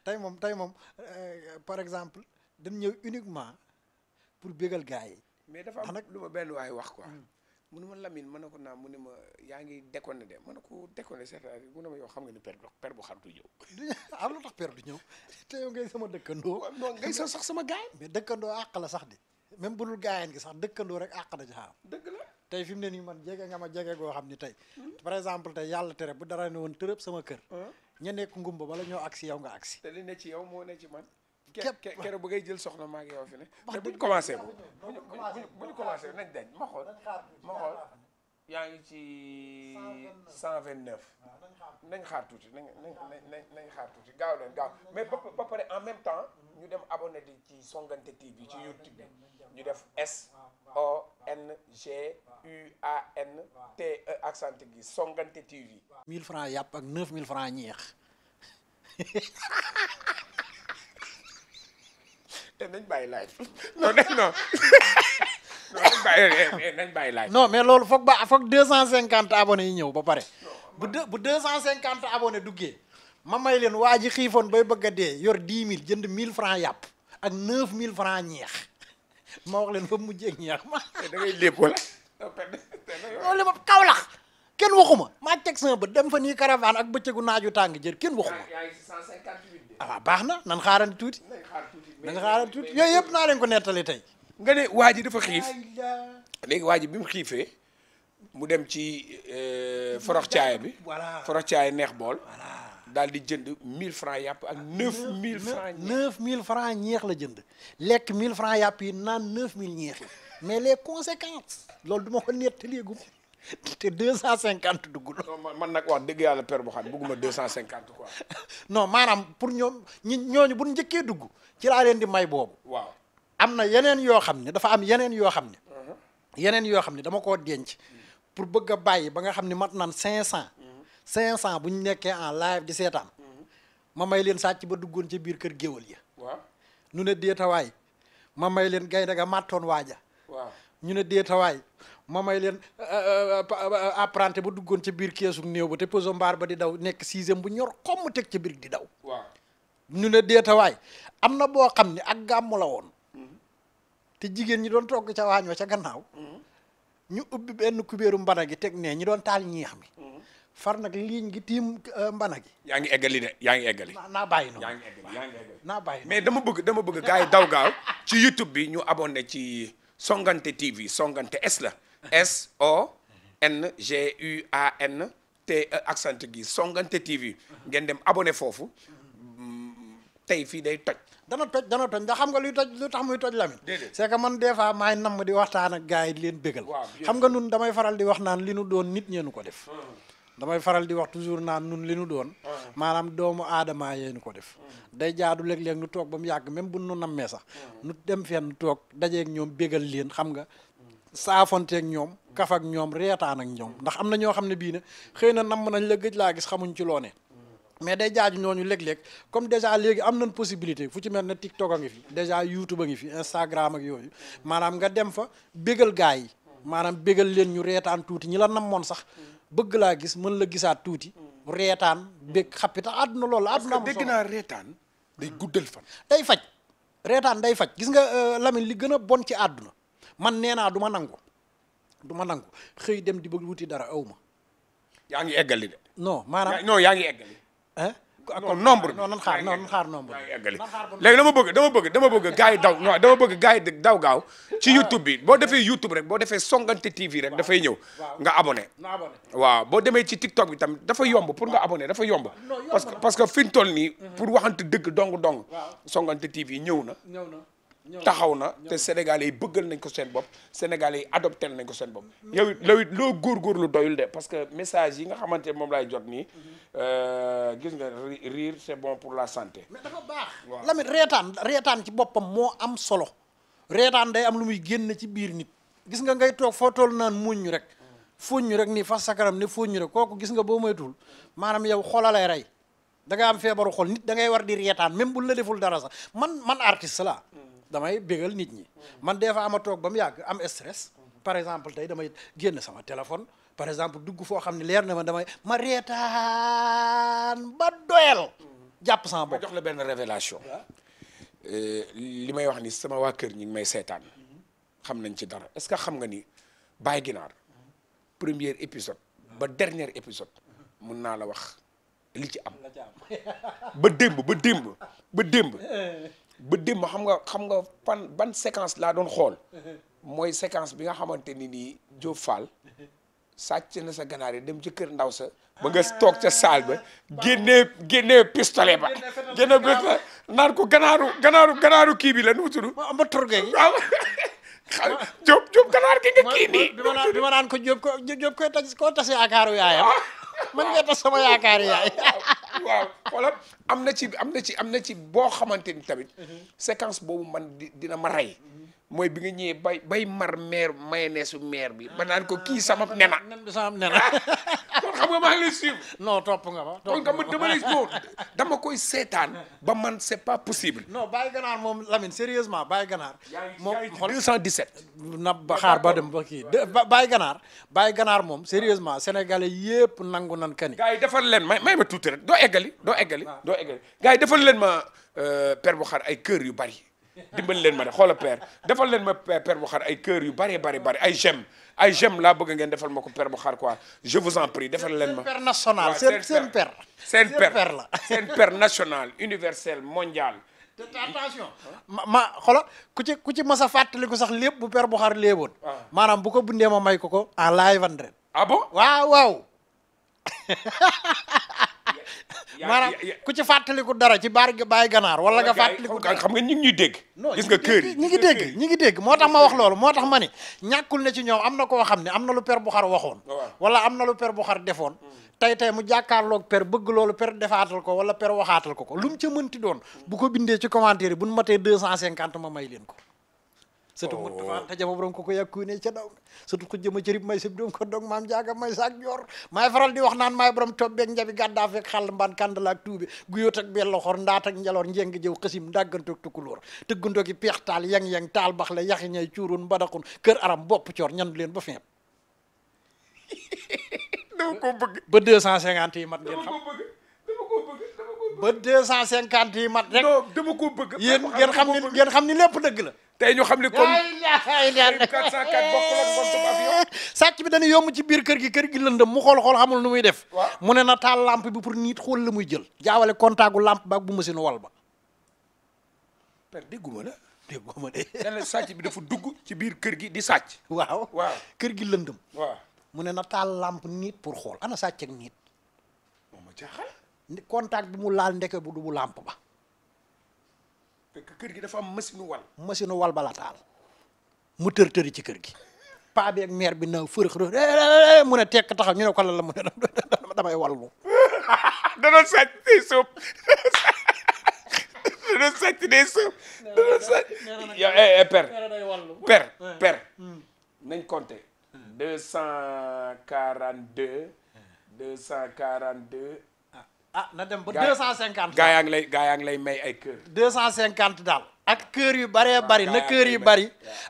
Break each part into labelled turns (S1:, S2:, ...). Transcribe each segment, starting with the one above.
S1: tey moom tey moom euh, par exemple dañ ñëw uniquement pour bégal gaa yi.
S2: mais dafa am lu ma benn waay wax quoi. Hmm. munu ma Lamine mën na ko naa mu ne ma yaa ngi
S1: déconné de mën na ko déconné c'est-à-dire mu ne ma yow xam nga ni per per bu xam du ñëw. am ah, lu tax per du ñëw te sama dëkkandoo. non sa sax sama gaay dëkkandoo àq la sax di même bu dul gaayeen gi sax dëkkandoo rek àq na ci dëgg la tey fi mu ne nii man jege nga ma jege goo xam ni tey. Hmm? par exemple tey yàlla tere bu dara ne woon tërëb sama kër. ña nekk ngumba bala ñoo agsi yow nga agsi
S2: te li ne ci yow moo ne ci man. képp kero ba ngay jël soxna maa ngi yow fi ne. wax dëgg buñ commencé bu buñ commencé nañ dañ ma xool ma xool. yaa ngi ci. 129 129. nañ xaar tuuti nañ nañ nañ xaar tuuti gaaw leen gaaw mais ba pare en même temps mm-hmm. ñu dem abonné di ci Songuanté TV ci YouTube bi ñu def S E accent gi Songuanté TV.
S1: 1000 francs yàpp ak 9000 francs ñeex
S2: te nañ bàyyi laaj
S1: non non. bàyyi laaj non mais loolu foog ba foog deux cent cinquante abonnés yi ñëw ba pare bu deux bu deux cent cinquante abonnés duggee ma may leen waa ji xiifoon bay bëgg a dee yor dix mille jënd mille franc yàpp ak neuf mille franc ñeex ma wax leen fa mujjee ñeex ma da ngay lépp wala loolu ma Kaolack kenn waxuma teg sama ba dem fa nii caravane ak bëccëgu naaju tàng jër kenn waxuma ah baax na nan xaarandi tuuti nan xaarandi tuuti yooyu yëpp naa leen ko nettali tey nga ne waaji ji dafa xiif léegi waa ji bi mu xiifee mu dem ci euh,
S2: forox caaya bi forox caaya neex bool daal di jënd mille francs yàpp ak 9000 francs
S1: 9000 francs ñeex la jënd lekk mille francs yàpp yi naan 9000 ñeex yi mais les conséquences loolu du ma ko nettaleegum te cent 250
S2: duggul. non man nag wax dëgg yàlla père Bokhane bugguma 250 quoi.
S1: non maanaam pour ñoom ñi ñooñu bu njëkkee dugg ci laa leen di may boobu. waaw am na yeneen yoo xam ne dafa am yeneen yoo xam ne uh-huh. yeneen yoo xam ne dama koo denc mm-hmm. pour bëgg a bàyyi ba nga xam ne mat naan cinq cent mm-hmm. cinq cent bu ñu nekkee en live di seetaan mm-hmm. ma may leen sàcc ba duggoon ci biir kër géwal ya waaw ñu ne deetawaay ma may leen gaynde ga màttoon waaja waaw ñu ne deetawaay ma may leen euh, euh, euh, apprenti ba duggoon ci biir keesu néew ba te poso mbaar ba di daw nekk sixième bu ñor xomm teg ci biir di daw waaw ne deetawaay am na boo xam ne ak gàmmu la woon te jigéen ñi doon togg ca waañ ca gannaaw mm-hmm. ñu ubbi benn kubéeru mbana gi teg nee ñi doon taal ñeex mi mm-hmm. far nag liiñ gi tiim euh, mbana gi
S2: yaa ngi eggali de yaa ngi eggali naa bàyyi noonu yaa naa bàyyi mais dama bëgg dama bëgg gars yi daw gaaw ci youtube bi ñu abone ci songante TV Songuanté S la S O N G U A N te accent gi Songuanté TV mm-hmm. ngeen dem abone foofu
S1: mm, tey fii day toj dana toj dana toj ndax xam nga luy toj lu tax muy toj Lamine c'est que man des fois maay namm di waxtaan ak gars yi leen bégal xam nga nun damay faral di wax naan li nu doon nit ñeenu ko def hmm. damay faral di wax toujours naan nun li nu doon hmm. maanaam doomu aadama yeenu ko def hmm. day jaadu léeg-léeg nu toog ba mu yàgg même bu nu nammee sax nu dem fenn toog dajeeg ñoom bégal leen xam nga saafonteeg ñoom kaf ak ñoom reetaan ak ñoom ndax am na ñoo xam ne bii ne xëy na namm nañ la gëj laa gis xamuñ ci loo mais day jaaju ñooñu léeg-léeg comme déjà léegi am nañ possibilité fu ci mel ne TikTok a ngi fi déjà YouTube a ngi fi Instagram ak yooyu maanaam nga dem fa bégal gaa yi maanaam bégal leen ñu reetaan tuuti ñi la namoon sax bëgg laa gis mën la gisaat tuuti reetaan bég xappi tax àdduna loolu àdduna am dégg naa reetaan day guddal fan day faj reetaan day faj gis nga euh, Lamine li gën a bon ci àdduna man nee naa du ma nangu du ma nangu xëy dem di bëgg wuti dara awma
S2: yaa ngi eggali de
S1: non maanaam yaa ngi eggali ah kon nombre non nan xaar non nan xaar
S2: nombre eggali léegi dama bëgg dama bëgg dama bëgg gars yi daw non dama bëgg gars yi daw gaaw ci ah. youtube bi boo defee youtube rek boo defee Songuanté TV rek dafay ñëw nga abonné waaw boo demee ci tiktok bi tam dafa yomb pour nga abonné dafa yomb ah, parce que parce que fi ñu toll nii mhm. pour waxante dëgg dong dong Songuanté TV ñëw na taxaw na te sénégal yi bëggal nañ ko seen bopp sénégal yi adopté nañ ko seen bopp yow it loolu it loo góorgóorlu doyul de parce que message yi nga xamante ne moom laay jot nii mhm. euh, gis nga rire c'est pour la santé mais
S1: dafa baax waaw Lamine reetaan reetaan ci boppam moo am solo reetaan day am lu muy génn ci biir nit gis nga ngay toog foo toll naan muñ rek fuñ rek nii fas sakaram ne fuñ rek kooku gis nga boo moytuwul maanaam yow xoolalay rey da am feebaru xol nit da ngay war di reetaan même bu la deful dara sax man man artiste la damay bégal nit ñi man des fois ama toog ba mu yàgg am stress par exemple tey damay génn sama téléphone par exemple dugg foo xam ne leer na ma damay ma reetaan ba doyal jàpp sama bopp ma jox la benn
S2: révélation euh, li may wax ni sama waa kër ñi may seetaan xam nañ ci dara est-ce que xam nga ni Baye Ginaar premier épisode ba dernier épisode mun naa la wax li ci am
S3: ba démb ba
S2: démb ba démb ba démb xam nga xam nga fan ban séquence laa doon xool mooy séquence bi nga xamante ni nii Diop Fall sàcc na sa ganaar yi dem ci kër ndaw sa ba nga ah. toog ca saal ba génnee génnee pistolet ba génne ba naan ko ganaaru ganaaru ganaaru kii bi la nu mu tudd. ba torgay waaw Diop Diop ganaar gi nga kii bi ma naan bi ma naan ko Diop ko Diop tas koo tas yaakaaru yaayam. Ah. man ngay tas sama yaakaaru yaay. waaw xoolal am na ci am na ci am na ci boo xamante ni tamit. Mhm. séquence boobu man dina ma rey. mooy bi nga ñëwee bay bay mar maire mayonnaise su maire bi ba naan ko kii ah, sama nena. sama nena kon xam nga maa ngi lay suivre. non topp nga ma topp nga ma dama lay dama koy seetaan ba
S1: man c' est pas possible. non bàyyi ganaar moom Lamine sérieusement bàyyi ganaar. moom xool 217. na ba xaar ba dem ba kii bàyyi ganaar bàyyi ganaar moom sérieusement sénégalais yëpp nangu nan kani. gars yi defal leen may may ma tuuti rek doo eggali doo eggali. Ah. doo eggali gars yi defal leen ma
S2: euh, per bu xar ay kër yu bari. dimbali leen ma de xoola père defal leen ma père bu xar ay cœur yu bari bari bari ay j'aime laa bëgg ngeen defal ma ko père bu xar quoi je vous en prie defal leen ma. père national seen seen père. seen père la seen père national universel
S1: mondial. te attention ma ma xoolal ku ci ku ci mas a fàttaliku sax lépp bu père bu xar léeboon. Ah. maanaam bu ko bundee ma may ko ko en live. ah bon waaw waaw. maanaam ku ci fàttaliku dara ci baar bàyyi ganaar wala nga fàttaliku dara xam nga ñu ngi ñuy dégg gis nga kër yi ñi ngi dégg ñi ngi dégg moo tax ma wax loolu moo tax ma ni ñàkkul ne ci ñoom am na koo xam ne am na lu per bu xar waxoon wala am na lu per bu xar defoon hmm. tey tey mu jàkkaarloog per bëgg loolu per defaatal ko wala per waxaatal ko ko lu mu ca mënti doon bu ko bindee ci commentaire yi bu nu matee deux cent cinquante ma may leen ko surtout oh. mutafaan ta jama borom ko ko yakkune ca daw surtout ko jëma cërib may sib doom ko dog maam jaaga may saak joor maay faral di wax naan maay borom tobbeeg njabi gàddaa fek xàll mbaan kàndalaak tuubi guyóot ak bel loxor ndaat ak njaloor njeng jëw xasim ndàggantoog tukulóor tëggandogi peex taal yang-yang taal bax le yaxi ñay cuurun mbadaxun kër aram bopp coor ñandu leen ba feeb
S2: dama ko
S1: bëgg ba ba deux cent cinquante yi mat rek non dama ko bëgg yéen ngeen xam ni ngeen xam ni lépp dëgg la tey ñu xam ni comme
S2: quatre cent
S1: sàcc bi dañu yomb ci biir kër gi kër gi lëndëm mu xool xool xamul nu muy def mu ne na taal lampe bi pour nit xool la muy jël jaawale contact gu lampe ba ak bu machine wal ba
S2: per la dégguma de dana sàcc bi dafa dugg ci biir kër gi di sàcc waaw kër gi lëndëm waaw
S1: mu ne na taal lampe nit pour xool ana sàcc niit contact bi mu laal ndeke bu du bu làmp ba kër gi dafa am machine wal machine wal bala taal mu tër tëri ci kër gi paa bi ak mère bi na fërëx rë mun a tekk taxaw ñu ne ko la la mu ne damay wal mu sàcc day sóob
S2: da sàcc day sóob da doon sàcc yow per per per hmm. nañ compter hmm. deux cent quarante deux ah na dem ba cent cinquante gaa
S1: yaa ngi lay gaa yaa ngi lay may ay kër deux cent daal ak kër yu bëree bari na kër yu bëri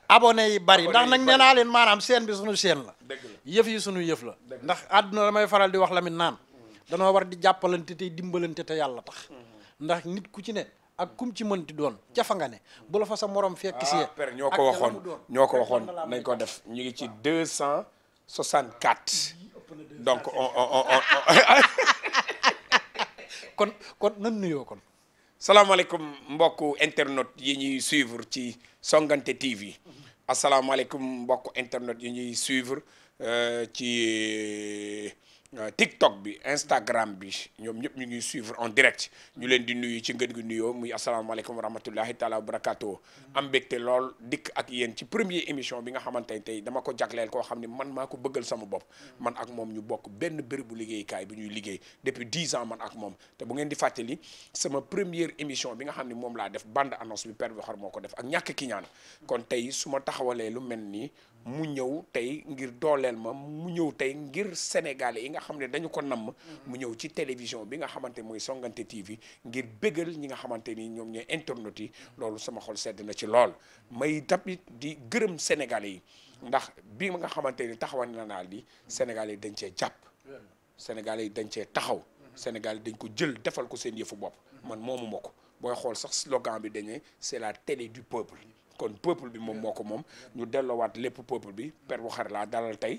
S1: abonné yi bëri ndax nag nee naa leen maanaam seen bi suñu seen la yëf yi suñu yëf la ndax àdduna la may faral di wax lamit naan mm. danoo war di jàppalante tey dimbalante te yàlla tax
S3: mm-hmm.
S1: ndax nit ku ci ne ak kum ci mënti doon ca fa nga ne bu fa sa moroom fekk si ah, per ñoo ko waxoon ñoo ko waxoon nañ
S2: ko def ñu ngi ci deux cent soixante-quatre kon kon nan nuyoo kon salaamaaleykum mbokku internet yi ñuy suivre ci songante TV asalaamaaleykum mbokku internet yi ñuy suivre euh, ci Euh, TikTok bi Instagram bi ñoom ñëpp ñu ngi suivre en direct ñu leen di nuyu ci ngeen gi nuyoo muy asalaamaaleykum wa rahmatullahi taala wa barakaatu. am mbégte lool dikk ak yéen ci premier émission bi nga xamante tey dama ko jagleel koo xam ne man maa ko bëggal sama bopp. man ak moom ñu bokk benn bërëbu liggéeykaay bi ñuy liggéey depuis dix ans man ak moom te bu ngeen di fàttali sama premier émission bi nga xam ne moom laa def bande annonce bi Père Boukhar moo ko def ak ñàkk ki ñaan kon tey su ma taxawalee lu mel nii. mu ñëw tey ngir dooleel ma mu ñëw tey ngir sénégalais yi nga xam ne dañu ko namm. Mm. mu ñëw ci télévision bi nga xamante mooy Songuanté TV ngir bégal ñi nga xamante ni ñoom ñooy internet yi mm. loolu sama xol sedd na ci lool may tamit di gërëm sénégalais yi ndax bi nga xamante ni taxawal na naa li sénégalais yi dañ cee jàpp sénégalais yi dañ cee taxaw mm-hmm. sénégalais dañ ko jël defal ko seen yëfu bopp mm-hmm. man moomuma ko booy xool sax slogan bi dañee c'est la télé du peuple kon peuple bi moom moo ko moom ñu delloowaat lépp peuple bi per bu xar laa dalal tey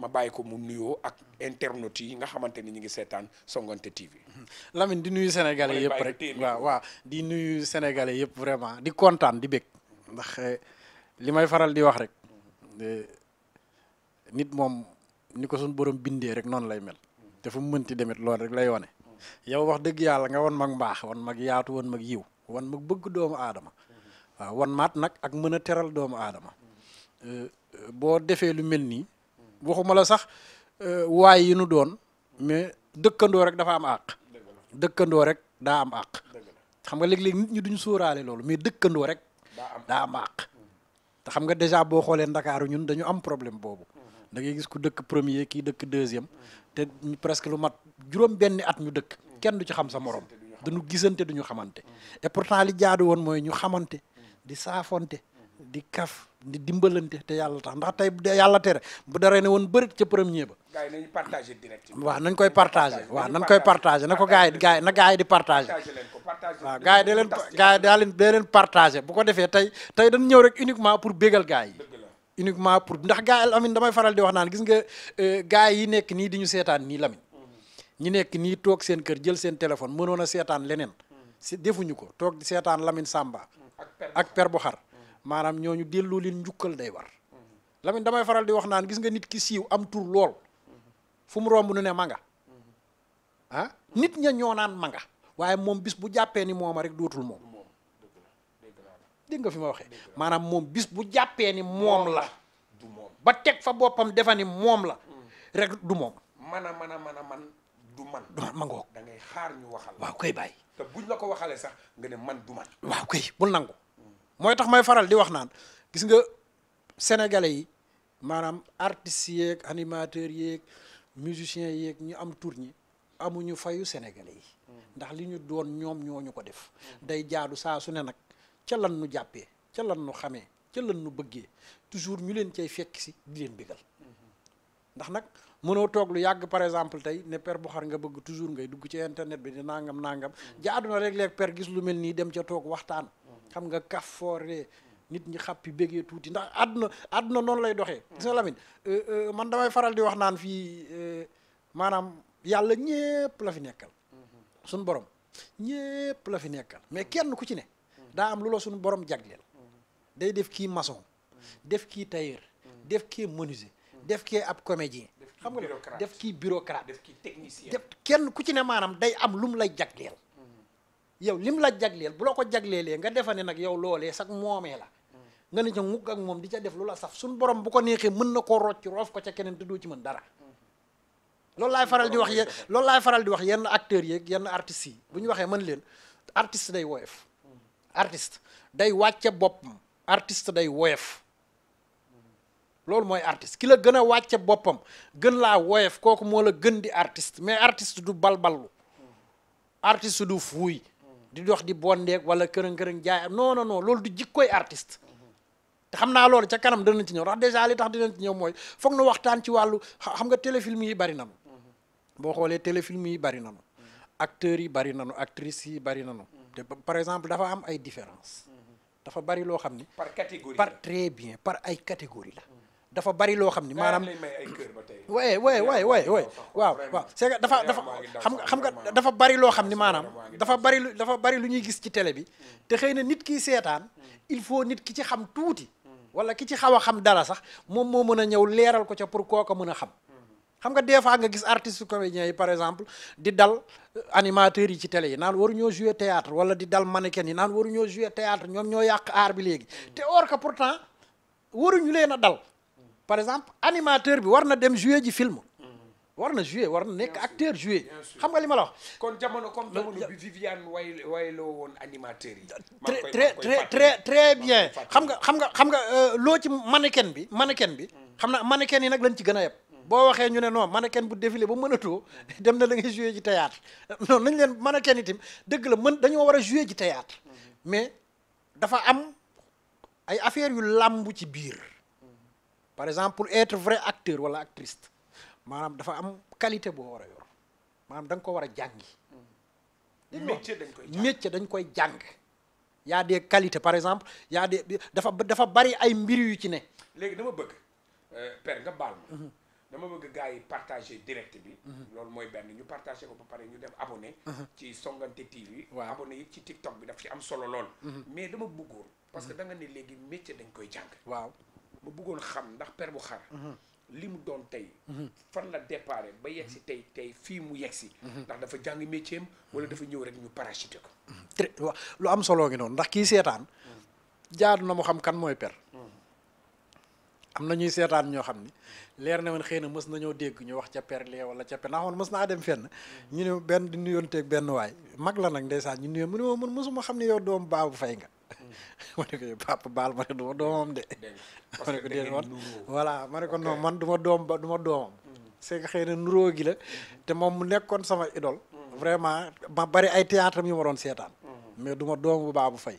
S2: ma bàyyi ko mu nuyoo ak internautes yi nga xamante ni ñu ngi seetaan Songuanté TV.
S1: Lamine di nuyu sénégalais yëpp rek waa waaw di nuyu sénégalais yëpp vraiment di kontaan di bég ndax eh, li may faral di wax rek eh, nit moom ni ko suñu borom bindee rek noonu lay mel te fu mu mënti demit loolu rek lay wane. wax dëgg yàlla nga wan mag mbaax wan mag yaatu wan mag yiw wan mag bëgg doomu aadama waa wan maat nag ak mën a teral doomu aadama euh, euh, boo defee lu mel nii waxuma la sax euh, waay yi nu doon mais dëkkandoo rek dafa am àq dëkkandoo rek daa am àq xam nga léeg-léeg nit ñi duñu sóoraale loolu mais dëkkandoo rek daa am àq te xam nga déjà boo xoolee ndakaaru ñun dañu am problème boobu da ngay gis ku dëkk premier kii dëkk deuxième te presque lu mat juróom benni at ñu dëkk kenn du ci xam sa morom dañu gisante du duñu xamante et pourtant li jaadu woon mooy ñu xamante di saafonte di kaf di dimbalante te yàlla tax ndax tey yàlla tere bu daree ne woon bërit ca premier ba.
S2: gars yi nañu partagé
S1: koy partage wa nañ koy partagé na ko gars yi gars yi yi di partagé. waaw gars yi leen gars yi daa leen da leen partagé bu ko defee tey tey dañ ñëw rek uniquement pour bégal gars yi. uniquement pour ndax gars yi Lamine damay faral di wax naan gis nga euh, gars yi nekk nii di ñu seetaan nii Lamine. Mm-hmm. ñi nekk nii toog seen kër jël seen téléphone mënoon a seetaan leneen. Mm-hmm. si defuñu ko toog di seetaan Lamine Samba. ak per bu xar mm-hmm. maanaam ñooñu delloo leen njukkal day war mm-hmm. Lamine damay faral di wax naan gis nga nit ki siiw am tur lool mm-hmm. fu mu romb nu ne manga ah? nit ña ñoo naan manga waaye moom bis bu jàppee ni mooma dootul moom dégg nga fi ma waxee maanaam moom bis bu jàppee ni moom la du ba teg fa boppam defa ni moom la mm. rek du moom
S2: man a man a man man du man man waaw koy bàyyi bu ñu la ko waxalee sax nga ne
S1: man du man. waaw kay bu nangu. mooy tax may faral di wax naan gis nga sénégalais yi maanaam artistes yeeg animateurs yeeg musiciens yeeg ñu am tour ñi amuñu fayu sénégalais yi. ndax li ñu doon ñoom ñoo ñu ko def. day jaadu saa su ne nag ca lan nu jàppee ca lan nu xamee ca lan nu bëggee toujours ñu leen cay fekk si di leen bégal ndax nag. mënoo toog lu yàgg par exemple tey ne per bu xar nga bëgg toujours ngay dugg ci internet bi di nangam nangam jaadu adduna léeg-léeg per gis lu mel nii dem ca toog waxtaan xam nga kaf foore nit ñi xàppi bégee tuuti ndax àdduna àdduna noonu lay doxee mm. gis nga Lamine euh, euh, man damay faral di wax naan fii euh, maanaam yàlla ñépp la fi nekkal mm-hmm. suñu borom ñépp la fi nekkal mais mm-hmm. kenn ku ci ne mm-hmm. daa am lu la suñu borom jagleel day def kii maçon def kii tailleur def kii menuisier def kii ab comédien xam nga la def kii bureaucrate def kii technicien kenn ku ci ne maanaam day am lu mu lay jagleel hmm. yow li mu la jagleel bu la ko jagleelee nga defa ne nag yow loolee sax moomee la hmm. nga ne ca ngugg ak moom di ca def lu la saf suñ borom bu ko neexee mën na koo rocc roof ko ca keneen te doo ci mën dara hmm. loolu laay faral di wax yéen loolu laay faral di wax yenn acteurs yeeg yenn artistes yi bu ñu waxee mën leen artist day woyof artiste day wàcce bopp boppam artiste day woyof loolu mooy artiste ki la gën a wàcce boppam gën laa woyof kooku moo la gën di artiste mais artiste du balballu artiste du fuuy di dox di bondeeg wala këran kërën jaay non non non loolu du jikkooy artiste te xam naa loolu ca kanam danañ ci ñëw ndax dèjà li tax dinañ ci ñëw mooy foog na waxtaan ci wàllu xam nga téléfilm yi bari na nanu boo xoolee téléfilm yi bari nanu acteur yi bari nanu actrices yi bari na nu par exemple dafa am ay différence dafa bari loo xam ni bien par ay dafa bari loo xam ni maanaam
S2: waaye waaye waaye waaye waaye
S1: waaw waaw c'est que dafa dafa xam nga xam nga dafa bari loo xam ni maanaam dafa bari lu dafa bari lu ñuy gis ci télé bi mm. te xëy na nit ki seetaan mm. il faut nit ki ci xam tuuti mm. wala ki ci xaw a xam dara sax moom moo mën a ñëw leeral ko ca pour kooka mën a xam xam nga des fois nga gis artiste comédiens yi par exemple di dal euh, animateurs yi ci télé yi naan waru ñoo jouer théâtre wala di dal mannequin yi naan waruñoo jouer théâtre ñoom ñoo yàq aar bi léegi te or que pourtant waruñu leen a dal par exemple animateur bi war na dem jouer ji film. Mm-hmm. war na jouer war na nekk acteur jouer xam nga li la wax.
S2: kon jamono comme jamono bi Viviane way wayloo woon animateur yi. très très très
S1: très bien xam nga xam nga xam nga euh, loo ci mannequin bi mannequin bi. Mm-hmm. xam na mannequin yi nag lañ ci gën a yeb. Mm-hmm. boo waxee ñu ne non mannequin bu défilé ba mënatoo dem na da ngay jouer ji théâtre non nañ leen mannequin itam dëgg la mën dañoo war a jouer ji théâtre mais dafa am ay affaires yu làmb ci biir. par exemple pour être vrai acteur wala actrice maanaam dafa am qualité boo war a yor maanaam da ko war a jàngi. métier dañ koy jàng métier dañ koy jàng. y des qualités par exemple y a des dafa bari ay mbir yu ci ne.
S2: léegi dama bëgg euh, père nga baal ma. dama bëgg gars yi partager direct bi. loolu mooy benn ñu partager ko ba pare ñu dem abonné. ci Songuanté TV. waaw abonné yi ci TikTok bi daf ci am solo lool. Uhuh. mais dama bëggoon parce que da nga ne léegi métier dañ koy jàng. waaw. ma bëggoon xam ndax per bu xar mhm. li mu doon tey mhm. fan la déparé ba yegsi tey tey fii mu yegsi mhm. ndax dafa jàng métier am wala dafa ñëw rek ñu parachuté ko
S1: très waaw lu am solo ngi noonu ndax kii seetaan jaar na mu xam kan mooy per am na ñuy seetaan ñoo xam ni leer na woon xëy na mës nañoo dégg ñu wax ca per lee wala ca per ndax man mës naa dem fenn ñu ne benn di nuyoonteeg benn waay mag la nag ndeysaan ñu nuyoo mu ne man mësuma xam ne yow doom baabu fay nga ma ne ko yow papa baal ma ne du de.
S3: ko déedéet man
S1: voilà man du doom ba du ma doomam. Mm-hmm. c'est que xëy na nuróo gi la mm-hmm. te moom mu nekkoon sama idole. Mm-hmm. vraiment ma bari ay théâtre am ma doon seetaan. mais duma ma doom bu baabu fay.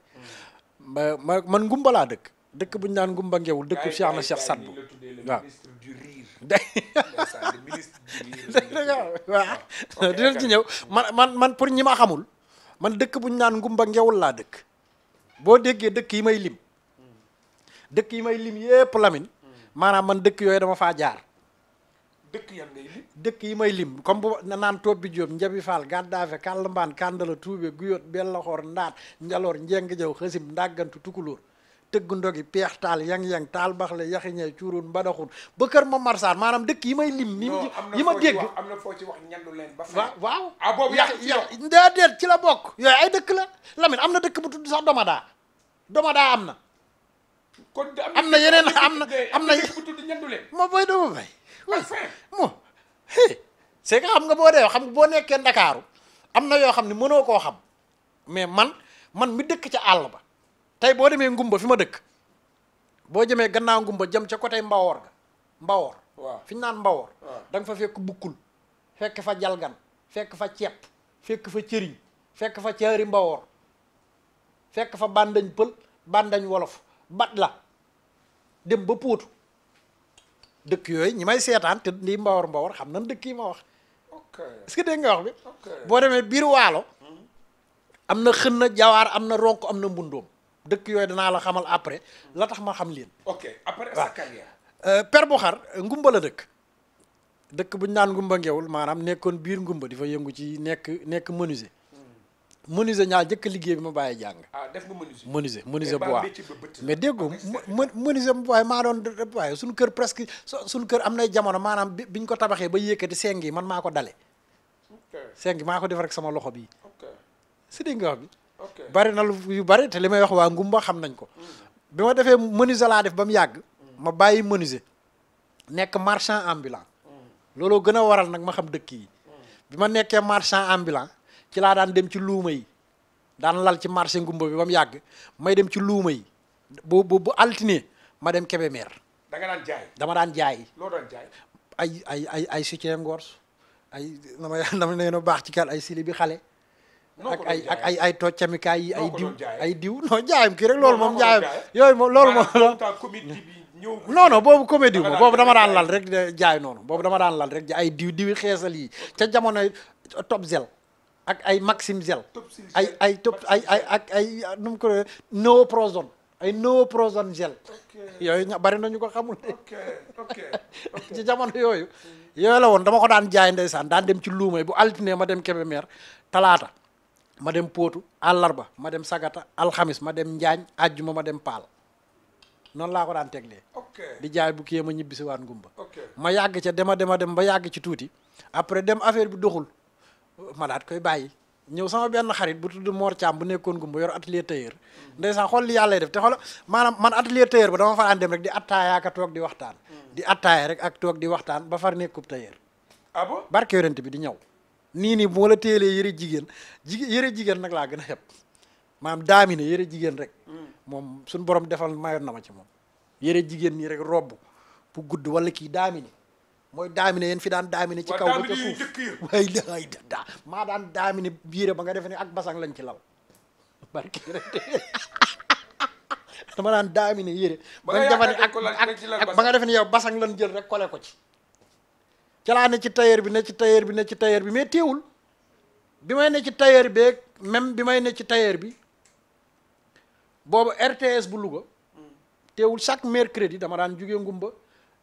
S1: man ngumba laa dëkk. dëkk bu ñu naan ngumba ngeewul dëkk Cheikh na Cheikh Sadbu waaw. waaw ah, dinañ ci ñëw man man pour ñi ma xamul man dëkk buñ naan ngumba ngewul laa dëkk. boo déggee dëkk yi may lim dëkk yi may lim yépp Lamine maanaam man dëkk yooyu dama faa jaar dëkk yan dëkk yi may lim comme bu naan Tobbi Diop Njabi Fall Gàddaafe Kàllambaan Kàndala Tuube Guyot Bellaxoor Ndaat Njaloor Njeng Jaw Xasim Ndàggantu Tukulóor tëgg ndogi peex taal yang-yang taal baxle yaxiñe cuurun mbadaxun ba kër ma marsaan maanaam dëkk yi may lim yi ma dégg
S2: am na foo ci wax ñandu leen
S1: ah, ci la bokk yooyu ay dëkk la Lamine am na dëkk bu tudd sax Domada doma daa am na.
S2: kon am na yeneen am na am na
S1: ma bay dama bay. moom c'est que xam nga boo dee xam nga boo nekkee ndakaaru am na yoo xam ne mënoo koo xam mais man man mi dëkk ca àll ba tey boo demee ngumba fi ma dëkk boo jëmee gannaaw ngumba jëm ca côté mbawoor ga mbawoor waaw fi ñu naan mbawoor da fa fekk bukkul fekk fa jalgan fekk fa ceeb fekk fa cëriñ fekk fa caari mbawoor fekk fa bandañ pël bandañ wolof bat la dem ba puutu dëkk yooyu ñi may seetaan te ndi mbawar mbawar xam nan dëkk yi ma wax est-ce que nga wax bi boo demee biir waalo mhm. am na xën na jawaar am na ronk am na mbundoom dëkk yooyu danaa la xamal après la tax ma xam leen ok après per bu xar ngumba la dëkk dëkk bu ñu naan ngumba ngeewul maanaam nekkoon biir ngumba di fa yëngu ci nekk nekk menuisier menuisier ñaa jëkk liggéey bi ma bàyyi jàng. ah def nga menuisier. menuisier bois mais dégg nga ah, menuisier bois maa doon waaye suñu kër presque suñu kër am nay jamono maanaam bi ñu ko tabaxee ba yëkkati seng yi man maa ko dale. seng maa ko def rek sama loxo bi si dégg bi. bari na lu yu bari te li may wax waa ngumba xam nañ ko. Hmm. bi ma defee menuisier laa def ba mu yàgg. ma bàyyi menuisier. nekk marchand ambulant. Hmm. looloo gën a waral nag ma xam dëkk yi. Hmm. bi ma nekkee marchand ambulant. ci laa daan dem ci luuma yi daan lal ci marché ngumba bi ba mu yàgg may dem ci luuma yi bu bu bu ma dem Kébémer. da nga daan dama daan jaay. loo daan jaay. ay ay ay ay soutien gorge ay dama dama baax ci kal ay sili bi xale. ay ak ay ay toccamikaay yi ay diw ay diw non jaayam kii rek loolu moom jaayam yooyu moom loolu moom non non boobu comédie ma boobu dama daan lal rek jaay noonu boobu dama daan lal rek ay diw diwi xeesal yi ca jamono top ak ay maxime gel ay ay top ay ay ak ay nu mu ko néoprosone ay néoprosone gel yooyu ña bari ñu ko xamul ci jamono yooyu yooyu la woon dama ko daan jaay ndeysaan daan dem ci luumay bu altine ma dem Kébémer talaata ma dem Potou àllarba ma dem sagata alxamis ma dem Njaañ àjjuma ma dem paal noonu laa ko daan teglee di jaay bu kiyee ma ñibbisiwaat ngumba ma yàgg ca dema dema dem ba yàgg ci tuuti après dem affaire bi doxul ma daat koy bàyyi ñëw sama benn xarit bu tudd Mor caam bu nekkoon gum bu yor atelier tailleur ndeysaan xool li yàlla def te xool maanaam man atelier tailleur ba dama fa àndem rek di attaaya ak a toog di waxtaan hmm. rek ak toog di ba far nekkub tailleur ah bon barke yorente bi di ñëw nii nii bu ma la téelee yëre jigéen ji yëre jigéen nag laa gën a xeeb maanaam daamine yëre jigéen rek hmm. moom suñu borom defal mayoon na ma ci moom yëre jigéen nii rek robb pour gudd wala kii daamine mooy daamine yéen fi daan daamine ci kaw ba ca suuf waaye daay daa maa daan daamine biire ba nga defe ak basang lañ ci lal barki dama daan daamine yére ba nga defe ne ak ba nga defe ne yow basang lañ jël rek kole ko ci ca laa ne ci tailleur bi ne ci tailleur bi ne ci tailleur bi mais teewul bi may ne ci tailleur beeg même bi may ne ci tailleur bi boobu RTS bu Louga hmm. teewul chaque mercredi dama daan jugee ngumba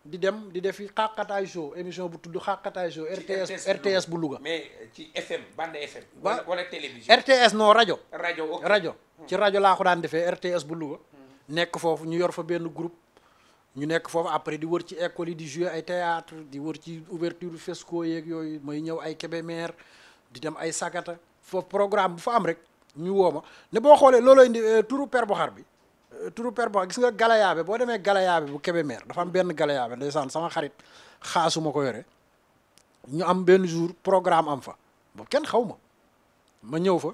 S1: di dem di defi xaqataay show émission bu tudd xaqataay show RTS RTS bu Louga.
S2: mais ci FM bande FM. wala wala télévision RTS non rajo. rajo rajo.
S1: Hmm. ci rajo laa ko daan defee RTS bu Louga. Hmm. nekk foofu ñu yor fa benn group ñu nekk foofu après di wër ci école yi di jouer ay théâtre di wër ci ouverture fesco yeeg yooyu mooy ñëw ay Kébémer di dem ay sagata foofu programme bu fa am rek ñu woo ma ne boo xoolee loolooy indi euh, turu Père Bokhar bi. turu père bo gis nga galayaabe boo demee galayaabe bu Kébémer dafa am benn galayaabe ndeysaan sama xarit xaasuma ko yore ñu am benn jour programme am fa boobu kenn xaw ma ma ñëw fa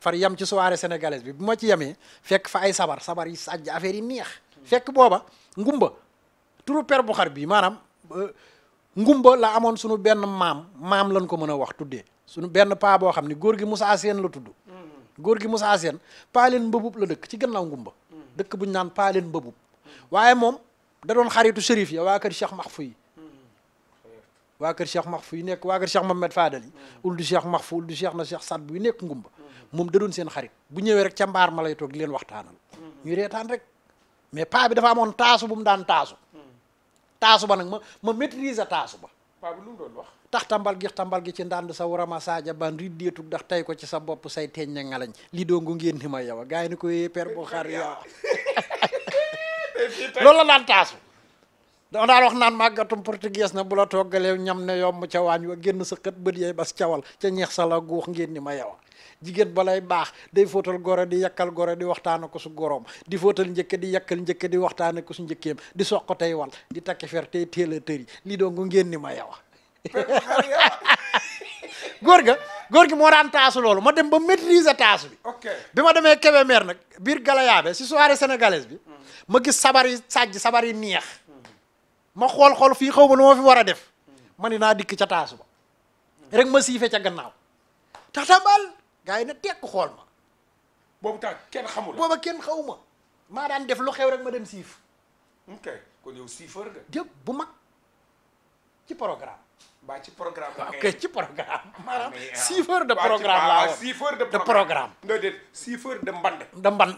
S1: far yam ci soirée sénégalaise bi bu ma ci yamee fekk fa ay sabar sabar yi sàjj affaire yi neex fekk booba ngumba turu per bu xar bii maanaam euh, ngumba la amoon suñu benn maam maam lañ ko mën a wax tuddee suñu benn paa boo xam ne góor gi Moussa seen la tudd góor gi Moussa Sène paaleen mbëbub la dëkk ci gannaaw ngumba dëkk bu ñu naan paaleen mbëbub waaye moom da doon xaritu shérif ya waa kër Cheikh Maxfu yi waa kër Cheikh Maxfu yi nekk waa kër Cheikh Mohamed Fadal yi ul du Cheikh Maxfu ul du Cheikh na Cheikh Sadbu yi nekk ngumba moom da doon seen xarit bu ñëwee rek ca mbaar ma lay toog leen waxtaanal ñuy reetaan rek mais paa bi dafa amoon taasu bu mu daan taasu taasu ba nag ma ma maîtriser taasu ba paa lu mu doon wax tax tambal gi tambal gi ci ndànd sa war warama saaja ban riddeetug ndax tey ko ci sa bopp say teñña ngalañ li doo ngu ngeen ni ma yow gaa yi ni ko yee per bu xar yow loolu la daan taasu dama daan wax naan màggatum portugais na bu la toggalee ñam ne yomb ca waañ wa génn sa xët bët yay bas cawal ca ñeex sa la guux ngeen ni ma yow jigéen lay baax day fóotal goro di yakkal goro di waxtaana ko su goroom di fóotal njëkk di yakkal njëkk di waxtaana ko su njëkkeem di soq tey wal di takki fer tey góor ga góor gi moo daan taasu loolu ma dem ba maîtriser taasu bi. ok bi ma demee Kébémer nag biir Galayaabe si soirée sénégalaise bi. Hmm. ma gis sabar yi sàjj sabar yi neex. ma xool xool fii xaw ma lu ma fi war a def. Hmm. ma ni naa dikk ca taasu ba. rek ma siife ca gannaaw. taxtabal gars yi na tekk xool ma. boobu tax kenn xamul booba kenn xaw ma. maa daan def lu xew rek ma dem siif. ok
S2: bu mag ci programme. waa ci programme la kay ci programme. maanaam ah. suiveur de programme laa woon suiveur programme. non déet suiveur mband.
S1: de mband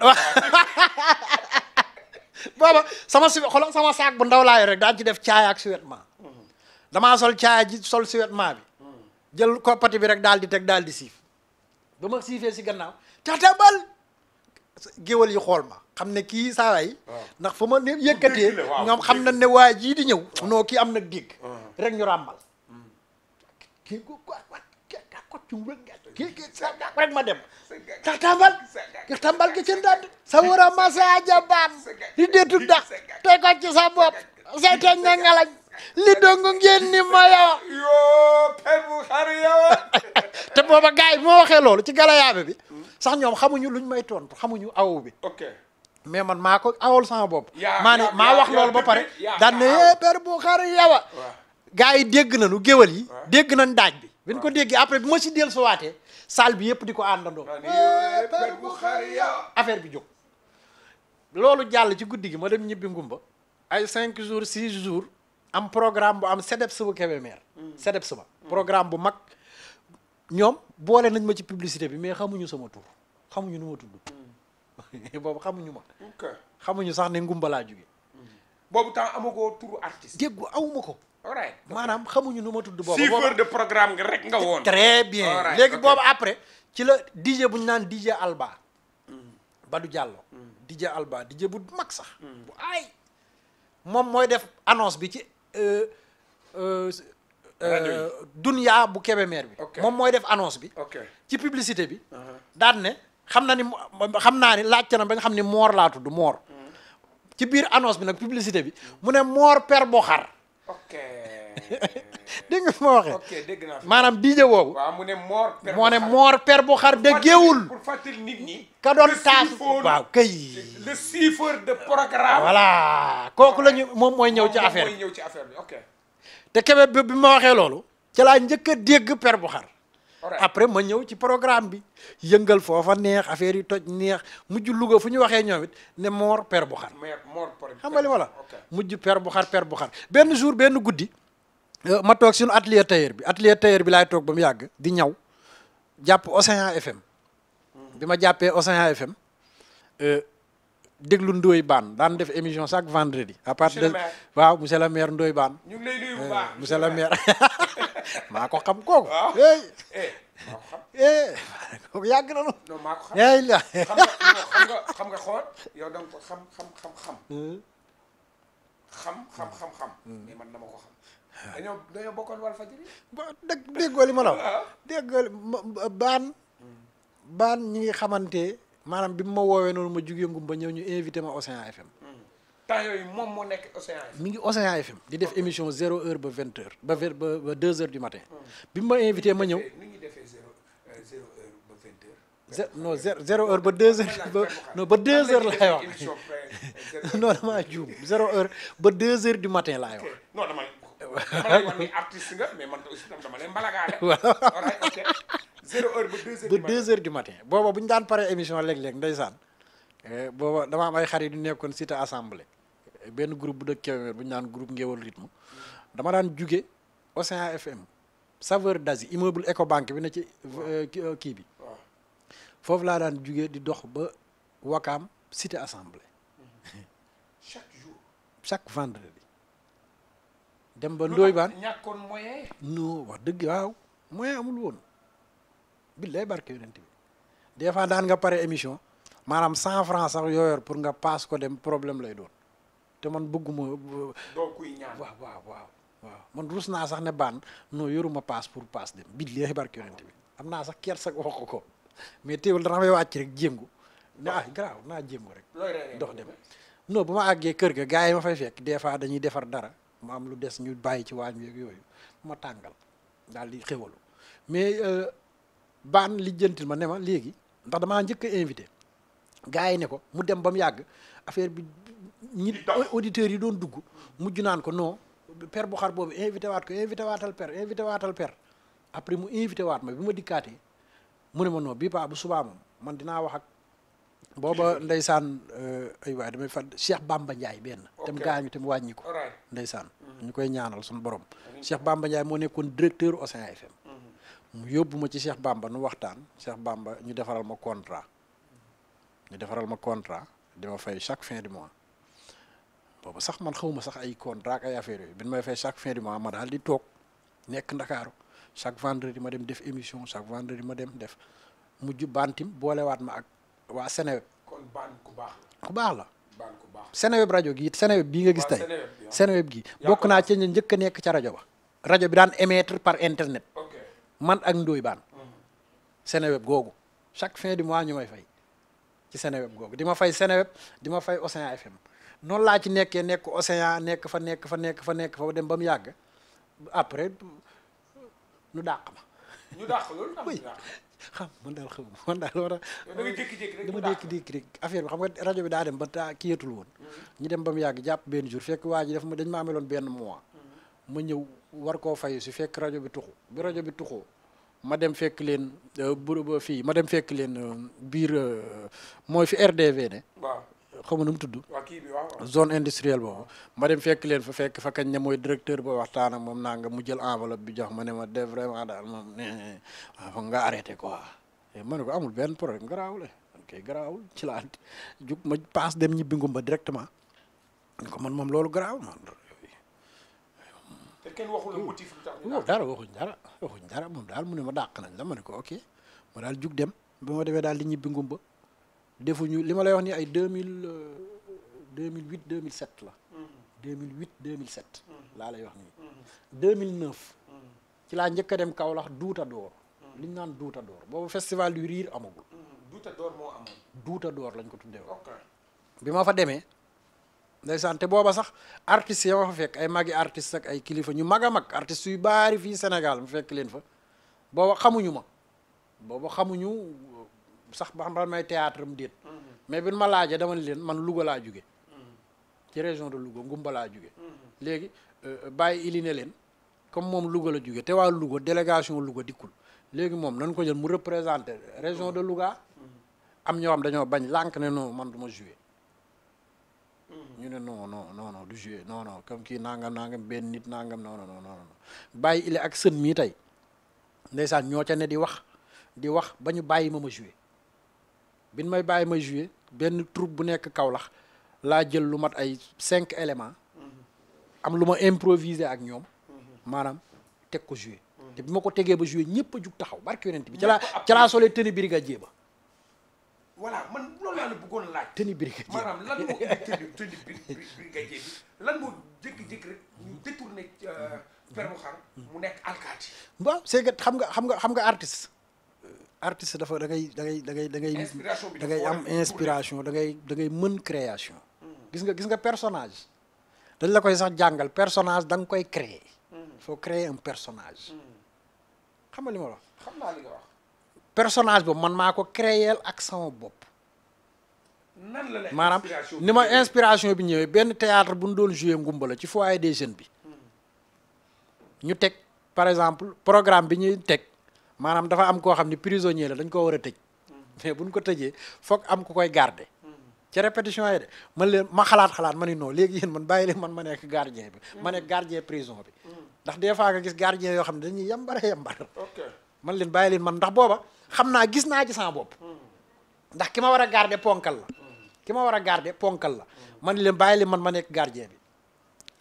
S1: booba sama si xoolal sama saak bu ndaw laa yor rek daan ci def caaya ak survêtement mm-hmm. damaa sol caaya ji sol survêtement bi. Mm-hmm. jël koppati bi rek daal di teg daal di siif ba ma siifee si gannaaw tatabal géwal yi xool ma xam ne kii saa ndax fu ma yëkkatee ñoom xam na ne waa jii di ñëw. noo kii am na dégg. Mm-hmm. rek ñu ràmbal. kii ko ko ma dem ka tambal ka tambal ki cin dad sawura ma sa aja bam di detu da te ko ci sa bopp say te ngalañ li dongo ngeen ni ma yow te booba gars yi moo waxee loolu ci galayaabe bi sax ñoom xamuñu luñ may tontu xamuñu aw bi ok mais man maa ko awol sama bopp maa ne maa wax loolu ba pare eh, per bu xar yow gars yi dégg nañu géwal yi. dégg nañ daaj bi. bi ñu ko déggee après bi ma si dellu suwaatee salle bi yëpp di ko àndandoo. affaire bi jóg. loolu jàll ci guddi gi ma dem ñibbi ngumba ay 5 jours 6 jours am programme bu am CEDEPS bu Kébémer. CEDEPS mm. ba mm. programme bu mag. ñoom boole nañ ma ci publicité bi mais xamuñu sama tur xamuñu nu ma tudd. Mm. boobu xamuñu ma. xamuñu sax ne ngumba laa jóge boobu temps amagoo turu artiste. déggu awuma ko. maanaam xamuñu nu ma tudd boobu suiveur de
S2: programme nga rek nga woon très bien
S1: léegi boobu après ci la DJ bu ñu naan DJ Alba mm. Badou Diallo mm. DJ Alba DJ bu mag sax mm. bu aay moom mooy def annonce bi ci euh, euh, euh, Dunia bu Kébémer bi moom mooy def annonce bi ci publicité bi uh-huh. daan ne xam na ni xam naa ni laajte na ba nga xam ni moor laa tudd moor ci biir annonce bi nag publicité bi mu ne moor per boo xar ok. dégg nga fi ma waxee. dégg naa maanaam diije woowu. waaw mu
S2: ne moor per bu xar
S1: moo ne moor per bu xar déggeewul.
S2: fàttali nit ñi.
S1: ka doon taas waaw kay. le kooku la moom mooy ñëw ci affaire bi
S2: ñëw ci affaire bi ok.
S1: te kebe bi ma waxee loolu. ci laa njëkk a dégg per bu xar. après ma ñëw ci programme bi yëngal foofa neex affaire yi toj neex mujj Louga fu ñu waxee ñoom ne Mor Père Boukhar. Mor xam nga mujj per mujj Père Boukhar Père Boukhar benn jour benn guddi euh, ma toog suñu atelier tailleur bi atelier tailleur bi laay toog ba mu yàgg di ñaw jàpp Océan FM. Mm-hmm. bi ma jàppee Océan FM. Euh, déglu Ndoye Bane daan def émission chaque vendredi à partir de waaw monsieur le maire Ndoye Bane ñu ngi lay euh, le maire maa ko xam kooku éy é eh, eh, kooku yàgg na noonu maa xam éy la xam
S2: nga xam ko xam xam xam xam hmm. xam xam xam hmm. ko xam
S1: baan baan ah. hmm. ñi ngi xamante maanaam bi mu ma woowee noonu ma jugee ngum ba ñëw ñu invité ma Océan FM.
S2: temps yooyu moom moo nekk Océan
S1: mi ngi Océan FM di def émission zéro heure ba vingt heures ba vingt ba deux heures du matin. bi mu ma invité ma ñëw.
S2: ni ñuy defee zéro euh, zéro heure ba vingt
S1: ba deux heures ba non ba ba deux heures du matin laay wax.
S2: non dama lay
S1: zéro heure ba deux heures ba deux heures du matin booba bu ñu daan pare émission léeg-léeg ndeysaan eh, booba dama am ay xarit yu nekkoon cité assemblée benn groupe bu dëkk Kébémer bu ñu naan groupe Ngéwal rythme dama daan juge Océan FM saveur d'Asie immeuble Ecobank bi ne ci eh, eh, kii bi foofu laa daan jugee di dox ba Wakaam cité assemblée chaque jour chaque vendredi dem ba Ndoye Bane
S2: ñàkkoon moyen
S1: non wax dëgg waaw moyen amul woon billaay barke yonent bi des fois daan nga pare émission maanaam cent franc sax yooyor pour nga paas ko dem problème lay doon te man bëgguma
S2: doo kuy ñaan waaw waaw waaw
S1: man rus naa sax ne baan non yoruma paas pour paas dem billaay barke yonent bi am naa sax kersak wax ko mais teewul dana may wàcc rek jéngu naa ah garaaw naa jéngu rek dox dem non bu ma àggee kër ga gars yi ma fay fekk des fois dañuy defar dara mu am lu des ñu bàyyi ci waañ yeeg yooyu ma tàngal daal baan lijjantil ma ne ma léegi ndax damaa njëkk invité gars yi ne ko mu dem ba mu yàgg affaire bi ñi auditeurs yi doon dugg mujj naan ko non per bu xar boobu invité waat ko invité waatal per invité waatal per après mu invité waat ma bi ma dikkaatee mu ne ma non bii paa bu subaa moom man dinaa wax ak booba ndeysaan euh, ay waay damay fat Cheikh Bamba Ndiaye benn tam gaañu tam wàññi ko ndeysaan mm-hmm. ñu koy ñaanal suñu borom Cheikh Bamba Ndiaye moo nekkoon directeur Océan FM mu yóbbu ma ci Cheikh Bamba nu waxtaan Cheikh Bamba ñu defaral ma contrat ñu defaral ma contrat di ma fay chaque fin du mois boobu sax man xawma sax ay contrat ak ay affaires yooyu bi may fay chaque fin du ma daal di toog nekk ndakaaru chaque vendredi ma dem def émission chaque vendredi ma dem def mujj bantim boolewaat ma ak waa Seneweb. kon ban ku baax la ku baax la. ban ku baax Seneweb rajo gi Seneweb bii nga gis tey Seneweb gi bokk naa ci ñu njëkk a nekk ca rajo ba. rajo bi daan émettre par internet. man ak Ndoye Bane Seneweb googu chaque fin du mois ñu may fay ci Seneweb googu di ma fay Seneweb di ma fay Océan FM noonu laa ci nekkee nekk Océan nekk fa nekk fa nekk fa nekk fa dem ba mu yàgg après ñu dàq ma. ñu dàq xam da nga jékki-jékki rek dama jékki-jékki rek affaire xam nga rajo bi daa dem ba taa kiyatul woon. Mm-hmm. ñu dem ba mu yàgg jàpp benn jour fekk waa ji daf ma dañ ma ameloon benn mois. Mm-hmm. ma ñëw. war koo fay su fekk rajo bi tuxu bi rajo bi tuxoo ma dem fekk leen euh, bu fii ma dem fekk leen euh, biir euh, mooy fi RDV ne. waaw xamu nu mu tudd. waaw kii bi zone industrielle boobu. ma dem fekk leen fa fekk fa kañ ne mooy directeur ba waxtaan ak moom nanga nga mu jël enveloppe bi jox ma ne ma de vraiment daal moom nee na nga arrêté quoi. Eh, ma ne ko amul benn problème garaawul eh. man kay garaawul ci laa jug ma paas dem ñibbi ngumba directement. ko man moom loolu garaaw kenn waxul la hmm. motif tax ñu dara waxuñ dara waxuñ daal mu ne ma dàq nañ la ma ne ko ok ma daal jug dem ba ma demee daal di ñibbi ngumba defuñu li ma lay wax ni ay deux mille euh, deux mille huit deux mille sept la. Hmm. deux mille huit deux mille sept. Hmm. laa lay wax nii. deux mille neuf. ci laa njëkk a dem Kaolack duuta door. li ñu naan duuta door boobu festival du rire amagul. duuta door moo amoon. duuta door lañ ko tuddee woon. bi ma fa demee. ndeysaan te booba sax artistes ya ma fa fekk ay magi artistes ak ay kilifa ñu mag a mag artistes yu baari fii Sénégal mu fekk leen fa booba xamuñu ma booba xamuñu sax ba xam ne may théâtre mu déet mm-hmm. mais bi ma laajee dama leen man Louga laa jóge mm-hmm. ci région de Louga Ngumba laa jóge mm-hmm. léegi euh, euh, bàyyi ili leen comme moom Louga la jóge te waa Louga délégation Louga dikkul léegi moom nañ ko jël mu représenté région de Louga am ñoo xam dañoo bañ lank ne non man du ma joué Mm-hmm. ñu ne non non non non du jouer non non comme kii nangam nangam benn nit nangam non non non non bàyyi ile ak sën mii tey ndeysaan ñoo ca ne di wax di wax ba ñu bàyyi ma ma jouer bin may bàyyi ma jouer benn troupe bu nekk Kaolack laa jël lu mat ay cinq éléments mm-hmm. am lu ma improviser ak ñoom mm-hmm. maanaam teg ko jouer te bi ma ko tegee ba jouer ñëpp a jug taxaw barke yonent bi ca laa ca laa solee tëni biriga jéeba
S2: voilà man loolu la bëggoon lan moo
S1: tenue
S2: tenue bi lan moo jékki-jékki rek ñu détourné euh, mu nekk alkaati.
S1: waaw c'est xam nga xam nga xam nga artiste. artiste dafa da ngay da ngay da ngay da ngay. inspiration bi da ngay am inspiration da da ngay mën création. Hmm. gis nga gis nga personnage dañ la koy sax jàngal personnage da nga koy créer. Hmm. il créer un personnage. Hmm. xam nga li ma wax. xam nga personnage boobu man maa ko créer ak sama bopp.
S2: nan la maanaam ni ma
S1: inspiration bi ñëwee benn théâtre bu ñu doon joué ngumba la ci foyer des jeunes bi. Hmm. ñu teg par exemple programme bi ñuy teg maanaam dafa am koo xam ni prisonnier la dañ koo war a tëj. Hmm. mais buñ ko tëjee foog am ku koy garder. Hmm. ci répétition yi de man leen ma xalaat xalaat ma ni non léegi yéen man bàyyi leen man ma nekk gardien bi. ma nekk gardien prison bi. ndax des fois nga gis gardien yoo xam ne dañuy yambare yambar. man leen bàyyi leen man ndax booba. xam naa gis naa ci sama bopp ndax ki ma war a garder ponkal la ki ma war a garder ponkal la man leen bàyyi leen man ma nekk gardien bi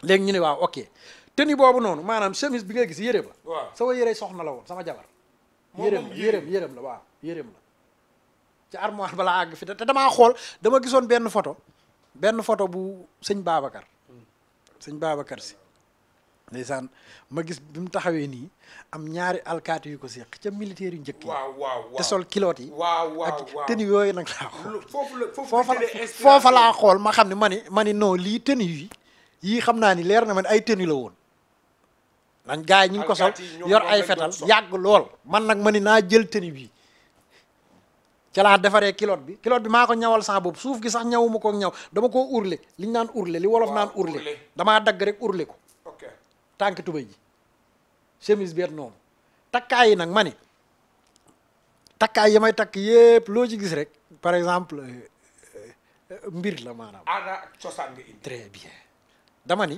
S1: léegi ñu ne waaw ok tenue boobu noonu maanaam chemise bi nga gis yére ba sama yére soxna la woon sama jabar
S2: yërëm yërëm
S1: yërëm la waaw yërëm la ci armoire balaa àgg fi te dama xool dama gisoon benn foto benn foto bu sëñ Babacar sëñ Babacar si ndeysaan ma gis bi mu taxawee nii am ñaari alkaati yu ko séq ca militaire yu njëkk yi. waaw te sol kiloot yi. waaw waaw yooyu nag laa xool.
S2: foofu la xool ma
S1: xam ne ma ni ma ni non lii tenue yi yii xam naa ni leer na ma ne ay tenue la woon. nañ gars ñu ngi ko sol yor ay fetal yàgg lool man nag ma ni naa jël tenue bi. ca laa defaree kilote bi kilote bi maa ko ñawal saa boobu suuf gi sax ñawuma kook ñaw dama koo urle liñ naan urle li wolof naan urle damaa dagg rek urle ko. tànk bay ji chemise bi noonu takkaay yi nag mani ne takkaay yi may takk yépp loo ci gis rek par exemple euh, euh, mbir la maanaam. aada ak cosaan
S2: bien
S1: dama ni.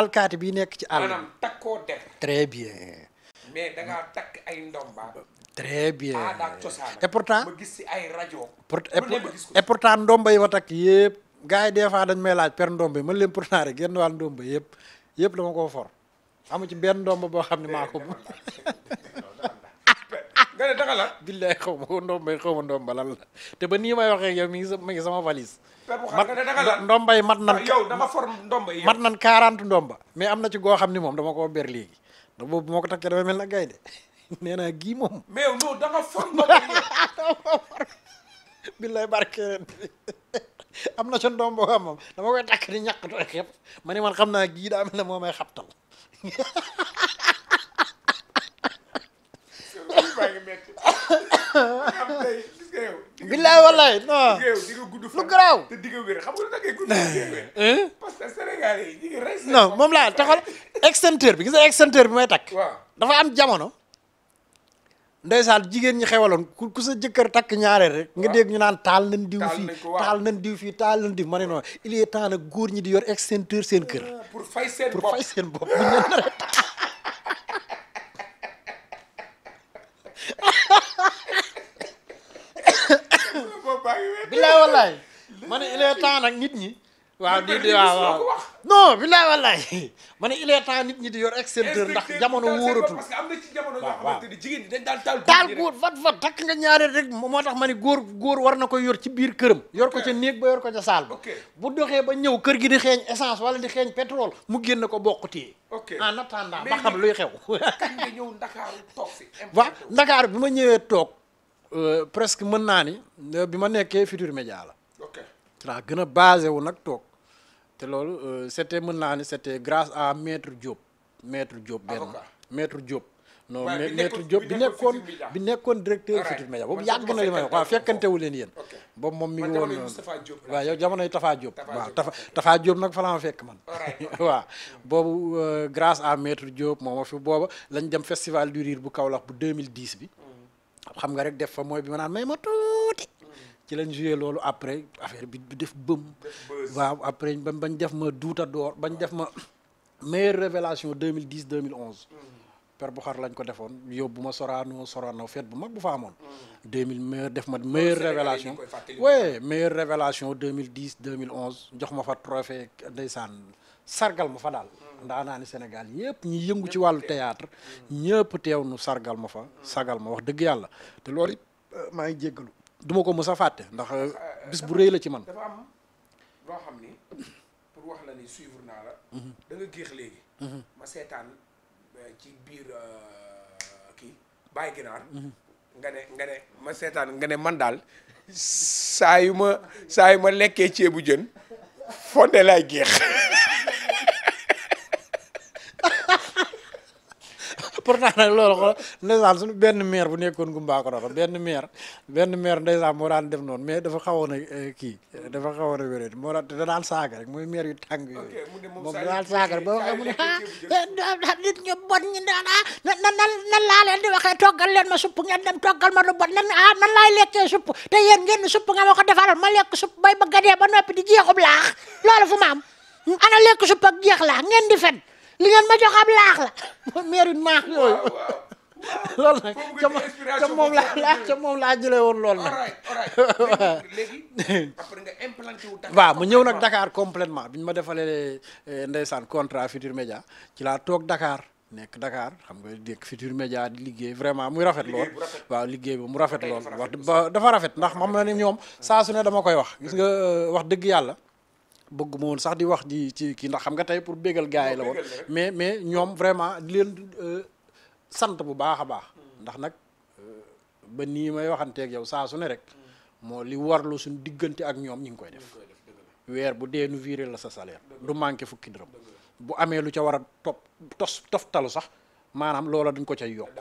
S1: alkaati bi nekk ci àll. maanaam
S2: takkoo def.
S1: très bien.
S2: mais da ngaa takk ay ndomba.
S1: très bien aada ak cosaan et
S2: gis si ay rajo.
S1: et pourtant ndomba yi ma takk yépp gars yi des fois dañ may laaj per ndomba yi man leen pourtant rek genn wàll ndomba yépp yëpp dama koo for amu ci benn domba boo xam ne maa ko. nga ne danga la. billaay xaw ma ko ndombay xaw ma ndomba lan la te ba nii may waxee mi ngi sama ngi sama valise.
S2: mat ndombay mat nan. Ah, yow dama for
S1: ndombay mat mais am na ci goo xam ni moom dama ko ber léegi da boobu moo ko takkee dama mel na gay de nee naa moom. mais yow am na sa doom boo xam dama koy takk di ñàkk tooy xepp ma ne man xam naa gii daa na ne moo may xabtal. billaay wallaay non
S2: lu garaaw eh? non
S1: moom laa taxal extincteur bi gis nga extincteur bi may takk dafa am jamono ndeysaan jigéen ñi xewaloon ku ku sa jëkkër takk ñaareel nga dégg ñu naan taal nañ diw fii taal nañ diw fii taal nañ diw ma ne noonu il est góor ñi di yor extincteur seen kër pour fay seen bopp pour fay seen bopp rek
S2: bilaay wallaay ma ne il est
S1: temps nit ñi waaw di di waaw waaw non bilaay wallaay ma ne il est temps nit ñi di yor extincteur ndax jamono wóoratul parce
S2: am na ci jamono dañ
S1: daan taal góor fat fat takk nga ñaareel rek moo tax ma ne góor góor war na ko yor ci biir këram yor ko ca néeg ba yor ko ca saal ba bu doxee ba ñëw kër gi di xeeñ essence wala di xeeñ pétrole mu génn ko bokk téye
S2: en attendant ba xam luy xew kañ ñëw ndakaaru toog fi
S1: bi ma ñëwee toog euh, presque mën naa ni euh, bi ma nekkee Futurs Médias la laa gën a basé wu nag toog te loolu euh, c'était mën naa ne c'était grâce à maître Diop. maître Diop benn maître Diop. non mais maître Diop bi nekkoon bi nekkoon directeur Futurs Médias boobu yàgg na li ma wax leen yéen. moom mi ngi woon waaw yow jamonoy tafaa Diop. waaw Tafa nag fa la fekk man. waa boobu euh, grâce à maître Diop moom fi booba lañ dem festival du rire bu Kaolack bu 2010 bi. Mm. xam nga rek def fa mooy bi ma naan may ma tuuti. ci lañ joué loolu après affaire bi def bëm waaw après ba bañ def ma duuta door bañ def ma meilleure révélation 2010 2011 per bu xar lañ ko defoon yóbbu ma Sorano Sorano feet bu mag bu fa amoon. 2000 hmm. meilleur def ma meilleure révélation oui meilleure révélation mille 2011 jox ma fa trophée ndeysaan sargal ma fa daal. Hmm. ndaa naa ni Sénégal yëpp ñi yëngu ci wàllu théâtre hmm. ñëpp teew nu sargal ma fa. sargal ma wax dëgg yàlla te loolu euh, maa ngi jéggalu duma ko mës a fàtte ndax euh, bis bu rëy la ci man. dafa
S2: am loo xam ni pour wax la ni suivre naa la. Mhm. da nga géex léegi. Mhm. ma seetaan euh, ci biir euh, kii bàyyi mhm. nga ne ma seetaan nga ne man daal saa yu ma saa yu ma lekkee ceebu jën fonde laay géex.
S1: pour nag loolu xool ndeysaan suñu benn maire bu nekkoon Gumbaako Roxo benn maire benn maire ndeysaan moo daan def noonu mais dafa xawoon a euh, kii dafa xawoon a wéré moo daan da daan saaga rek mooy maire yu tàng yooyu moom da daan saaga rek ba waxee mu ne ah, eh, ah, ah nit ñu nan nan nan laa toggal leen ma supp ngeen dem toggal ma lu bon nan ah nan supp te yéen ngeen supp nga ma ko defaral ma lekk supp bay bëgg a dee ba noppi di jeexub laax loolu fu ma ana lekk supp ak jeex laax ngeen di fen li ngeen ma jox am laax la maire yu yooyu loolu nag ca laa laa ca moom laa jëlee woon loolu nag mu ñëw nag dakaar complètement bi ñu ma defalee eh, ndeysaan contrat Futur Média ci laa toog dakaar nekk Dakar xam nga nekk Futur Média liggéey vraiment muy rafet lool waaw liggéey bi mu rafet lool wax dafa rafet ndax xam na ni ñoom saa su ne dama koy wax gis nga eh, wax dëgg yàlla bëgg woon sax di wax di ci kii ndax xam nga tey pour bégal gars yi la woon mais mais ñoom vraiment di leen euh, sant bu baax a baax mm. ndax nag euh, ba nii may waxanteeg yow saa su ne rek mm. moo li warlu suñ diggante ak ñoom ñu ngi koy def weer bu dee nu viré la sa salaire du manqué fukki dërëm bu amee lu ca war a topp tos toftalu sax maanaam loola dañ ko cay yokk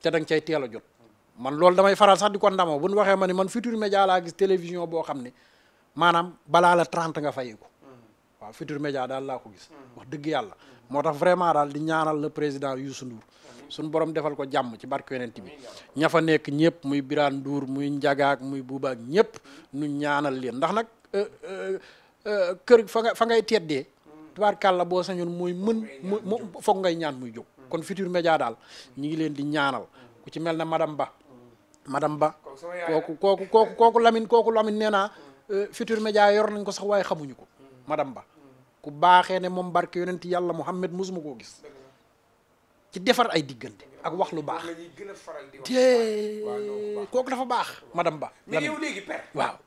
S1: te danga cay teel a jot man loolu damay faral sax di ko ndamoo bu ñu waxee ma ne man Futurs Médias laa gis télévision boo xam ne maanaam balaa la trente nga fayeku waaw Futurs Médias daal laa ko gis wax dëgg yàlla moo tax vraiment daal di ñaanal la président Youssou Ndour suñu boroom defal ko jàmm ci barke yonent bi ña fa nekk ñëpp muy Birane Ndour muy Njagaak muy Buubaak ñëpp nu ñaanal leen ndax nag euh, euh, euh, kër fa nga fa ngay teddee tubaarkàlla boo sañoon mooy mën mu foog ngay ñaan muy jóg kon Futurs Médias daal ñi ngi leen di ñaanal ku ci mel na madame Ba madame Ba kooku kooku kooku kooku Lamine kooku nee naa Euh, Futurs Médias yor nañ ko sax waaye xamuñu ko madame Ba ku baaxee ne moom barke yonent yàlla Muhammad musuma koo gis ci defar ay diggante ak wax lu baax té kooku dafa baax madame Ba mais yow léegi père waaw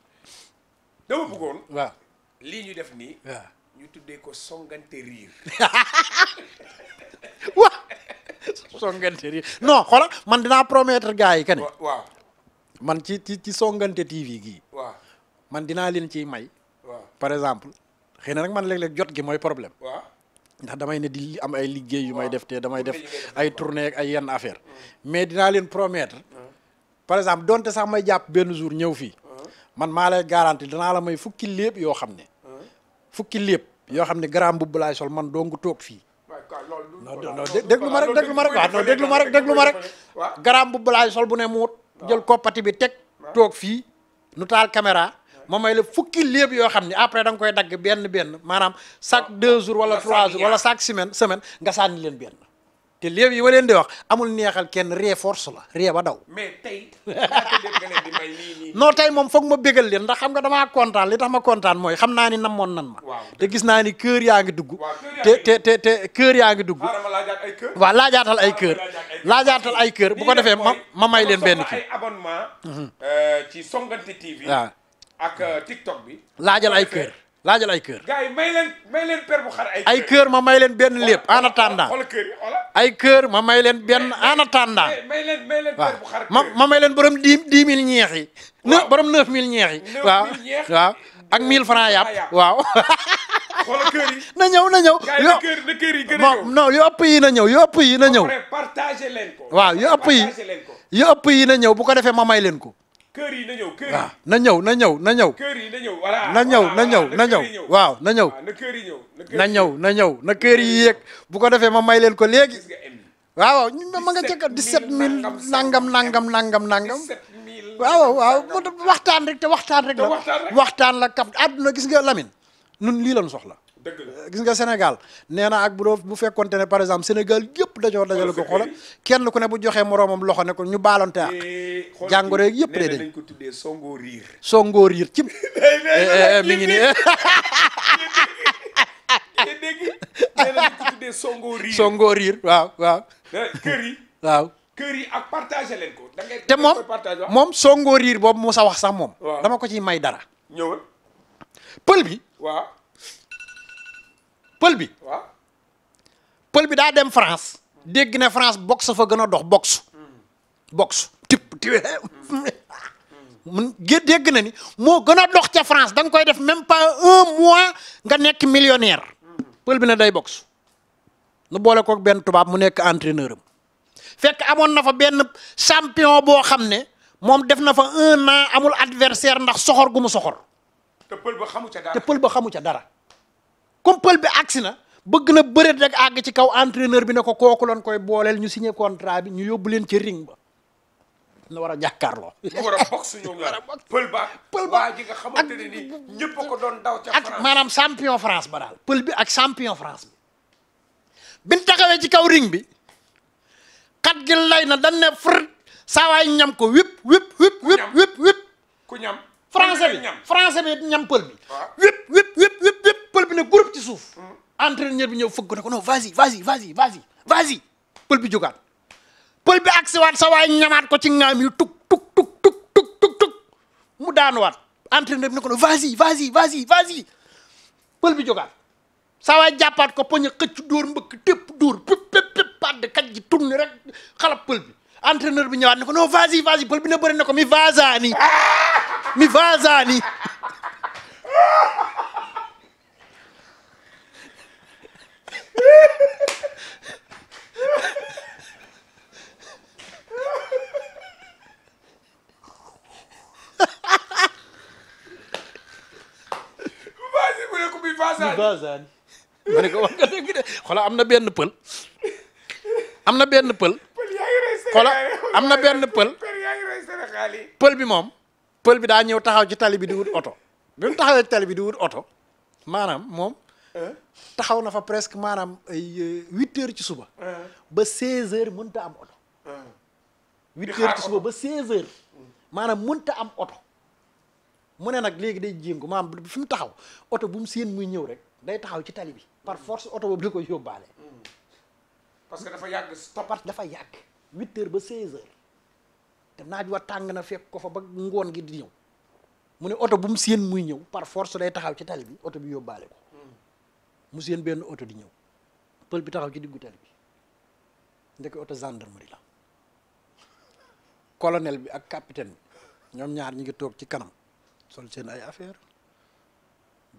S2: dama bëggoon waaw lii ñu def nii ñu tuddee ko songante riir
S1: waaw songante riir non xoolal man dinaa promettre gars yi que waaw man ci ci ci songante TV gii man dinaa leen ciy may. waaw par exemple xëy na nag man léeg-léeg jot gi mooy problème. waaw ndax damay ne di am ay liggéey yu may def te damay def ay tournée ay yenn affaire mm. mais dinaa leen promettre. Mm. par exemple donte sax may jàpp benn jour ñëw fii. Mm. man maa lay garanti danaa la may fukki lépp yoo xam ne. fukki lépp yoo xam ne grand mbubb laay sol man dong toog fii. non non déglu ma rek déglu ma rek waaw non déglu ma rek déglu ma rek. grand mbubb laay sol bu ne mu jël koppati bi teg. toog fii nu taal caméra. ma may la fukki léeb yoo xam ne après da koy dagg benn benn maanaam chaque ah, deux jours wala trois jours wala chaque semaine semaine nga sànni leen benn te léeb yi ma leen di wax amul neexal kenn ree force la ree ba daw.
S2: mais tey.
S1: non tey moom foog ma bégal leen ndax xam nga damaa kontaan li tax ma kontaan mooy xam naa ni namoon nan ma. te gis naa ni kër yaa ngi dugg. te te te kër yaa ngi dugg. waa laajaatal ay kër. laajaatal ay kër bu ko defee ma ma may leen ben kii.
S2: abonnement mhm. euh, ci Songuanté TV. ak euh, TikTok bi. laajal ay kër laajal ay kër. gars yi may leen per bu xar ay. ay
S1: ma may leen benn lépp en attendant. xool kër yi ay kër ma may leen benn en attendant.
S2: may leen may leen per bu xar ma
S1: ma may leen borom dix dix mille ñeex yi. waaw borom neuf mille ñeex yi. waaw waaw ak mille francs yàpp waaw. xoolal yi na ñëw na ñëw. yoo kër yi gën a ñëw non yi na ñëw yu ëpp yi na ñëw.
S2: partagé leen ko. waaw yu ëpp yi
S1: yu ëpp yi na ñëw bu ko defee ma may leen ko.
S2: kër yi na ñëw kër ah,
S1: na ñëw na ñëw na ñëw. kër yi na ñëw voilà na ñëw na ñëw na ñëw waaw na ñëw. na kër yi na ñëw na ñëw na kër yi bu ko defee ma may leen ko leegi waaw waaw ma nga jëkk 17000 nangam nangam nangam nangam. waaw waaw waxtaan rek te waxtaan rek la. waxtaan la kam na gis nga Lamine. nun lii lañu soxla. dëgg la euh, gis nga Sénégal nee na ak bu doo bu fekkonte ne par exemple Sénégal yëpp dajoo dajale ko xoolal kenn ku ne bu joxee moroomam loxo ne ko ñu baalonte ak eh,
S2: jàngoro yeeg yëpp de dañ ko tuddee songoo riir
S1: songoo riir eh, eh, mi ngi ni dégg nee nañ ko tuddee songoo riir songoo waaw waaw
S2: kër yi ak partagé leen ko da ngay te moom moom
S1: songoo boobu mu sa wax sax moom dama ko ciy may dara ñëwal pël bi pël bi. waaw pël bi daa dem France. dégg na France boxe fa gën a dox boxe. Hmm. boxe tip tiwe hmm. mun dégg na ni moo gën a dox ca France da nga koy def même pas un mois nga nekk millionnaire. Hmm. pël bi na day boxe. nu boole kook benn tubaab mu nekk entraîneur am fekk amoon na fa benn champion boo xam ne moom def na fa un an amul adversaire ndax soxor gu mu soxor.
S2: te xamu ca dara te
S1: pël ba xamu ca dara. comme pël bi agsi na bëgg na bëreet rek àgg ci kaw entraîneur bi ne ko kooku loon koy booleel ñu signé contrat bi ñu yóbbu leen ci ring ba na war a jàkkaarloo.
S2: ñu war pël ba. pël ba waa ji nga xamante ne nii ñëpp ko doon daw ca France
S1: ak maanaam champion France ba daal. bi ak champion France bi. biñ taxawee ci kaw ring bi xat gi lay na dañ ne fër saawaay ñam ko wip wip wip wip wip wip ku ñam français bi bi ñam wip wip wip wip pël na ne ci suuf. entraîneur bi ñëw fëgg na ko non vas-y vas-y vas-y vas-y vas-y bi jógaat bi agsi waat sa waay ko ci ngaam tuk tuk tuk tuk tuk tuk mu daanuwaat entraîneur bi ko non vas-y vas-y bi jógaat sa jàppaat ko poñ a xëcc dóor mbëkk tépp dóor pép pép pép padd kaj ji bi entraîneur bi ñëwaat ne ko non vas bi ne bëri na ko mi vasaani mi Bazane ma am na benn pël am na benn pël
S2: xoola am na benn pël
S1: pël bi moom pël bi daa ñëw taxaw ci tali bi di wut oto bi mu taxawee ci tali bi di wut oto maanaam moom taxaw na fa presque maanaam ay euh, huit heures ci suba. Eh. ba seize heures mënta am oto. Eh. huit heures ci suba ba seize heures. maanaam mënta am oto. mu ne nag léegi day jéngu maanaam fi mu taxaw oto bu mu séen muy ñëw rek day taxaw ci tali bi par mm. force oto boobu da yóbbaale. Mm. parce que dafa yàgg stop dafa yàgg huit heures ba seize heures te naaj wa tàng na fekk ko ba ngoon gi di ñëw mu ne oto bu mu séen muy ñëw par force day taxaw ci tali bi oto bi yóbbaale ko. mu seen benn oto di ñëw pël bi taxaw ci diggu tali bi ndekk oto gendarmerie la colonel bi ak capitaine bi ñoom ñaar ñi ngi toog ci kanam sol seen ay affaire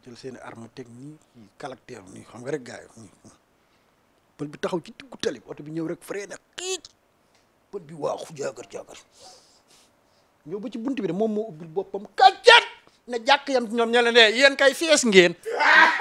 S1: jël seen arme technique yi xam nga rek gars bi taxaw ci diggu oto bi ñëw rek freiné xiic pël bi waaxu jaagar jaagar ci bunt bi de moom moo ubbil boppam jàkk yam ñoom ñe leen ne yéen kay fees ngeen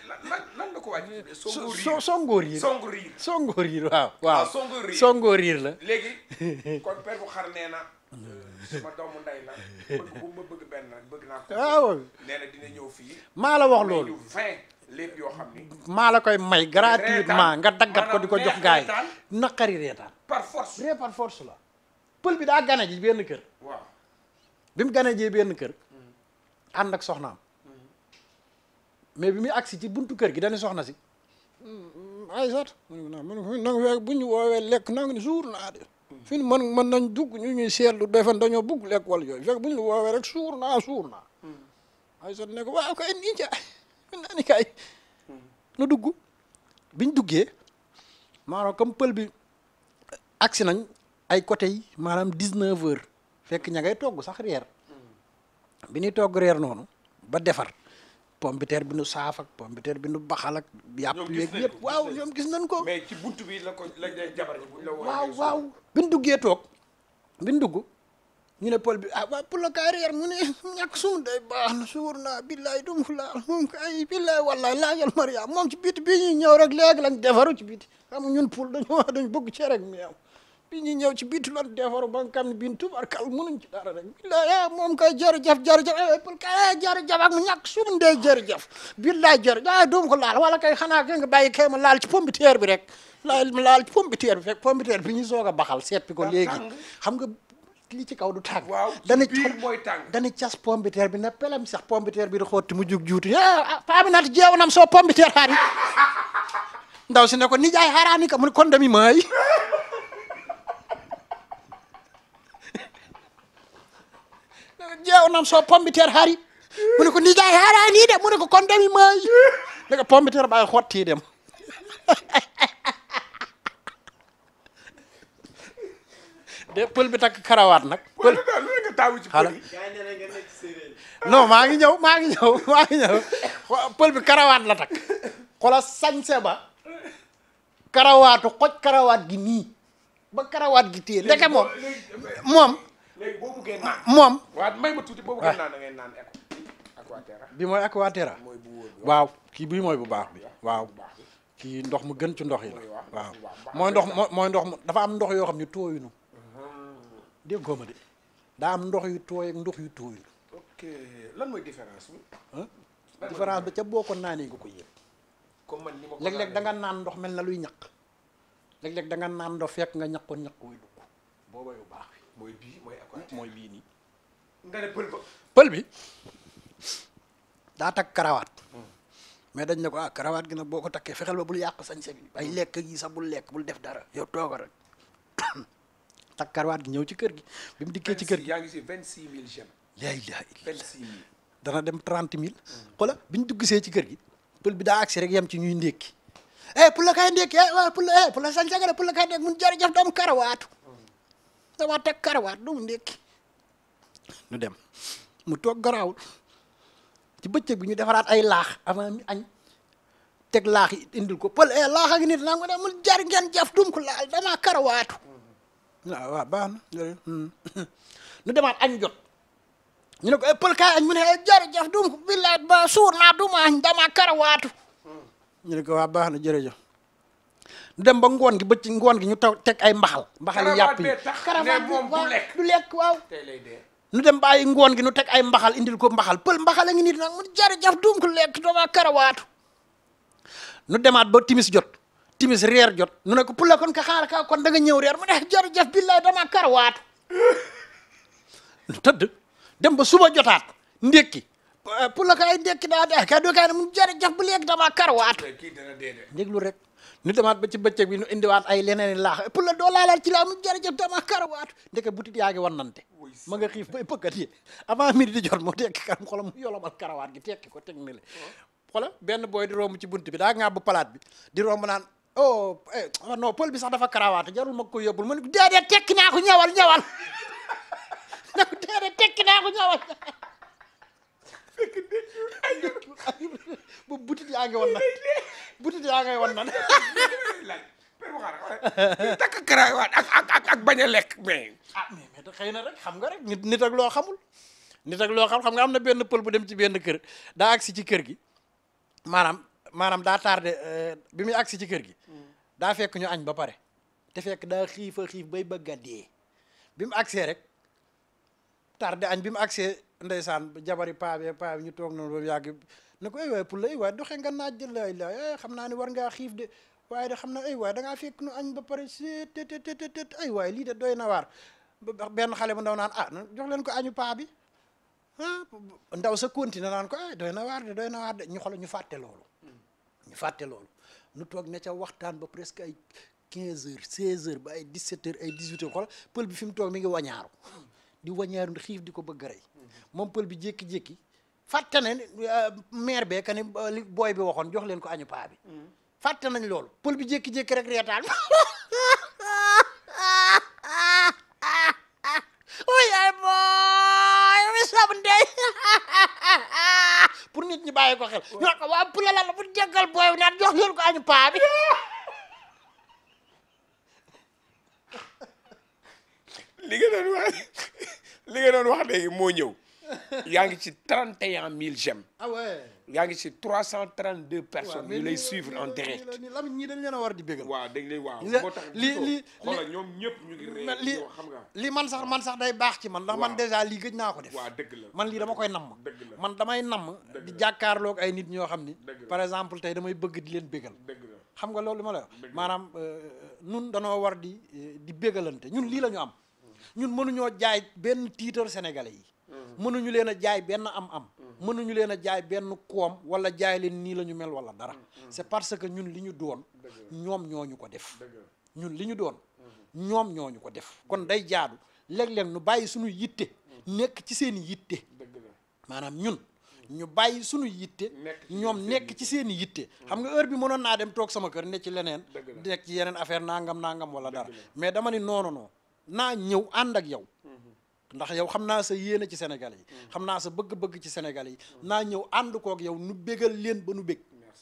S1: ko waa ñu tuddee songo riir waaw ah, waaw songo riir la léegi
S2: kon père bu xar nee na
S1: la
S2: bëgg bëgg ah, na dina fii maa la wax loolu vingt lépp yoo xam
S1: maa la koy may gratuitement nga daggat ko di ko jox gaay naqari reetaan par force ree la pël bi daa gane ji benn kër waaw bi mu gane ji benn kër hmm. ànd ak soxnaam mais bi muy agsi ci buntu kër gi dañu soxna si mm, Aysat mën nanga fekk bu ñu woowee lekk nanga ni suur naa de fi nu mën mën nañ dugg ñu ñuy seetlu defan dañoo bugg lekk wala yooyu fekk bu ñu woowee rek suur naa suur naa mm. Aysat ne ko waaw kay nii caay mm. nu dugg biñ duggee maanaam comme pël bi agsi nañ ay côté maanaam dix-neuf fekk ña ngay togg sax reer bi ñuy togg reer noonu ba defar pompiteer bi nu saaf ak pompiteer bi nu baxal ak yàpp yeeg yëpp waaw ñoom gis nañ ko mais ci buntu
S2: bi la ko la jabar yi waaw waaw
S1: bin duggee toog bin ñu ne Paul bi ah waaw pour la carrière mu ne ñàkk sumu day baax na suur naa billaay dum laa moom ay billaay wallaay laajal Maria moom ci biti bi ñuy ñëw rek léegi lañ defaru ci biti xam ñun Paul dañu wax dañ bëgg cere ak meew bi ñu ñëw ci biitu loolu defaru ba nga xam ne biin tubarkal mënuñ ci dara rek billaay ah, moom kay jërëjëf jërëjëf pël eh, kay eh, jërëjëf ak mu ñàkk suum ndey jërëjëf billaay jërëjëf ah doom ko laal wala kay xanaa kay nga bàyyi kay ma laal ci pombiteer bi rek laal ma laal ci pombiteer bi fekk pombiteer bi ñu soog a baxal seppi ko léegi xam nga li ci kaw du tàng dana dana cas pombiteer bi na pelem sax pombiteer bi di xotti mu jug juuti faa eh, ah, mi naat jeewanam soo pombiteer xaari ndaw si ne ko nijaay xaaraani ka mu ne kon dami maay ƴeewnam so soo de terre haari mu ne ko nijaay haarani de mu ne ko kon demi ne ko pomme de terre ɓawi hottidemo de pël bi takk karawaat nag pël xala non maa ngi ñëw maa ngi ñëw maa ngi ñëw pël karawaat la takk xola sañse ba karawaatu xoj karawaat gi nii ba karawaat gi téye ndeke moom léegi boo buggee moom.
S2: waaw may ma tuuti boo buggee ah. naan da ngay
S1: bi mooy aquaterra. mooy bu waaw kii bii mooy bu baax bi waaw. kii ndox mu gën ci ndox yi la waaw mooy ndox mooy ndox mu dafa am ndox yoo xam ne tooyuñu déggoo ma de daa am ndox yu tooy ndox yu tooyul. ok lan mooy différence bi. différence bi ca boo ko naanee nga ko yëg. comme man ni da nga naan ndox mel na luy ñaq léeg-léeg danga naan ndox fekk nga ñaqoon ñaq wuy dugg
S2: booba yu baax. mooy bii mooy Aquatabs mooy bii nii. nga ne pël ba.
S1: pël bi daa takk karawaat. Hmm. mais dañ ne ko ah karawaat gi nag boo ko takkee fexeel ba bul yàq sañse bi ay hmm. lekk yi sax bul lekk bul def dara yow tooga rek takk karawaat gi ñëw ci kër gi bi mu dikkee ci kër gi yaa si vingt six mille gemmes yaa ilaha illa dana dem bi ñu duggsee ci kër gi pël bi daa agsi rek yem ci ñuy ndékki eh pour ndékki eh sañse ga pour la eh, kaay ndékki mun jërëjëf doomu karawaatu kastawaat teg karawaat du mu ndékki nu dem mu toog garaawul ci bëccëg bi ñu defaraat ay laax avant ñu añ teg laax yi indil ko pël e laax ak nit naa ko dem mu jar ngeen jaf dum laal damaa karawaatu ah, hmm. nu demaat añ jot ñu ne ko e pël kaay añ mu ne eh, jërëjëf dum ko billaay ba suur naa duma añ karawaatu hmm. ñu ne ko waa baax na jërëjëf dem ba ngoon gi ba ci ngoon gi ñu taw teg ay mbaxal mbaxal yi yàpp yi karawaat bi waaw du lekk waaw nu dem bàyyi ngoon gi nu teg ay mbaxal indil ko mbaxal pël mbaxal a ngi nit nag mu jërëjëf duum ko lekk doomaa karawaatu nu demaat ba timis jot timis reer jot nu ne ko pula kon ka xaar ka kon da ñëw reer mu ne jërëjëf billaay dama karawaatu nu tëdd dem ba suba jotaat ndékki pula kaay ndékki daa dee ka do kaay ne mu jërëjëf bu lekk dama karawaatu déglu rek nu demaat ba ci ba bëccëg bi ñu indiwaat ay leneen i laax pour la doo laalaat ci laa mu jërëjëf dama karawaatu ndeke butit yaa wannante ma a xiif bay pëkkati avant midi di jot moo tekki karam karawaat gi tekki ko teg ni le oh. xola benn booy di romb ci bunt bi daa ŋàbb palaat bi di romb naan oh, eh, oh non pël bi sax dafa karawaat jarul ma ko yóbbul ma ne ko déedéet tekki naa ko ñëwal ñëwal ne ko déedéet tekki naa ko ñëwal bu butit yaa ngi wannante butit yaa ngay wan nan takk ak ak bañ a lekk mais ah mais mais xëy na rek xam nga rek nit ak loo xamul nit ak loo xam xam nga am na benn pël bu dem ci benn kër daa agsi ci kër gi maanaam maanaam daa tardé euh, bi muy agsi ci kër gi daa fekk ñu añ ba pare te fekk daa xiifa xiif bay bëgg a dee bi mu agsee rek tardé añ bi mu agsee ndeysaan jabari paa bi paa bi ñu toog na ba mu yàgg na ko ay waay pour la ay waay doxee nga naaj la ay la xam naa ne war ngaa xiif de waaye de xam na ay waay da fekk nu añ ba pare si te te te te ay waay lii de doy na waar benn xale bu ndaw naan ah jox leen ko añu paa bi ah ndaw sa continué naan ko ah doy na waar de doy na waar de ñu xool ñu fàtte loolu. ñu fàtte loolu nu toog ne ca waxtaan ba presque ay 15 heures 16 heures ba ay 17 heures ay 18 heures xool pël bi fi mu toog mi ngi wañaaru di wañaaru xiif di ko bëgg rey moom pël bi jékki-jékki. fàtte ne euh, maire bee euh, booy bi waxoon jox leen ko añu paa bi. Mm. fàtte nañ loolu pël bi jékki-jékki rek reetaan oui ay booy oui saabu ndey pour nit ñi bàyyi ko xel. ñu ne ko waa pële la bu booy bi naan jox ko añu paa bi.
S2: li wax li moo ñëw. yaa ngi ci trente et un mille j'aime. ah ouais yaa ngi ci trois cent trente deux personnes. ñu lay suivre en direct. waaw ñii dañ leen a war di bégal. waaw dañ lay waaw moo tax.
S1: li li xoolal
S2: ñoom ñëpp ñu ngi xam nga.
S1: li man sax man sax day baax ci man. ndax man dèjà lii gëj naa ko def. waaw dëgg man lii dama koy nam dëgg la man damay namm. di jàkkaarloog ay nit ñoo xam ni. par exemple tey damay bëgg di leen bégal. xam nga loolu li ma la wax maanaam euh, ñun danoo war di euh, di bégalante ñun lii lañu am ñun mënuñoo jaay benn tiitar sénégalais yi mënuñu leen a jaay benn am-am. mënuñu leen a jaay benn koom wala jaay leen nii la ñu mel wala dara. c'est parce que ñun li ñu doon. ñoom ñoo ñu ko def. ñun li ñu doon. ñoom ñoo ñu ko def kon day jaadu léeg-léeg nu bàyyi suñu yitte. nekk ci seen yitte. maanaam ñun. ñu bàyyi suñu yitte ñoom nekk ci seen yitte xam nga heure bi mënoon naa dem toog sama kër ne ci leneen nekk ci yeneen affaire nangam nangam wala dara mais dama ni non naa ñëw ànd ak yow mhm. ndax yow xam naa sa yéene ci Sénégal yi mm. xam naa sa bëgg-bëgg ci Sénégal yi naa ñëw ànd kook yow nu bégal leen ba nu bég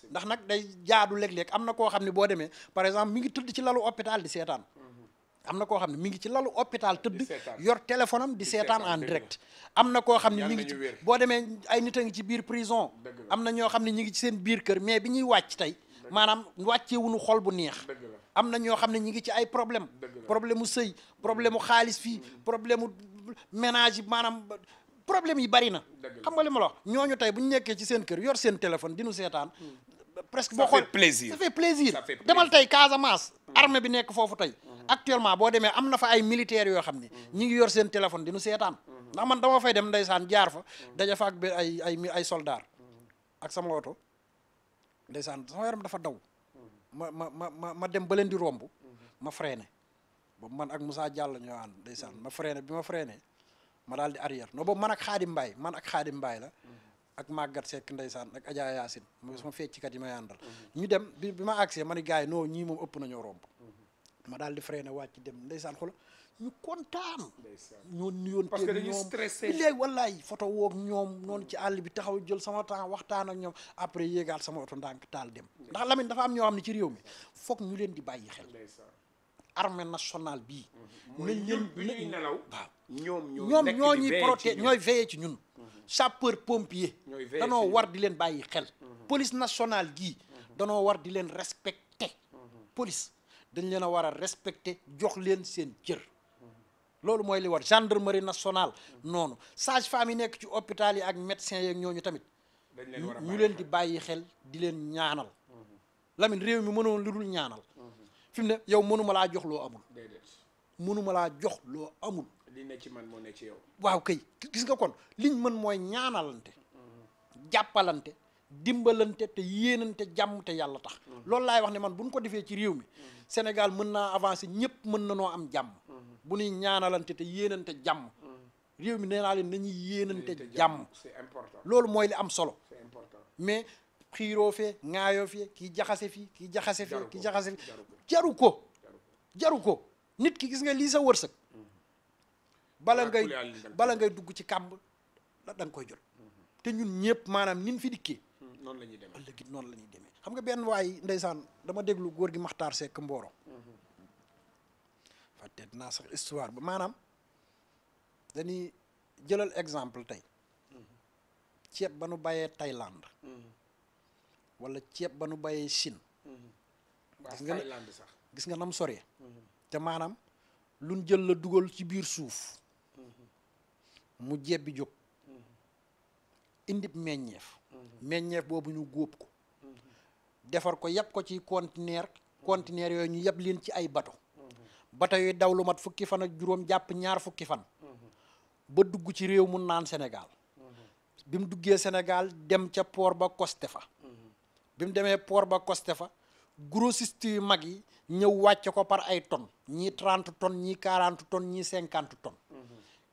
S1: ndax nag day jaadu léeg-léeg am na koo xam ne boo demee par exemple mi ngi tëdd ci lalu hôpital di seetaan mm-hmm. am na koo xam ne mi ngi ci lalu hôpital tëdd yor téléphone di seetaan en direct am na koo xam ne mi ngi ci boo demee ay nit a ngi ci biir prison am na ñoo xam ne ñu ngi ci seen biir kër mais bi ñuy wàcc tey maanaam wàccewuñu xol bu neex am na ñoo xam ne ñu ngi ci ay problème problème mu sëy problème mu xaalis fii mm-hmm. problème ménage yi maanaam problème yi bari na. xam nga li ma la wax ñooñu tey bu ñu nekkee ci seen kër yor seen téléphone di nu seetaan. Hmm. presque boo xool
S2: ça fait
S1: plaisir demal tey Casamance. Hmm. armée bi nekk foofu tey. Hmm. actuellement boo demee am na fa ay militaire yoo xam ne ñi ngi yor seen téléphone di nu seetaan. ndax man dama fay dem ndeysaan jaar fa daja fa ak bi ay ay ay soldat ak sama oto ndeysaan sama yaram dafa daw ma ma ma ma dem ba leen di romb ma freiné boobu man ak Moussa Diallo ñoo ànd ndeysaan ma freiné bi ma ne ma daal di arrière non boobu man ak Xaadim Mbaay man ak Xaadim Mbaay la ak Maguette Seck ndeysaan ak Adja Yacine mooy sama fecckat yi may àndal ñu dem bi bi ma agsee ma ni gars yi non ñii moom ëpp nañoo romb ma daal di freiné wàcc dem ndeysaan xool ñu kontaan ñoo nuyoon parce que dañu stressé léegi wallaay photo woog ñoom noonu ci àll bi taxaw jël sama temps waxtaan ak ñoom après yéegaat sama oto ndànk taal dem ndax Lamine dafa am ñoo xam ne ci réew mi foog ñu leen di bàyyi xel armée nationale bii. nañ leen ñuy nelaw
S2: ñoom ñoo nekk ñoo ñuy ñooy
S1: veillé ci ñun. sapeur pompier. ñooy veillé mhm. danoo war di leen bàyyi xel. Mhm. police nationale gii. Mhm. danoo war di leen respecté. police dañ leen a war a respecté jox leen seen cër. loolu mooy li war gendarmerie nationale. noonu sage-femme yi nekk ci hôpital yi ak médecins yeeg ñooñu tamit. ñu leen di bàyyi xel di leen ñaanal. Lamine réew mi mënoon lu dul ñaanal. fi mu ne yow mënuma laa jox loo amul. déedéet mënuma laa jox loo amul.
S2: li ne ci man moo ne ci yow.
S1: waaw kay gis nga kon liñ mën mooy ñaanalante. jàppalante dimbalante te yéenante jàmm te yàlla tax. Mm-hmm. loolu laay wax ne man bu buñ ko defee ci réew mi. Mm-hmm. Sénégal mën naa avancer ñëpp mën na noo am jàmm. Mm-hmm. bu ñuy ñaanalante te yéenante jàmm. réew mi nee naa leen nañuy yéenante jàmm. c'est important loolu mooy li am solo. mais. xiiroo fee ŋaayoo fee kii jaxase fii kii jaxase fee kii jaxase jaru ko jaru ko nit ki gis nga lii sa wërsëg mm-hmm. bala ngay bala ngay dugg ci kàmb la da koy jot mm-hmm. te ñun ñëpp maanaam nin fi dikkee mm-hmm. noonu la ñuy demee ëllëg noonu la demee xam nga benn waay ndeysaan dama déglu góor gi Maxtaar Seck Mboro fàtte naa sax histoire ba maanaam dañuy jëlal exemple tey ceeb ba nu bàyyee Thaïlande wala ceeb ba nu bayee Chine.
S2: Mm-hmm. gis nga sax
S1: gis nga nam sore mm-hmm. te maanaam luñ jël la dugal ci biir suuf.
S3: Mm-hmm.
S1: mu jeeb bi jóg. indi meññeef. meññeef boobu ñu góob ko. defar ko yàpp ko ci conteneur. conteneur yooyu ñu yàpp leen ci ay bato. bato yooyu daw lu mat fukki fan ak juróom jàpp ñaar fukki fan. ba dugg ci réew mu naan Sénégal. bi duggee senegaal dem ca port ba Coste fa. bi mu demee port ba costé fa grossiste yu mag yi ñëw wàcce ko par ay tonnes ñii 30 tonnes ñii 40 tonnes ñii cinquante tonnes.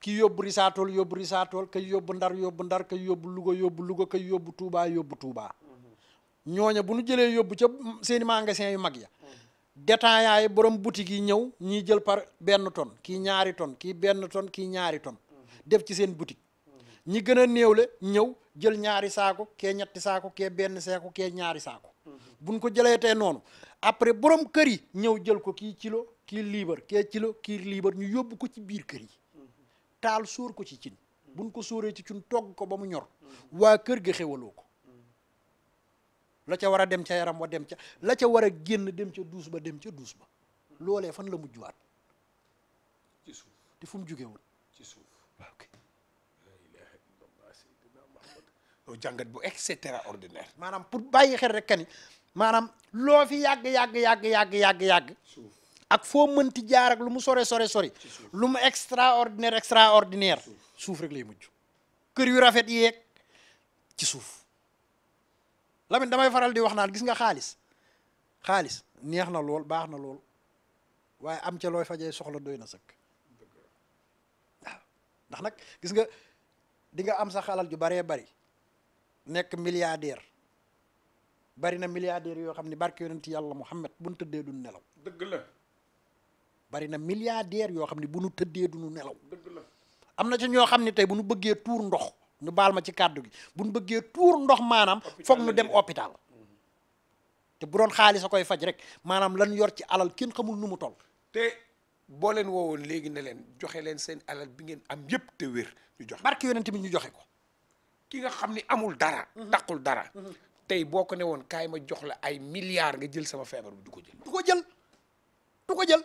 S1: ki yóbbu risaatool yóbbu risaatool kay yóbbu ndar yóbbu ndar kay yóbbu Louga yóbbu Louga kay yóbbu Touba yóbbu Touba. ñooña bu nu jëlee yóbbu ca seeni magasin yu mag ya. détaillants yi borom yi ñëw ñii jël par benn tonne kii ñaari tonne kii benn ton kii ñaari ton def ci seen boutique. ñi gën a néewle ñëw jël ñaari saako kee ñetti saako kee benn saako kee ñaari saako. Mhm. buñ ko jëlee te noonu après borom kër yi ñëw jël ko kii kilo kii liibar kee kilo kii liibar ñu yóbbu ko ci biir kër yi mhm. taal sóor ko ci cin mhm. buñ ko sóoree ci cin togg ko ba mu ñor waa kër gi xewaloo ko la ca war a dem ca yaram wa dem ca la ca war a génn dem ca duus ba dem ca duus ba loolee fan la mujjuwaat ci suuf te fu jugee woon ci suuf doo jàngat bu extraordinaire. maanaam pour bàyyi xel rek que maanaam loo fi yàgg yàgg yàgg yàgg yàgg yàgg. ak foo mënti jaar ak lu mu sore sore sori. lu mu extraordinaire extraordinaire. suuf rek lay mujj. kër yu rafet yeeg ci suuf. Lamine damay faral di wax naan gis nga xaalis xaalis neex na lool baax na lool waaye am ca looy fajee soxla doy na sëkk ndax nag gis nga di nga am sa xalal ju baree bari nekk milliardaire bari na milliardaire yoo xam ne barke yonent yàlla Muhammad bu nu tëddee du nelaw. dëgg la. bari na milliardaire yoo xam ne bu nu tëddee du nu nelaw. am na ci yoo xam ne tey bu nu bëggee tuur ndox nu baal ma ci kàddu gi bu nu bëggee tuur ndox maanaam. foog nu dem hôpital. te bu doon xaalis a koy faj rek maanaam lan yor ci alal kenn xamul nu mu toll. te boo leen woowoon léegi ne leen joxe leen seen alal bi ngeen am yëpp te wér ñu
S2: joxe. barke yonent bi ñu joxe ko. ki nga xam ni amul dara. Mhm. taqul dara. Mhm. tey boo
S1: ko ne woon kaay ma jox la ay milliards nga jël sama feebar bi du ko jël. du ko jël du ko jël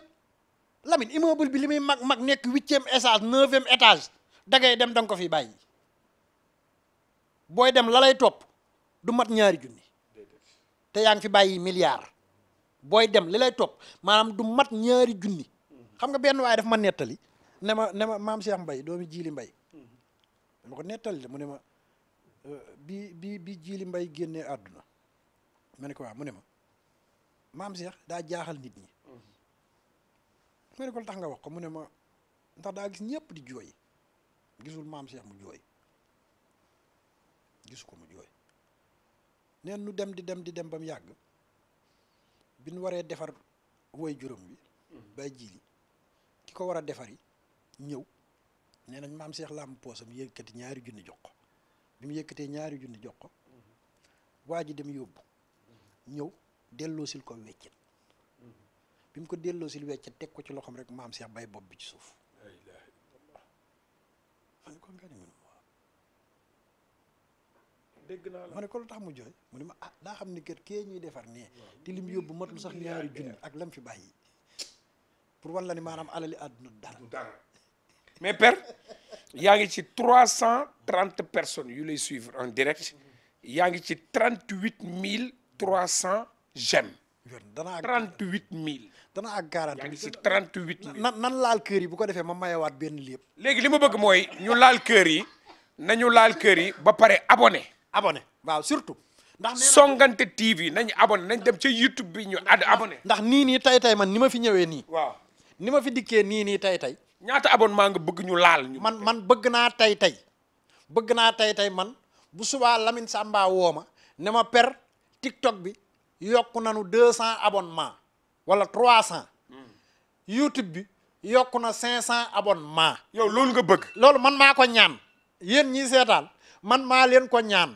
S1: Lamine immeuble bi li muy mag mag nekk huitième étage neuvième étage dangay dem danga ko fi bàyyi booy dem la lay topp du mat ñaari junni te yaa ngi fi bàyyi milliards booy dem li lay topp maanaam du mat ñaari junni xam nga benn waaye daf ma nettali ne ma ne ma maam Cheikh Mbaye doomi Jiili Mbaye mhm. dama ko nettali de mu ne ma. bi bi bi Djily mbay génne àdduna ma ne ko waaw mu ne ma maam Cheikh daa jaaxal nit ñi mm-hmm. ma ne ko tax nga wax ko mu ne ma ndax daa gis ñëpp di jooy gisul maam Cheikh mu jooy gisu ko mu jooy neen nu dem di dem di dem ba mu yàgg bi nu waree defar woy juróom mm-hmm. bi bay Djily ki ko war a defari ñëw nee nañ maam seex Cheikh làmb poosam yëkkati ñaari junni jox bi mu yëkkatee ñaari junni jox ko waa ji dem yóbbu ñëw delloosil ko weccet bi mu ko delloosil weccet teg ko ci loxoom rek maam Cheikh bay bopp bi ci suuf ma ne ko lu tax mu jooy mu ne ma ah daa xam ni kër kee ñuy defar nee te lim yóbbu matul sax ñaari junni ak lam fi bàyyi pour wan la ni maanaam alali àdduna dara
S2: mais père yaa ngi ci trois cent trente personnes yu lay suivre en direct yaa ngi ci trente huit
S1: mille trois cent j'aime. danaa trente huit mille. danaa ak garanti yaa ngi ci trente huit mille. nan nan laal kër yi bu ko defee ma mayewaat benn lépp.
S2: léegi li ma bëgg mooy ñu laal kër yi nañu laal kër yi ba pare abonné. abonné waaw surtout. ndax Songuanté
S1: TV nañ abonné nañ dem ca YouTube bi ñu ad abonné. ndax nii nii tey tey man ni ma fi ñëwee nii. waaw ni ma fi dikkee nii nii tey tey. ñaata maa nga bëgg ñu laal ñu. man man bëgg naa tey tey bëgg naa tey tey man bu subaa Lamine Samba woo ma ne ma per TikTok bi yokku nu deux cent abonnement wala trois cent. Hmm. YouTube bi yokku na cinq cent abonnement. yow loolu nga bëgg. loolu man maa ko ñaan yéen ñii seetaan man maa leen ko ñaan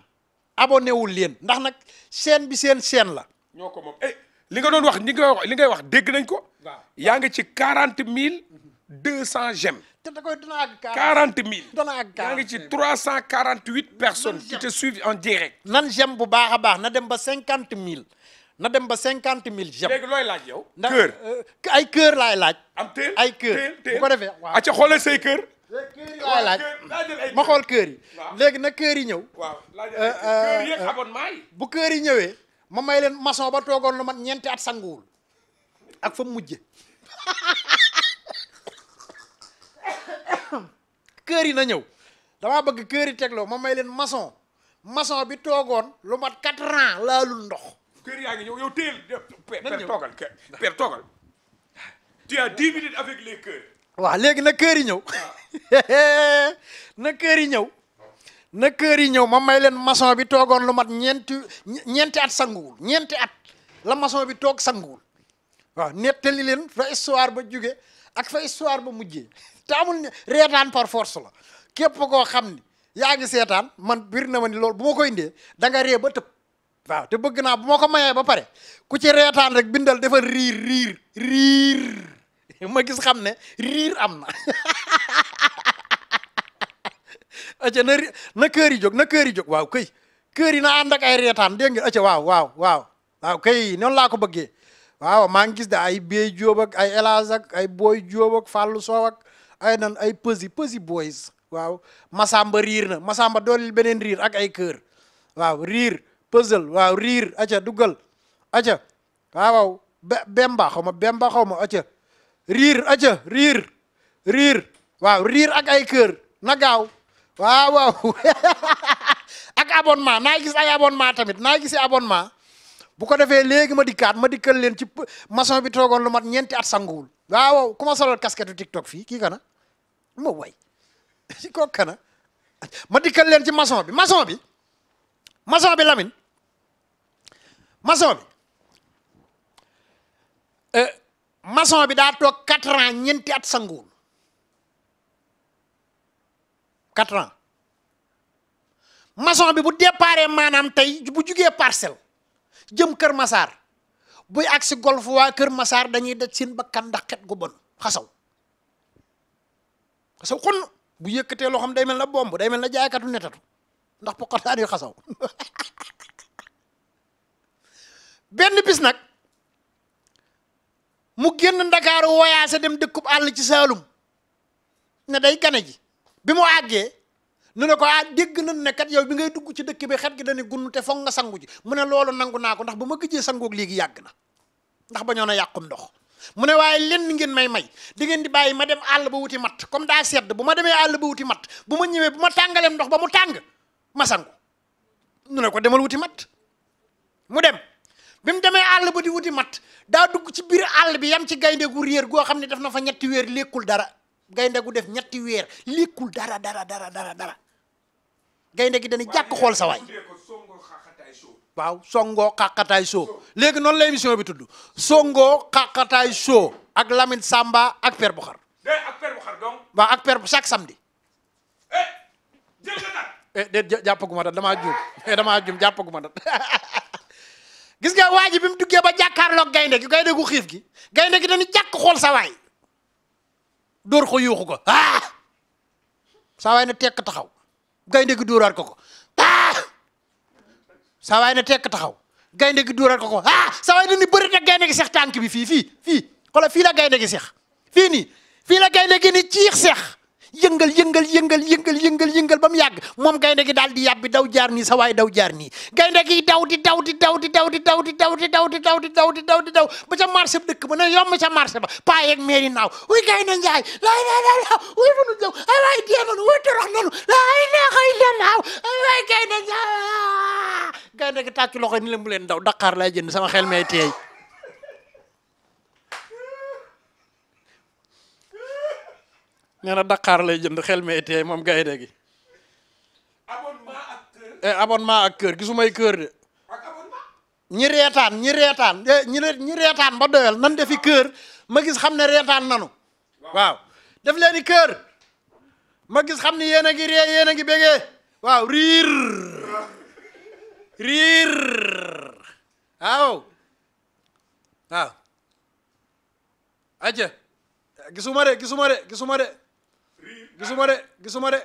S1: abonné wul leen ndax nag chaîne bi seen chaîne la. ñoo ko eh, li nga doon wax ñi nga wax li ngay wax dégg nañ ko. waaw yaa ngi
S2: ci quarante mille. deux cent j'aime.
S1: te da koy dana àgg quarante mille. dana àgg quarante mille ngi ci trois cent quarante huit personnes. qui te suivent en direct. nan j'aime bu baax a baax na dem ba cinquante mille. na dem ba cinquante mille j'aime. léegi laaj yow. kër euh, ay kër laay laaj. am teel ay kër bu ko defee waaw. ca xoolal say kër. laay laaj ma xool kër yi. léegi na kër yi ñëw. waaw euh, kër yi ak euh, bu kër yi ñëwee ma may leen maçon ba toogoon lu mat ñeenti at sanguwul ak fa mujje kër yi na ñëw dama bëgg kër yi tegloo ma may leen maçon maçon bi toogoon lu mat quatre ans laalul ndox. kër yaa ngi ñëw yow téel.
S2: per toogal per toogal. tu as dix minutes avec léegi
S1: na kër yi ñëw na kër yi ñëw na kër yi ñëw ma may leen maçon bi toogoon lu mat ñeenti ñeenti at sanguwul ñeenti at la maçon bi toog sanguwul waaw nettali leen fa histoire ba jóge ak fa histoire ba mujjee. te amul ne reetaan par force la képp koo xam ni yaa ngi seetaan man bir na ma ni bu ma koy indee da nga ree ba tëb waaw te bëgg naa bu ma ko mayee ba pare ku ci reetaan rek bindal defal riir riir ma gis xam ne riir am na aca na na kër yi jóg na kër yi jóg waaw këy kër yi na ànd ak ay reetaan dégg nga aca waaw waaw waaw waaw këy noonu laa ko bëggee waaw maa ngi gis da ay Bey Jóob ay Elage ay Booy Jóob ak Fàllu ay nan ay Peuzzi Peuzzi boys waaw masamba riir na masamba doolil beneen riir ak ay kër waaw riir puzzle waaw riir aca duggal aca waaw ma bemba ma aca riir aca riir riir waaw riir ak ay kër na gaaw waaw waaw ak abonnement naa gis ay abonnement tamit naa gis abonnement bu ko defee léegi ma dikkaat ma dikkal leen ci maçon bi toogoon lu mat ñeenti at sanguwul waaw ku ma solal casquette TikTok fii kii kana ma way si kooku kana ma dikkal leen ci maçon bi maçon bi maçon bi Lamine maçon bi eh, maçon bi daa toog quatre ans ñeenti at sanguwul quatre ans maçon bi bu déparé maanaam tey bu jugee parcelle jëm Kër Massar buy agsi golf waa Kër Masaar dañuy daj seen bakkan ndax xet gu bon xasaw xasaw xunn bu yëkkatee loo xam day mel na bomb day mel na jaaykatu netatu ndax poqataan yu xasaw benn bis nag mu génn ndakaaru woyaase dem dëkkub àll ci saalum ne day gane ji bi mu àggee nu ne ko ah dégg nañ ne kat yow bi ngay dugg ci dëkk bi xet gi dañuy gunn te foog nga sangu ji mu ne loolu nangu naa ko ndax ba ma gëjee sangoog léegi yàgg na ndax ba ñoo na yàqum ndox mu ne waaye lenn ngeen may may di ngeen di bàyyi ma dem àll ba wuti mat comme daa sedd bu ma demee àll ba wuti mat bu ma ñëwee bu ma tàngaleem ndox ba mu tàng ma sangu nu ne ko demal wuti matt mu dem bi mu demee àll ba di wuti matt daa dugg ci biir àll bi yam ci gaynde gu réer goo xam ne def na fa ñetti weer lekkul dara gaynde gu def ñetti weer lékkul dara dara dara dara dara gaynde gi dañuy jàkk xool sa waay waaw songoo xaqataay show léegi noonu la émission bi tudd songoo xaqataay show ak Lamine Samba ak Père Boukhar
S2: ak Père Boukhar
S1: donc waaw ak Père chaque samedi eh, eh, déet jàppaguma dat damaa juum eh, damaa juum jàppaguma dat gis nga waa ji bi mu duggee ba jàkkaarloog gaynde gi gaynde gu xiif gi gaynde gi dañuy jàkk xool sa waay dóor yuuxu ko ah saa waay na tekk taxaw gaynde gi dóoraat ko ko ah saa waay na tekk taxaw gaynde gi dóoraat ko ko ah saa na ni bëri na gaynde gi seex tànk bi fii fii fii xoolal fii la gaynde gi seex fii nii fii la gaynde gi ni ciix seex yëngal yëngal yëngal yëngal yëngal yëngal ba mu yàgg moom gaynde gi daal di yàbbi daw jaar nii sa daw jaar nii gaynde gi daw di daw di daw di daw di daw di daw di daw di daw di daw di daw di daw ba ca marché ba dëkk ba ne yomb ca marché ba paa yeeg meeri naaw uy gaynde njaay laay daw ay gi tàkki loxo ni leen bu leen daw Dakar laay jënd sama xel may teey nee na lay jënd xel mi tey moom gaynde gi abonnement ak kër eh, abonnement ak kër gisumay kër de ñi reetaan ñi reetaan eh, ñi ñi ba doyal nan defi kër ma gis xam ne reetaan nanu waaw def leeni kër ma gis xam ne yéen a ngi ree yéen a ngi bégee waaw riir riir waaw waaw gisuma de gisuma de gisuma de gisuma de gisuma de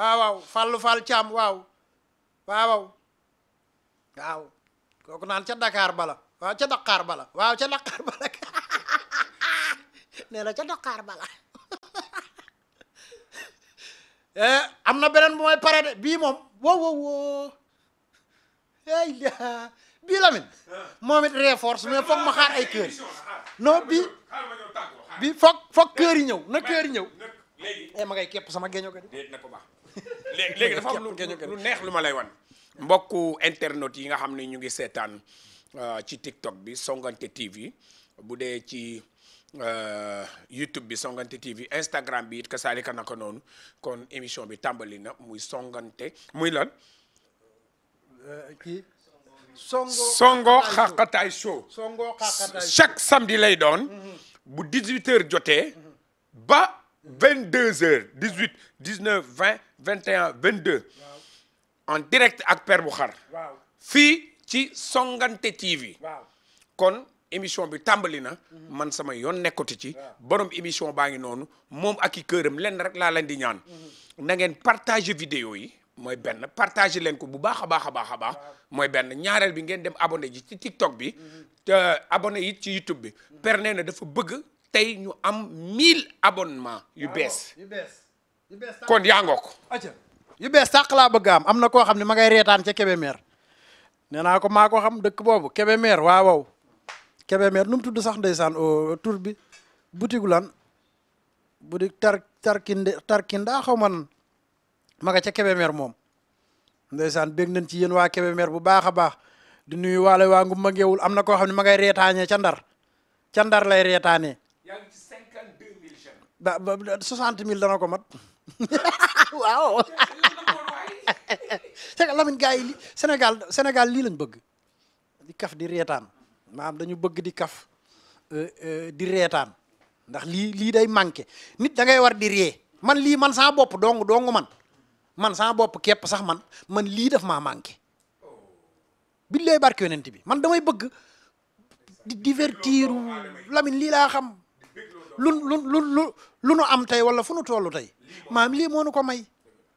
S1: waaw waaw fàllu fàll caam waaw waaw waaw kooku naan ca Dakar bala waaw ca Dakar bala waaw ca Dakar bala nee na ca Dakar bala eh, am na beneen bu mooy pare de bii moom wow wow wow ay la bii Lamine ah. moom it renforce mais foog ma xaar ay kër non bii bi foog foog kër yi ñëw na kër ñëw léegi eh, sama géeñoo kat
S2: dafa am lu neex lu ma lay wan mbokku internet yi nga xam ne ñu ngi seetaan euh, ci TikTok bi Songuanté TV bu dee ci euh, YouTube bi Songuanté TV Instagram bi it ka saalika naka noonu kon émission bi tàmbali na muy Songuanté muy lan euh, kii songo show chaque samedi lay doon mm-hmm. bu 18 jotee ba vingt deux heures dix huit dix neuf vingt vingt et un vingt en direct ak per Père Boukhar fii ci Songuanté TV kon émission bi tàmbali na mhm. man sama yoon nekkatu ci borom émission baa ngi noonu moom ak i këram lenn rek laa leen di ñaan mhm. na ngeen partager vidéo yi mooy benn partage leen ko bu baax a baax a baax a baax mooy benn ñaareel bi ngeen dem abonné ji ci TikTok bi mhm. te abonné yi ci YouTube bi Père nee na dafa bëgg tey
S1: ñu am 1000 abonnements yu bees. yu bees yu bees kon yaa ngoo yu bees sàq laa bëgg am am na koo xam ne ma ngay reetaan ca Kébémer nee naa ko maa ko xam dëkk boobu Kébémer waaw waaw Kébémer nu mu tudd sax ndeysaan oh, tur bi boutique lan boutique tar tarkinde tarkinda xaw ma nan ma nga ca Kébémer moom ndeysaan bég nañ ci yéen waa Kébémer bu baax a baax di nuyu waale waa ngum ma ngeewul am na koo xam ne ma ngay ca ndar ca ndar lay reetaanee
S2: yaa ngi ci cinquante deux mille
S1: jeunes. soixante mille dana ko mat waaw. c'est que Lamine gars yi li Sénégal Sénégal lii lañ bëgg di kaf di reetaan maanaam dañu bëgg di kaf euh, euh, di reetaan ndax lii lii day manqué nit da ngay war di ree man lii man saa bopp dong dong man man saa bopp képp sax man man lii daf ma manqué billaay barke yonent bi man damay bëgg di divertir Lamine lii laa xam lun lun lu nu am tey wala fu nu toll tey maam lii moo nu ko may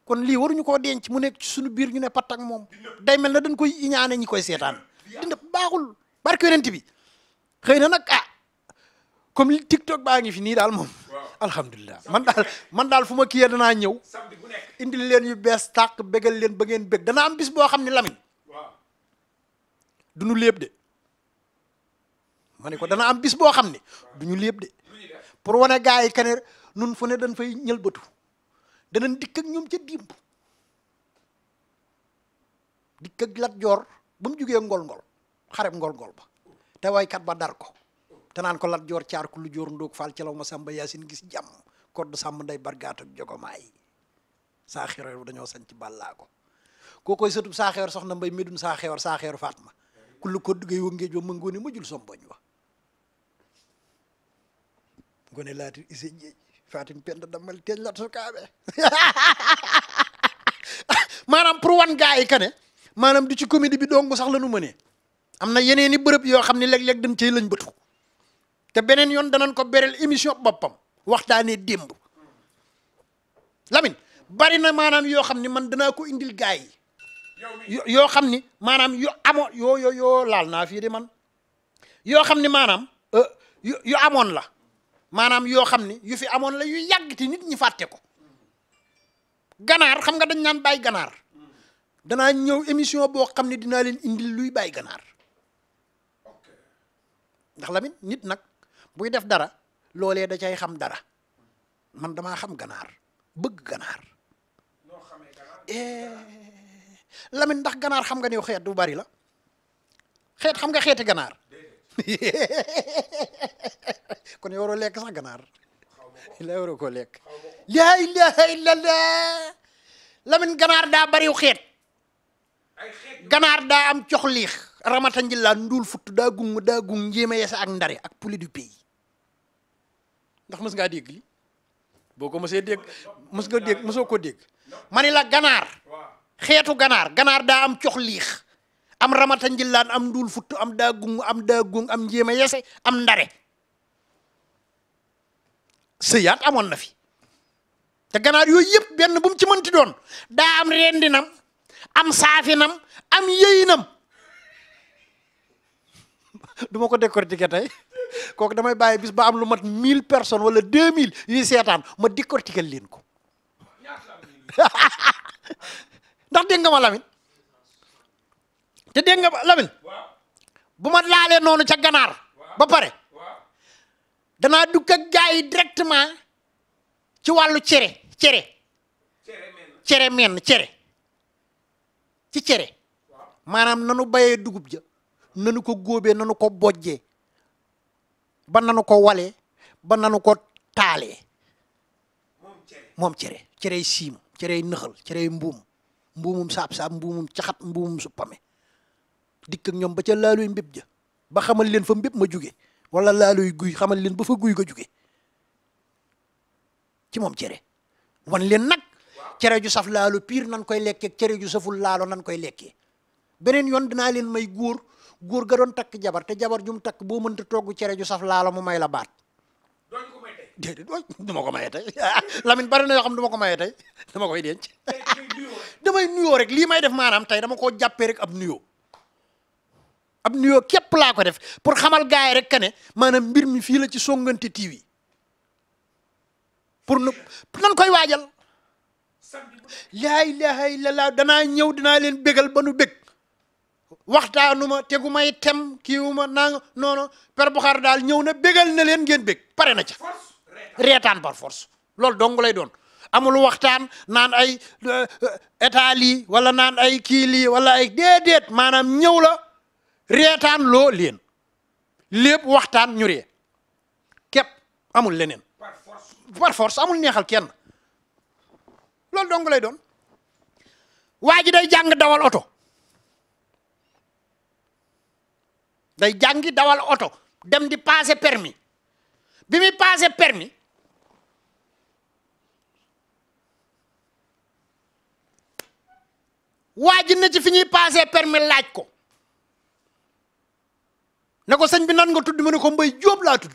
S1: kon lii waruñu koo denc mu nekk ci suñu biir ñu ne patt moom day mel na dañ koy iñaane ñi koy seetaan dina baaxul barke yonent bi xëy na nag ah comme li tiktok baa ngi fi nii daal moom alhamdulilah man daal man fu ma kiyee danaa ñëw indil leen yu bees tàq bëgga leen ba ngeen danaa am bis boo xam ne lamin du ñu léeb de ma ne ko dana am bis boo xam ne du ñu léeb de pour wane gars yi kene nun fu ne dañ fay ñëlbatu danañ dikk ak ñoom ca dimb dikk ak Lat Joor ba mu jugee ngol-ngol xareb ngol-ngol ba te waykat ba dar ko te naan ko Lat Joor caar ku lu joor ndóog faal ci law ma sàmba yaasin gis jàmm kodd sàmm nday bargaat ak jogomaay saa xewer dañoo sañ ci bàllaa ko koo koy sëtub saa xewer soxna mbay medun saa saaxeer saa xewer faatma ku lu ko duggee wëngeej ba mëngoone ma jul somboñ wa kone laati ise jeej fatim penda dammal teñ lat so maanaam pour wan gaa yi kane maanaam du ci comédie bi dong sax la nu mënee am na yeneen i bërëb yoo xam ne léeg-léeg dañ cey lañ bëtu te beneen yoon danañ ko berel émission boppam waxtaanee démb Lamine bari na maanaam yoo xam ne man danaa ko indil gaa yoo xam ni maanaam yu amoon yoo yoo naa fii di xam ni maanaam euh, yu amoon la maanaam yoo xam ni yu fi amoon la yu yàgg nit ñi fàtte ko ganaar xam nga dañ naan bàyyi ganaar danaa ñëw émission boo xam ne dinaa leen indil luy bàyyi ganaar ndax lamit nit nag buy def dara loolee da cay xam dara man damaa xam ganaar bëgg ganaar eh, Lamine ndax ganaar xam nga ne xeet du bari la xeet xam nga xeeti ganaar kon yow waroo lekk sax ganaar la waroo koo lekk laa ilaha illa allah ganaar daa bariw xeet ganaar daa am cox liix ramata njillaa nduul futt daa gung daa gung njéema yesa ak ndare ak poulet du pays ndax mës ngaa dégg li boo ko mësee dégg mës nga dégg mësoo koo dégg ma la ganaar xeetu ganaar ganaar daa am cox liix am ramata njillaan am nduul futtu am daagung am daagung am njéema yese am ndare sëyaat amoon na fi te ganaar yooyu yëpp benn bu mu ci doon daa am rendinam am saafinam am yëyinam du ma ko décortiquer tey kooku damay bàyyi bis ba am lu mat mille personnes wala deux mille yuy seetaan ma décortiquer leen ko ndax dégg ma Lamine te dégg nga Lamine bu ma laalee noonu ca ganaar ba pare danaa dugg ak gars yi directement ci wàllu cere cere cere menn cere ci cere maanaam nanu bayee dugub ja nanu ko góobee nanu ko bojjee ba nanu ko walee ba nanu ko taalee moom cere cerey siim cerey nëxal cerey mbuum mbuumum saab-saab mbuumum caxat mbuumum suppame dikk ak ñoom ba ca laaluy mbéb ja ba xamal leen fa mbéb ma juge wala laaluy guy xamal leen ba fa guy ga juge ci moom cere wan leen nag cere ju saf laalo piir nan koy lekkee cere ju saful laalo nan koy lekke beneen yoon dinaa leen may góor góor ga doon takk jabar te jabar ju mu takk boo mënta togg cere ju saf laalo mu may la baat déedéet waay du ma ko maye tey Lamine bari na yoo xam du ma ko maye tey dama koy denc damay nuyoo rek lii may def maanaam tey dama koo jàppee rek am nuyo am nuyoo képp laa ko def pour xamal gars yi ne maanaam mbir mi fii la ci Songuanté TV pour nu nan koy waajal. laa ilaha illallah danaa ñëw dinaa leen bégal ba nu bég waxtaanu ma tegu may tem kiiwu ma naa noono per Buxaar daal ñëw na bégal na leen ngeen bég pare na ca reetaan par force loolu dong lay doon amul waxtaan naan ay euh, euh, état wala naan ay kii wala ay déedéet maanaam ñëw la reetaan loo leen lépp waxtaan ñu ree képp amul leneen par force amul neexal kenn lool dong lay doon waa ji day jàng dawal oto day jàngi dawal oto dem di passé permis bi muy passé permis waaji na ci fi ñuy passé permis laaj ko ne ko sëñ bi nan nga tudd mu ne ko mbay jóob laa tudd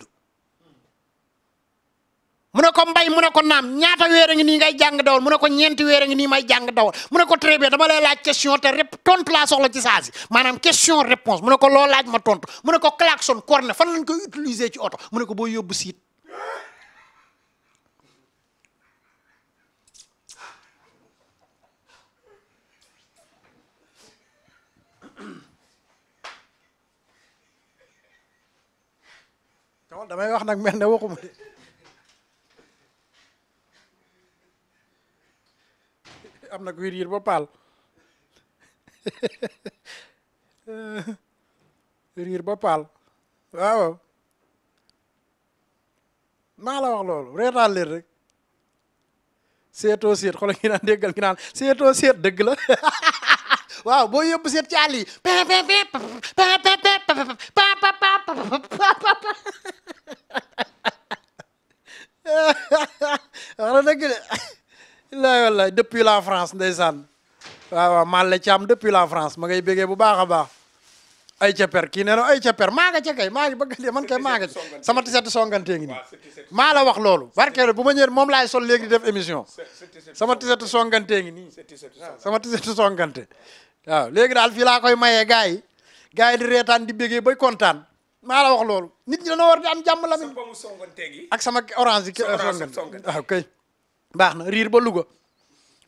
S1: mu ne ko mbay mu ne ko naam ñaata weer ngi nii ngay jàng dawal mu ne ko ñeenti weer a ngi nii may jàng dawal mu ne ko très bien dama lay laaj question te rép laa soxla ci saa si maanaam question réponse mu ne ko loo laaj ma tontu mu ne ko klaxon corne fan lañ ko utiliser ci oto mu ne ko boo yóbbu siit waaw damay wax nag mel ne waxuma de am na ku yir yir ba paal riir ba paal waaw maa la wax loolu reetaan leen rek seetoo seet xoolal ngi naan déggal ngi naan seetoo seet dëgg la waaw boo yóbbu seet ci àll yi wax na dëgg de illaahi wallahi depuis la France ndeysaan waaw waaw Malle Thiam depuis la France ma ngay bégee bu baax a baax ay caper kii nee na ay caper maa nga ca kay maa ngi bëgg de man kay maa nga ca sama tisetu songante ngi nii maa la wax loolu barkeelu bu ma ñëwee moom laay sol léegi di def émission sama tisetu songante ngi nii sama tisetu songante waaw léegi daal fii laa koy maye gars yi gars yi di reetaan di bégee bay kontaan maa la wax loolu nit ñi dañoo war di am jàmm la ak sama orange yi euh, songan waaw kay na riir ba Louga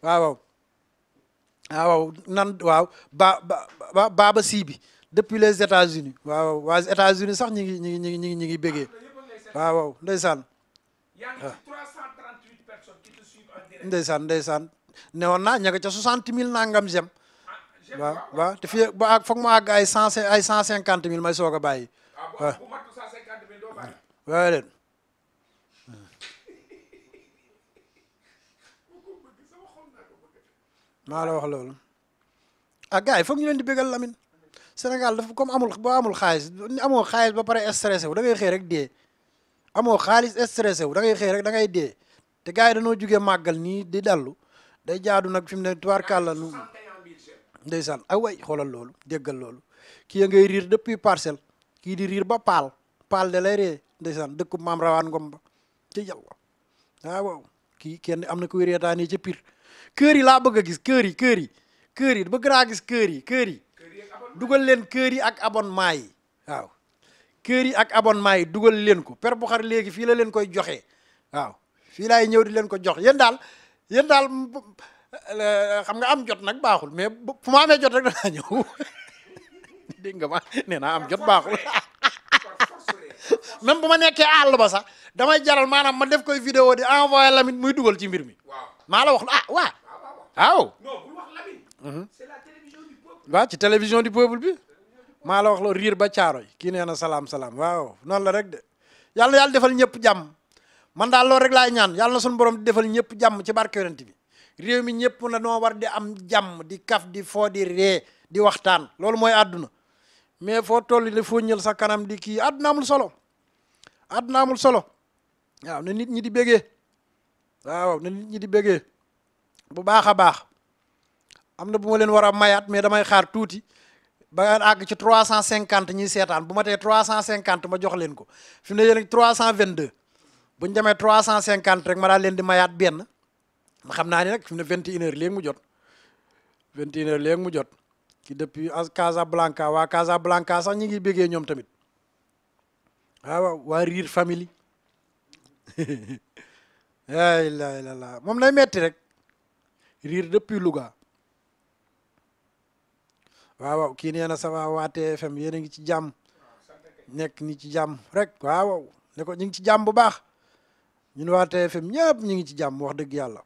S1: waaw waaw nan waaw ba ba baaba sii bi depuis les États-Unis waaw waa États-Unis sax ñi ngi ñi ngi ñi ngi ñi ngi bégee waaw waaw ndeysaan ah. ndeysaan ndeysaan newoon naa ña ca soixante mille nangam jëm waaw waaw te fii ba foog mu àgg ay cent ay cent cinquante mille may soog a bàyyi ah, maa la wax loolu ah gars yi foog ñu leen di bégal Lamine Sénégal dafa comme amul boo amul xaalis amoo xaalis ba pare stressé wu da ngay xëy rek dee amoo xaalis stressé wu da ngay xëy rek dangay ngay dee te gars yi dañoo jugee màggal nii di dallu day jaadu nag fi mu ne tubaarkàlla nu ndeysaan ay way xoolal loolu déggal loolu kii ya ngay riir depuis parcelle kii di riir ba paal paal de lay ree ndeysaan dëkku maam rawaan ngom ba ci yàlla ah, kii kenn am na kuy reetaani ci pir kër yi laa bëgg gis kër yi kër yi kër yi bëgg naa gis kër yi kër yi dugal leen kër yi ak abonnement yi waaw kër yi ak abonnement yi dugal leen ko per bu xar léegi fii la leen koy joxe aw fii laay ñëw leen ko jox yéen daal yéen daal xam nga am jot nag baaxul mais fu ma amee jot rek danaa ñëw dégg nga ma nee naa am jot baaxul même bu ma nekkee àll ba sax damay jaral maanaam ma def koy vidéo di envoyé Lamine muy dugal ci mbir mi maa la wax ah waa waaw mhm. waaw ci télévision du peuple bi maa la wax loolu riir ba caaroy kii nee na salaam salaam waaw noonu la rek de yàlla yàlla defal ñëpp jàmm man daal loolu rek laay ñaan yàlla na suñu borom di defal ñëpp jàmm ci barke yonent bi réew mi ñëpp la noo war di am jàmm di kaf di foo di ree di waxtaan loolu mooy àdduna mais foo toll li foo ñël sa kanam di kii àdduna mul solo àdduna amul solo waaw na nit ñi di bégee waaw na nit ñi di bégee bu baax a baax am na bu leen war a mayaat mais damay xaar tuuti ba ngeen àgg ci trois cent cinquante ñuy seetaan bu ma tee trois cent cinquante ma jox leen ko fi ne yéen trois cent vingt deux bu ñu demee trois cent cinquante rek ma daal leen di mayaat benn xam naa ne nag fi mu ne vingt et une heures mu jot vingt et mu jot ki depuis Casablanca waa Casablanca sax ñi ngi béggee ñoom tamit ah, waaw waa Rire Family moom lay metti rek Rire depuis Louga waaw kii nee na ça waa TFM yéen a ngi ci jàmm nekk ni ci jàmm rek waaw ne ko ñu ngi ci jàmm bu baax ñun waa TFM ñu ngi ci jàmm wax dëgg yàlla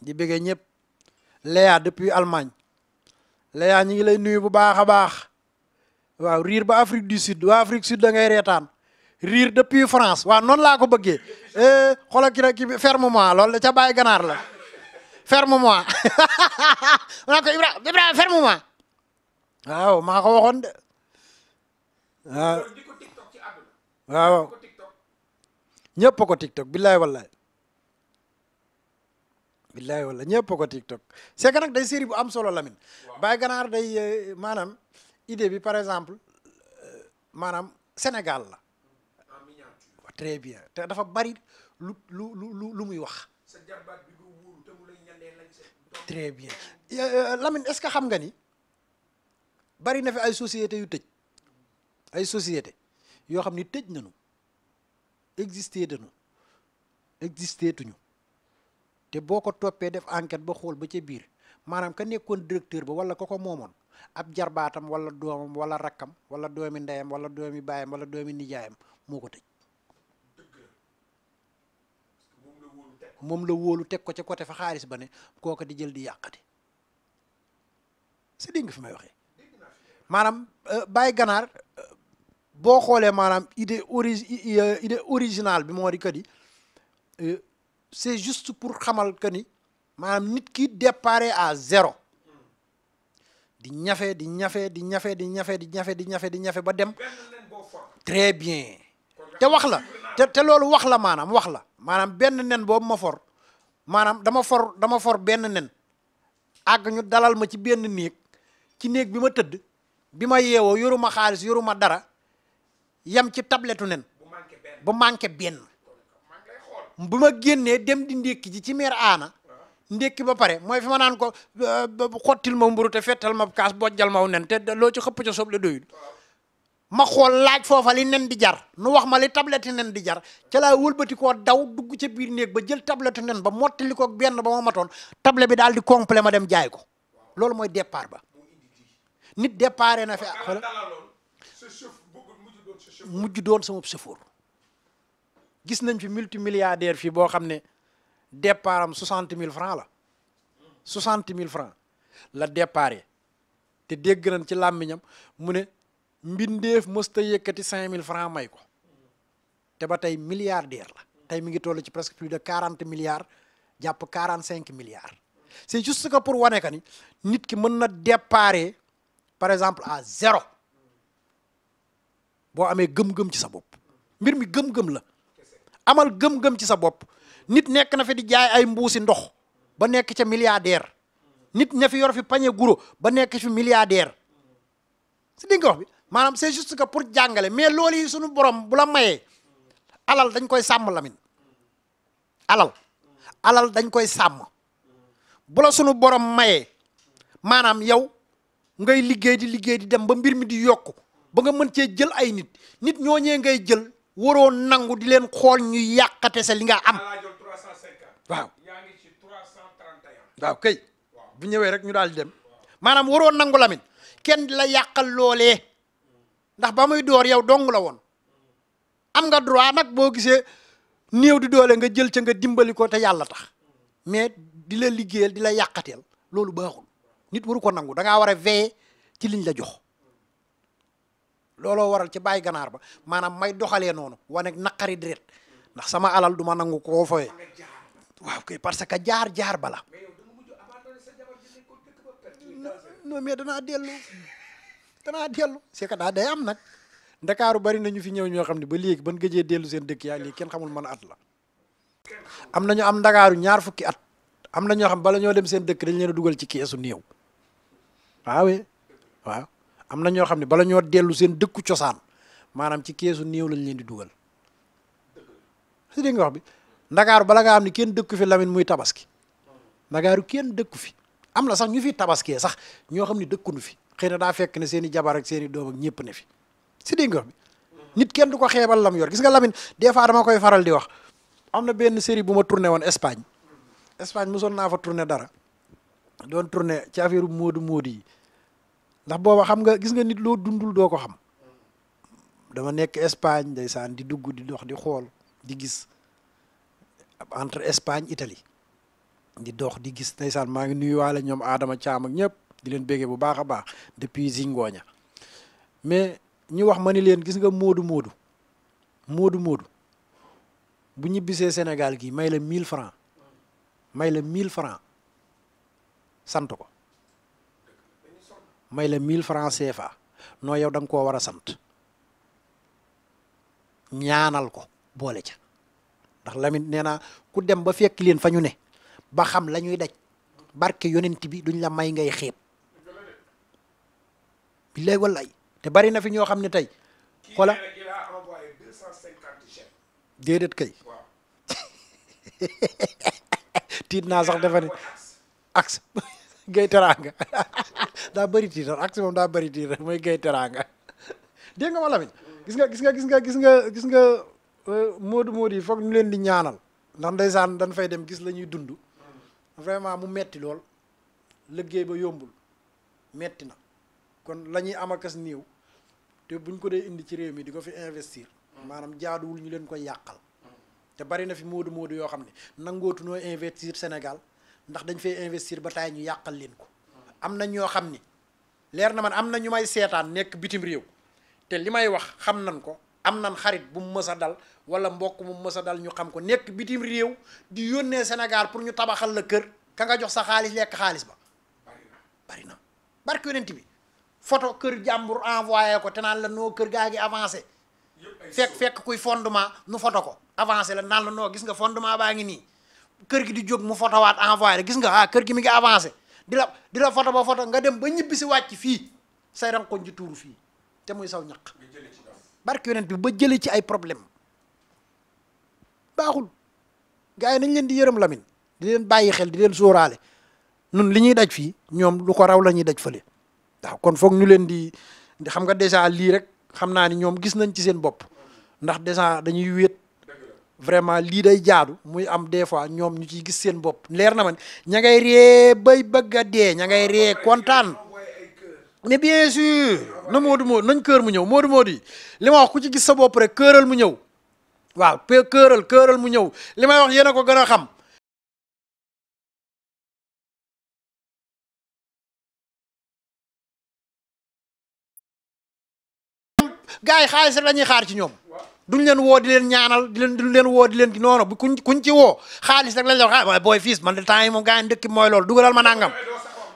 S1: di bëggee ñëpp depuis Allemagne Léa ñu ngi lay nuyu bu baax a baax waaw riir ba Afrique du Sud waa Afrique Sud da ngay reetaan riir depuis France waaw noonu laa ko bëggee eh, xoolal ki ki ferme-moi loolu da ca baay ganaar la ferme-moi naa ko Ibrahima Ibrahima waaw maa ko de waaw waaw ko TikTok billaay wallaay billaay wala ñëpp ko TikTok c'est que nag day série bu am solo Lamine. waaw Baye Ganaar day euh, maanaam idée bi par exemple euh, maanaam Sénégal la. très bien te dafa bari lu lu lu lu muy wax. sa très bien Lamine est-ce que xam nga ni bari na fi ay sociétés yu tëj ay sociétés yoo xam ni tëj nañu existé nañu existé tuñu. te boo ko toppee def enquête ba xool ba ca biir maanaam ka nekkoon directeur ba wala ko ko moomoon ab jarbaatam wala doomam wala rakkam wala doomi ndeyam wala doomi baayam wala doomi nijaayam moo ko tëj moom la wóolu teg ko ca côté fa xaalis ba ne kooka di jël di yàqati si dégg fi may waxe maanaam euh, bàyyi ganaar euh, boo xoolee maanaam idée ori euh, idée originale bi moo di kat yi c'est juste pour xamal que ni maanaam nit ki dépare à zéro di ñafe di ñafe di ñafe di ñafe di ñafe di ñafe di ñafe ba dem très bien te wax la te te loolu wax la maanaam wax la maanaam benn nen boobu ma for maanaam dama for dama for benn nen àgg ñu dalal ma ci benn néeg ci néeg bi ma tëdd bi ma yeewoo yoruma xaalis yoruma dara yam ci tabletu nen ba manqué benn bu ma génnee dem di ndékki ji ci meer aana ndékki ba pare mooy fi ma naan ko xottil ma mburu te fettal ma kaas bojjal maw nen te loo ci xëpp ca soble doyul ma xool laaj foofa li nen di jar nu wax ma li tablet nen di jar ca laa wëlbati koo daw dugg ca biir néeg ba jël tablet nen ba mottili ko benn ba ma matoon table bi daal di complet ma dem jaay ko loolu mooy départ ba nit départ na fi ah, xool mujj doon sama chauffeur gis nañ fi multimilliardaire fii boo xam ne départ am soixante mille francs la soixante mille francs la départ te dégg nañ ci làmmiñam mu ne mbindeef mësta yëkkati cinq mille francs may ko te ba tey milliardaire la tey mi ngi toll ci presque plus de quarante milliards jàpp quarante cinq milliards c'est juste que pour wane ka ni nit ki mën na déparé par exemple à zéro boo amee gëm-gëm ci sa bopp mbir mi gëm-gëm la amal gëm-gëm ci sa bopp nit nekk na fi di jaay ay mbuusi ndox ba nekk ca milliardaire nit ña fi yor fi pañe guro ba nekk fi milliardaire si di rox wax bi maanaam c'est juste que pour jàngale mais loolu yi suñu borom bu la mayee alal dañ koy sàmm lamin alal alal dañ koy sàmm bu la sunu borom mayee maanaam yow ngay liggéey di liggéey di dem ba mbir mi di yokk ba nga mën cee jël ay nit nit ñooñee ngay jël waroo nangu di leen xool ñu yàqate sa li nga am waaw waaw kay bu ñëwee rek ñu daal di dem maanaam waroo nangu Lamine kenn la yàqal loolee ndax ba muy door yow dong la woon am nga droit nag boo gisee néew di doole nga jël ca nga dimbali ko te yàlla tax mais di la liggéeyal di la yàqateel loolu baaxul nit waru ko nangu da ngaa war a veiller ci liñ la jox looloo waral ci bàyyi ganaar ba maanaam may doxalee noonu wane naqari deret ndax sama alal du ma nangu koo fooyee waaw parce que jaar jaar bala non mais danaa dellu danaa dellu daa day am nag ndakaaru bari nañu fi ñëw ñoo xam ne ba léegi ban gëjee dellu seen dëkk yaa léegi kenn xamul mën a at la am nañu am ndakaaru ñaar fukki at am na ñoo xam bala ñoo dem seen dëkk dañ leen dugal ci keesu néew waaw waaw am na ñoo xam ne bala ñoo dellu seen dëkku cosaan maanaam ci keesu néew lañ leen di dugal si dégg nga wax bi ndakaaru bala nga xam ne kenn dëkku fi lamin muy tabaski ndakaaru kenn dëkku fi am na sax ñu fi tabaskee sax ñoo xam ne dëkkunu fi xëy na daa fekk ne seen i jabar ak seen i doom ñëpp ne fi si dégg bi nit kenn du ko xeebal lam yor gis nga lamin des fois dama koy faral di wax am na benn série bu ma tourné woon Espagne Espagne mosoon naa fa tourné dara doon tourné ci affaire Modou Modou yi ndax booba xam nga gis nga nit loo dundul doo ko xam dama nekk Espagne saan di dugg di dox di xool di gis entre Espagne Italie di dox di gis ndeysaan maa ngi nuyuwaale ñoom aadama Thiam ak ñëpp di leen béggee bu baax a baax depuis Zingoña mais ñu wax ma ni leen gis nga moodu moodu moodu moodu bu ñibbisee Sénégal gi may la mille francs may la mille francs sant ko may la 1000 francs fa noo yow da nga koo war a sant ñaanal ko boole ca ndax Lamine nee naa ku dem ba fekk leen fa ñu ne ba xam lañuy ñuy daj barke yonent bi duñ la may ngay xeeb billaay wallaay te bari na fi ñoo xam ne tey xoola déedéet kay tiit naa sax dafa ne gay teraanga daa bëri tiitar aksi moom daa bëri tiitar mooy gay teraanga dégg nga ma lamiñ gis nga gis nga gis nga gis nga gis nga euh, moodu moodu yi foog ñu leen di ñaanal ndax ndeysaan dañ fay dem gis lañuy dund vraiment mu metti lool liggéey ba yombul metti na kon lañuy ñuy am akas néew te buñ ko dee indi ci réew mi di ko fi investir maanaam jaaduwul ñu leen koy yàqal te bari na fi moodu moodu yoo xam ne nangootu noo investir ndax dañ fay investir ba taay ñu yàqal leen ko am na ñoo xam ni leer na man am na ñu may seetaan nekk bitim réew te li may wax xam nan ko am na xarit bu mu mës a dal wala mbokk mu mës a dal ñu xam ko nekk bitim réew di yónnee Sénégal pour ñu tabaxal la kër ka nga jox sa xaalis lekk xaalis ba bari na barke yonent bi photo kër jàmbur envoyé ko te naan la noo kër gaa ngi avancé fekk fekk kuy fondement nu photo ko avancé la naan la noo gis nga fondement baa ngi nii kër gi di jóg mu foto fotowaat envoyé la gis nga ah kër gi mi ngi avancé di la di foto ba foto nga dem ba ñibbi si wàcc fii say rankoñ ji tuuru fii te muy saw ñaq barke yonent bi ba jële ci ay problème baaxul gars yi nañ leen di yërëm lamin di leen bàyyi xel di leen sooraale nun li ñuy daj fii ñoom lu ko raw la ñuy daj fële waaw kon foog ñu leen di xam nga dèjà lii rek xam naa ni ñoom gis nañ ci seen bopp ndax dèjà dañuy wéet vraiment lii day jaadu muy am des fois ñoom ñu ciy gis seen bopp leer na ma ña ngay ree bay bëgg dee ña ngay ree kontaan mais bien sûr na moodu moodu nañ kër mu ñëw moodu moodu yi wax ku ci gis sa bopp rek këral mu ñëw waaw pe këral këral mu ñëw li may wax yéen ko gën a xam gars yi xaalis rek la ñuy xaar ci ñoom duñ leen woo di leen ñaanal di leen duñ leen woo di leen noonu bu kuñ kuñ ci woo xaalis rek lañ la wax ah, booy fiis man de temps yi moom gaa yi ndëkk mooy loolu dugalal ma nangam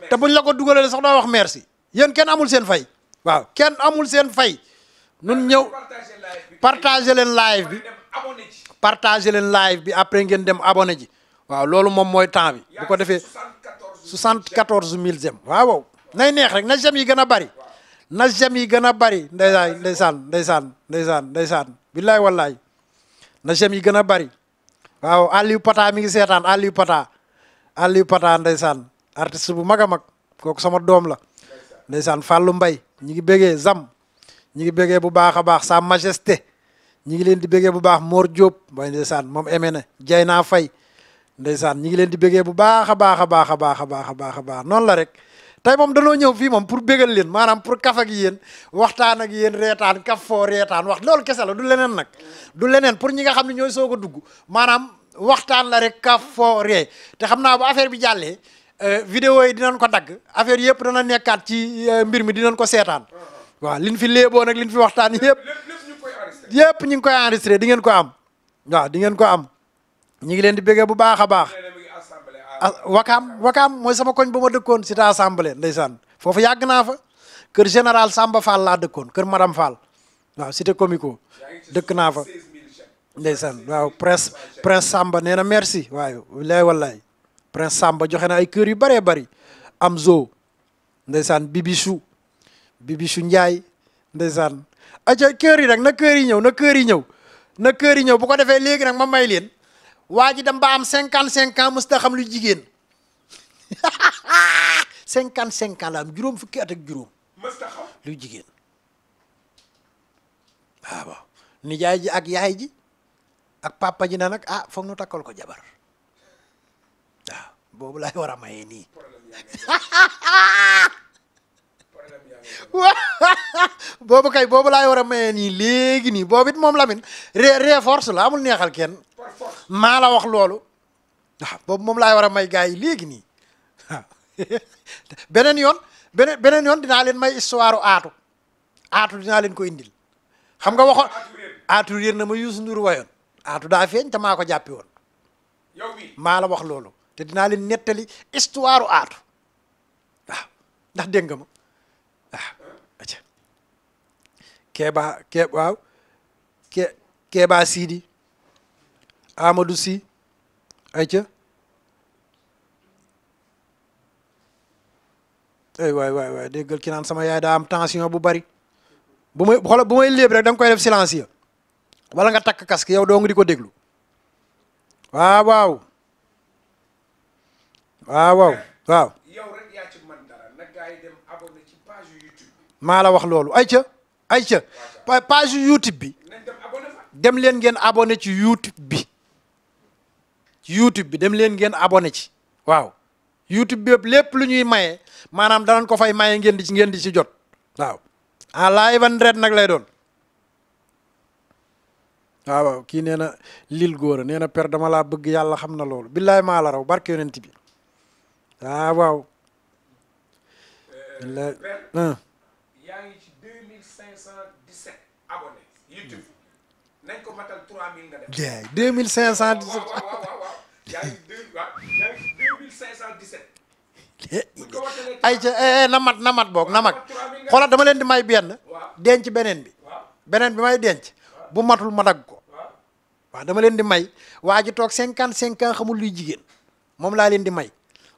S1: te buñ la ko dugalale sax doo wax merci yéen ken amul seen fay waaw kenn amul seen fay nun ñëw partager leen live bi partager leen live bi après ngeen dem abonné ji waaw loolu moom mooy temps bi bu ko defee 74 000 j'aime waaw nay neex rek na j'aime yi gën a bari na j'aime yi gën a bari ndeysaan ndeysaan ndeysaan ndeysaan ndeysaan billaay wallaay na jëm yi gën a bari waaw Aliou Pata mi ngi seetaan Aliou Pata Aliou Pata ndeysaan artist bu mag a mag kooku sama doom la ndeysaan Fallou Mbaye ñi ngi bégee zam ñi ngi bégee bu baax a baax sa majesté ñi ngi leen di bégee bu baax Mor Diop waaye ndeysaan moom eme na jay naa fay ndeysaan ñi ngi leen di bégee bu baax a baax a baax a baax a baax a baax noonu la rek tey moom danoo ñëw fii moom pour bégal leen maanaam pour kaf ak yéen waxtaan ak yéen reetaan kaf foo reetaan wax loolu kese la du leneen nag du leneen pour ñi nga xam ne ñooy soog a dugg maanaam waxtaan la rek kaf foo ree te xam na bu affaire bi jàllee euh, vidéo yi dinañ ko dagg affaire yëpp dana nekkaat ci euh, mbir mi dinañ ko seetaan waaw liñ fi léeboo nag liñ fi waxtaan yëpp yëpp ñu ngi koy enregistré di ngeen ko am waaw dingeen ko am ñu ngi leen di béggee bu baax a baax wakaam wakaam mooy sama koñ ba ma dëkkoon cité assemblée ndeysaan foofu yàgg naa fa kër général Samba Fall laa dëkkoon kër madame Fall waaw cité comico dëkk naa fa ndeysaan waaw prince prince Samba nee na merci waaye lay wallaay prince Samba joxe na ay kër yu bëree bëri am zoo ndeysaan bibisu bibisu Ndiaye ndeysaan aca kër yi nag na kër yi ñëw na kër yi ñëw na kër yi ñëw bu ko defee léegi rek ma may leen waa ji dem mbaam am cinquante cinq ans lu jigéen cinquante cinq ans la juróom fukki at ak juróom lu jigéen waaw waaw nijaay ji ak yaay ji ak papa ji na nag ah foog nu takkal ko jabar waaw boobu laay war a mayee nii boobu kay boobu laay war a maye nii léegi nii boobu it moom Lamine ree ree force la neexal kenn maa la wax loolu waaw boobu moom laay war a may gars yi léegi nii waaw beneen yoon beneen beneen yoon dinaa leen may histoire aatu aatu dinaa leen ko indil xam nga waxoon aatu réer na ma Youssou Ndour wayoon aatu daa feeñ te maa ko jàppi woon maa la wax loolu te dinaa leen nettali histoire aatu waaw ndax dégg nga ma Kéba Ké waaw Ké Kéba Sidi Amadou Sy ayca ay waay waay waay déggal ki naan sama yaay daa am tension bu bari bu may xoolal bu may léeb rek da koy def silence ya wala nga takk casque yow doo nga di ko déglu waaw waaw waaw waaw maa la wax loolu ayca ayca page YouTube bi dem leen ngeen abonné ci YouTube bi ci YouTube bi dem leen ngeen abonné ci waaw YouTube bi yëpp lépp lu ñuy maye maanaam danañ ko fay maye ngeen di ci ngeen di ci jot waaw en live and direct nag lay doon waaw kii nee na lil góora nee na per dama laa bëgg yàlla xam na loolu billaay maa raw barke yonent bi ah, waaw waaw eh, cinq cent dix sept ko matal trois mille cinq cent dix sept. Ah, waaw waaw na mat na mat boog na mag xoolal dama leen di may benn. denc beneen bi. beneen bi may denc. bu matul ma dagg ko. waaw dama leen di may waa ji toog cinquante cinq ans xamul luy jigéen moom laa leen di may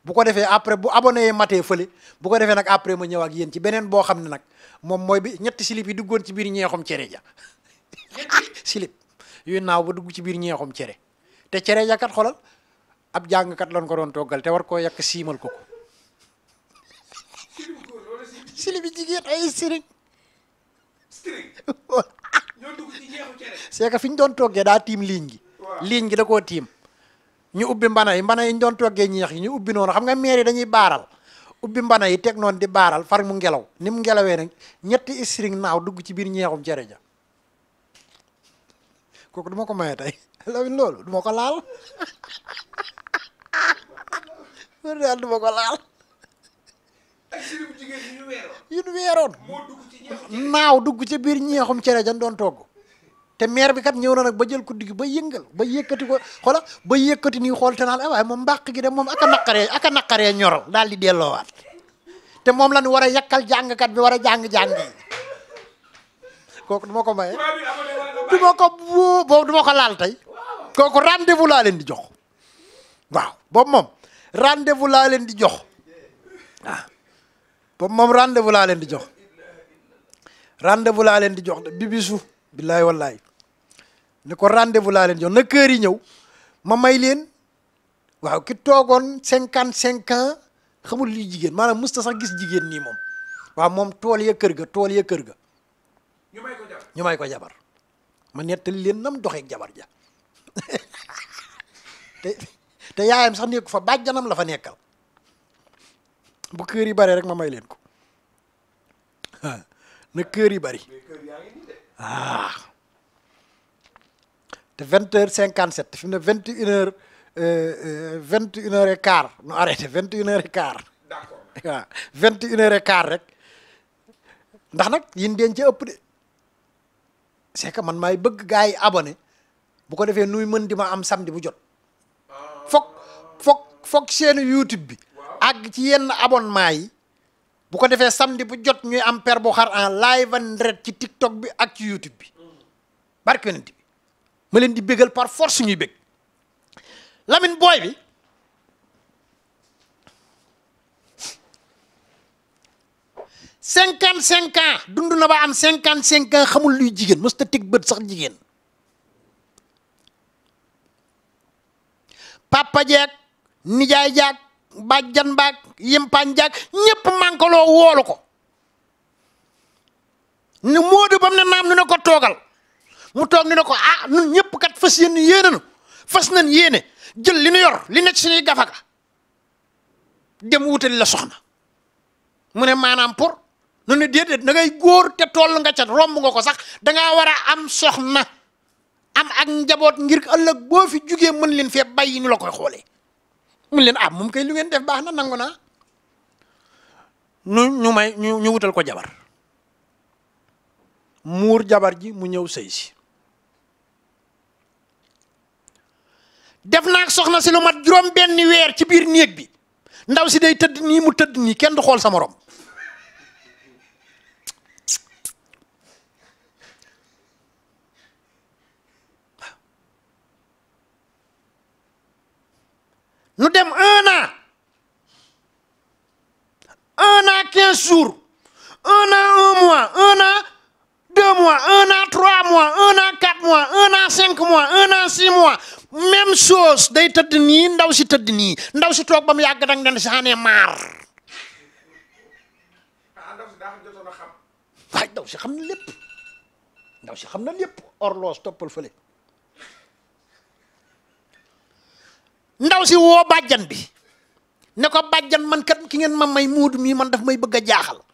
S1: bu ko defee après bu abonné matee fële bu ko defee nag après ma ñëw ak yéen ci beneen boo xam ne nag. moom mooy bi ñetti silib yi duggoon ci biir ñeexum cere ja silib yuy naaw ba dugg ci biir ñeexum cere te cere ja kat xolal ab jàngkat lañ ko doon toggal te war koo yàq siimal ko ko jigéen ay sëriñ c'est que fi ñu doon toggee daa tiim ligne gi ligne gi da koo tiim ñu ubbi mbana yi mbana yi ñu doon ñeex yi ñu ubbi noonu xam nga maire dañuy baaral ubbi mbana yi teg noonu di baaral far mu ngelaw ni mu ngelawee nag ñetti string naaw dugg ci biir ñeexum cere ja kooku du ko maye tey lawin loolu du ko laal loolu yun weeroon naaw dugg ci biir ñeexum cere ja doon togg te maire bi kat ñëw na nag ba jël kuddi gi ba yëngal ba yëkkati ko xoola ba yëkkati nii xool te naan ah ay moom mbàq gi de moom aka naqaree aka naqaree ñoral daal di delloowaat te moom la ñu war a yàkkal jàngkat bi war a jàng-jàng yi kooku ko maye du ma ko boobu du ma ko laal tey kooku rendez-vous laa leen di jox waaw boobu moom rendez-vous laa leen di jox waaw ah, boobu moom rendez-vous laa leen di jox rendez-vous laa leen di jox de bibisu billaay wallaay ne ko rendez-vous laa leen jox na kër yi ñëw ma may leen waaw ki toogoon cinquante cinq ans xamul luy jigéen maanaam musta sax gis jigéen nii moom waaw moom tool ya kër ga tool ya kër ga ñu may ko jabar ma nettali leen nam doxeeg jabar ja te te yaayam sax nekku fa bàjjanam la fa nekkal bu kër yi bare rek ma may leen ko na kër yi bari ah te vingt heures cinquante sept fi mu ne vingt une heure euh, euh, vingt une heure et quart nu arrêté vingt une heure vingt une heure et quart rek ndax nag yin den ci ëpp de c'est que man maay bëgg gars yi abonné bu ko defee nuy mën di ma am samedi bu jot ah. foog foog foog YouTube bi àgg ci yenn abonnement yi bu ko defee samedi bu jot ñuy am per bu xar en live en direct ci TikTok bi ak ci YouTube bi mm. barke yonent bi ma leen di bégal par force ñuy bég Lamine booy bi cinquante cinq dund na ba am cinquante cinq xamul luy jigéen mës ta teg bët sax jigéen papa jeeg nijaay jaag bàjjan baag yimpaañ jaag ñépp mànkaloo woolu ko ni Moodu bam ne naam nu ne ko toogal mu toog ni ne ko ah ñun ñëpp kat fas yéen yéene nu fas nañ yéene jël li nu yor li nekk suñuy gafaka dem wutali la soxna mu ne maanaam pour nu ne déedéet da ngay góor te toll nga ca romb nga ko sax da ngaa war a am soxna am ak njaboot ngir ëllëg boo fi jugee mën leen fee bàyyi ñu la koy xoolee mun leen ah moom kay lu ngeen def baax na nangu naa ñu ñu may ñu wutal ko jabar muur jabar ji mu ñëw sëy si def naag soxna si lu mat juróom benn weer ci biir néeg bi ndaw si day tëdd nii mu tëdd nii kenn du xool sa morom nu dem un an un an quinze jours un un mois un deux mois un an trois mois un a quatre mois un a cinq mois un an six mois même chose day tëdd nii ndaw si tëdd nii ndaw si toog ba mu yàgg dang ah, den si xanee maar waay ndaw si xam na lépp ndaw si xam na lépp orloos toppal fële ndaw si woo bàjjan bi ne ko bàjjan man kat ki ngeen ma may muudu mii man daf may bëgg a jaaxal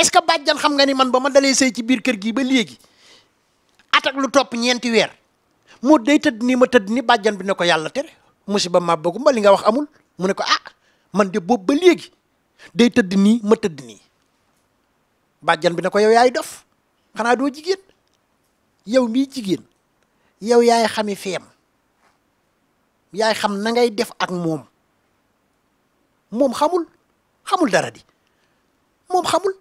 S1: est que bàjjan xam nga ni man ba ma dalee sëy ci biir kër gi ba léegi at lu topp ñeenti weer moo day tëdd nii ma tëdd ni bàjjan bi na ko yàlla tere musiba ma bëggu ma li wax amul mu ne ko ah man de boobu ba léegi day tëdd nii ma tëdd bàjjan bi ne ko yow yaay dof xanaa doo jigéen yow mii jigéen yow yaay xami feem yaay xam nangay def ak moom moom xamul xamul dara di moom xamul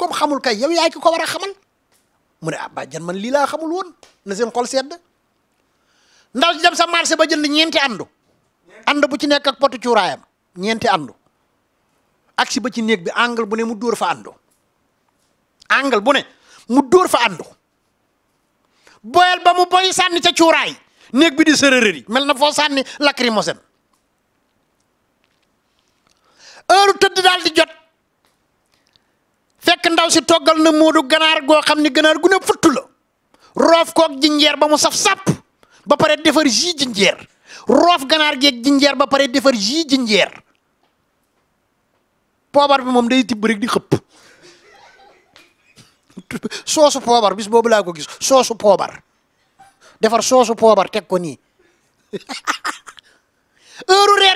S1: comme xamul kay yow yaay ki ko war a xamal mu ne ah bàjjan man lii xamul woon na seen xol sedd ndaw si dem sa marché ba jënd ñeenti andu and bu ci nekk ak potu cuuraayam ñeenti andu ak si ba ci néeg bi angle bu ne mu dóor fa andu angle bu ne mu dóor fa andu boyal ba mu boy sànni ca cuuraay néeg bi di sërërëri mel na foo sànni lacrymogène heure tëdd daal di jot fekk ndaw si toggal na moodu ganaar goo xam ni ganaar gu ne futt la roof koog jinjeer ba mu saf sàpp ba pare defar jus jinjeer roof ganaar geeg jinjeer ba pare defar jus jinjeer poobar bi moom day tibb di xëpp soosu poobar bis boobu laa ko gis soosu poobar defar soosu poobar teg nii heure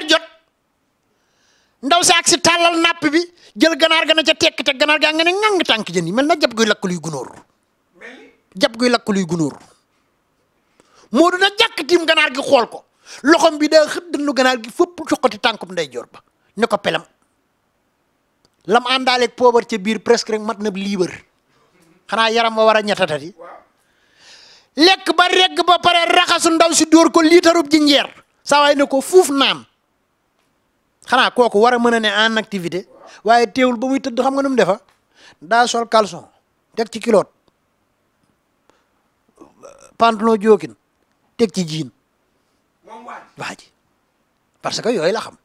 S1: ndaw si ak si tàllal nàpp bi jël ganaar ga na ca tekk te ganaar gaa nga ne ngang tànk jën yi mel na jab guy lakk luy gunóor jab guy lakk luy gunóor moo du na jàkk tiim ganaar gi xool ko loxom bi daa nu ganaar gi fëpp soqati tànkub ndeyjoor ba ne ko pelam lam àndaaleeg poobar ca biir presque rek mat na liibar xanaa yaram wa war a ñettatati lekk ba regg ba pare raxasu ndaw si dóor ko liitarub ji njeer saa waay ne ko fuuf naam xanaa kooku war a mën a ne en activité waaye teewul ba muy tëdd xam nga nu defa daa sol caleçon teg ci kiloot pantalon jookin teg ci jiin waa parce que yooyu la xam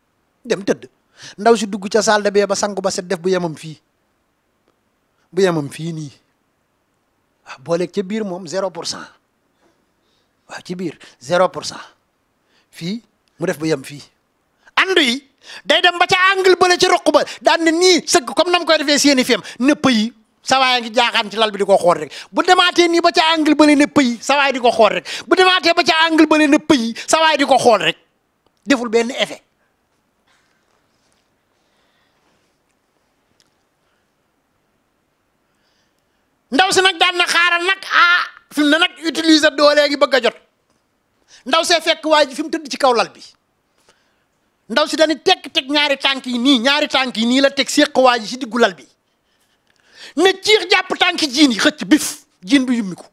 S1: dem tëdd ndaw si dugg ca salle de bain ba sangu ba set def bu yemam fii bu yemam fii nii waaw boole ca biir moom zéro pour cent waaw ci biir zéro pour cent fii mu def bu yem fii day dem ba ca angle ba la ca roq ba daan ne nii sëgg comme nam koy defee seeni fem ne pëy sawaay ngi jaaxaan ci lal bi di ko xool rek bu demaatee nii ba ca angle ba le ne pëy sawaay di ko xool rek bu demaatee ba ca angle ba le ne pëy sawaay ko xool rek deful benn ndaw si nag daan na xaaral nag ah fi mu ne nag utiliser doolee ngi bëgg a jot ndaw see fekk waa ji fi mu tëdd ci kaw lal bi ndaw si dañuy tek teg ñaari tànk yi nii ñaari tànk yi nii la teg séqwaay yi si diggu lal bi ne ciix jàpp tànk jiin yi xëcc bif jiin bi yummiku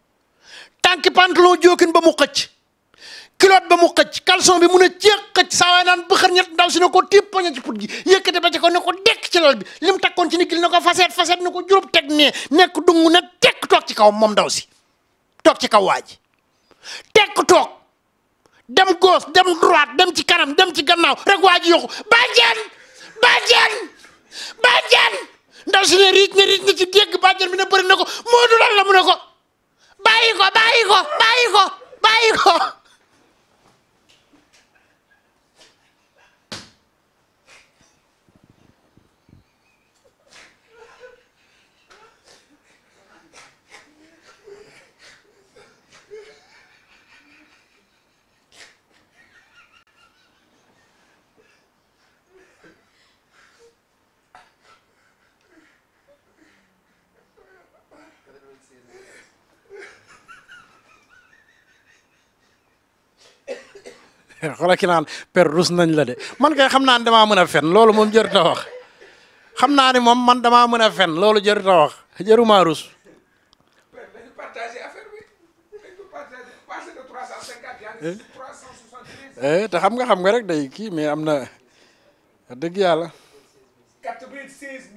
S1: tànk pantalon jookin ba mu xëcc culotte ba mu xëcc caleçon bi mu a ceex xëcc saa waay naan bëxër ñett ndaw si ne ko tipp poñe ci put gi yëkkate ba ci ko ne ko dekk ci lal bi li mu takkoon ci niggil ne ko faseet faseet ne ko juróom teg nee nekk dungu ne tekk toog ci kaw moom ndaw si toog ci kaw waa ji tekk toog dem gauche dem droite dem ci kanam dem ci gannaaw rek waa yokku bàjjen bàjjen bàjjen ndaw riic ne riic ne ci dégg bàjjen bi ne bëri na ko Moodu lan la mu ne ko bàyyi ko bàyyi ko ko. xoolal ki naan per rus nañ la de man kay xam naa ne damaa mën a fen loolu moom jërut wax xam naa ne moom man damaa mën a fen loolu jërut a wax jërumaa rus. Eh, te xam nga xam nga rek day kii mais am na dëgg yàlla.
S2: 96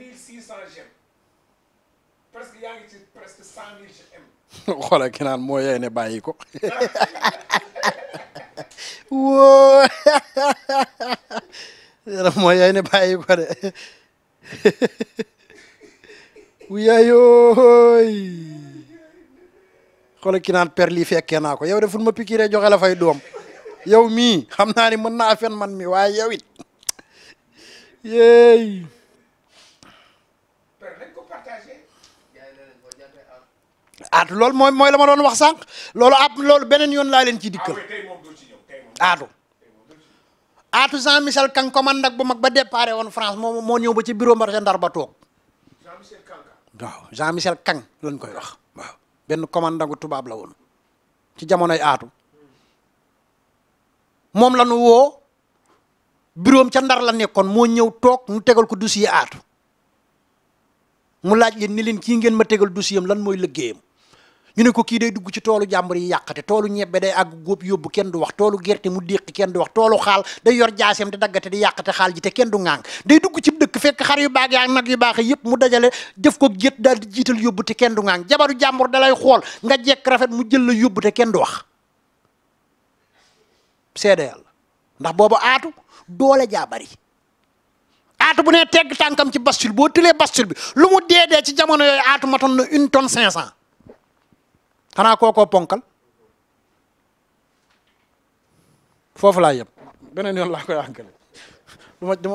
S1: 600 j'aime ne bàyyi wóo yaram moo yaay ne bàyyi ko de wu yaayooy xoolal ki naan per lii naa ko yow de fu ma pikiree joxe la fay doom yow mii xam naa ni mën naa fen man mi waaye yow it yéey at ah, loolu mooy mooy la ma doon wax sànq loolu ab loolu beneen yoon laa leen ciy dikkal ah, aatu aatu Jean Michel Kank commande ba mag ba déparé woon France moo moo ñëw ba ci bureau marché Ndar ba toog waaw Jean Michel Kank lañ koy wax waaw benn commande tubaab la woon ci jamonoy aatu moom la ñu woo bureau ca Ndar la nekkoon moo ñëw toog mu tegal ko dossier aatu mu laaj leen ni leen kii ngeen ma tegal dossier am lan mooy liggéeyam ñu ne ko kii day dugg ci toolu jàmbur yi yàqte toolu ñebbe day àgg góob yóbbu kenn du wax toolu gerte mu déqi kenn du wax toolu xaal da yor jaaseem di daggate di yàqte xaal ji te kenn du ŋàng day dugg ci dëkk fekk xar yu baax yaa nag yu baax yëpp mu dajale def ko gét daal di jiital yóbbu te kenn du ŋàng jabaru jàmbur dalay xool nga jekk rafet mu jël la yóbbu te kenn du wax seede yàlla ndax boobu aatu doole jaa bari aatu bu ne tegg tànkam ci bascule boo tëlee bascule bi lu mu deedee ci jamono yooyu na une tonne cinq cent xanaa kookoo ponkal foofu laa yem beneen yoon laa koy àggale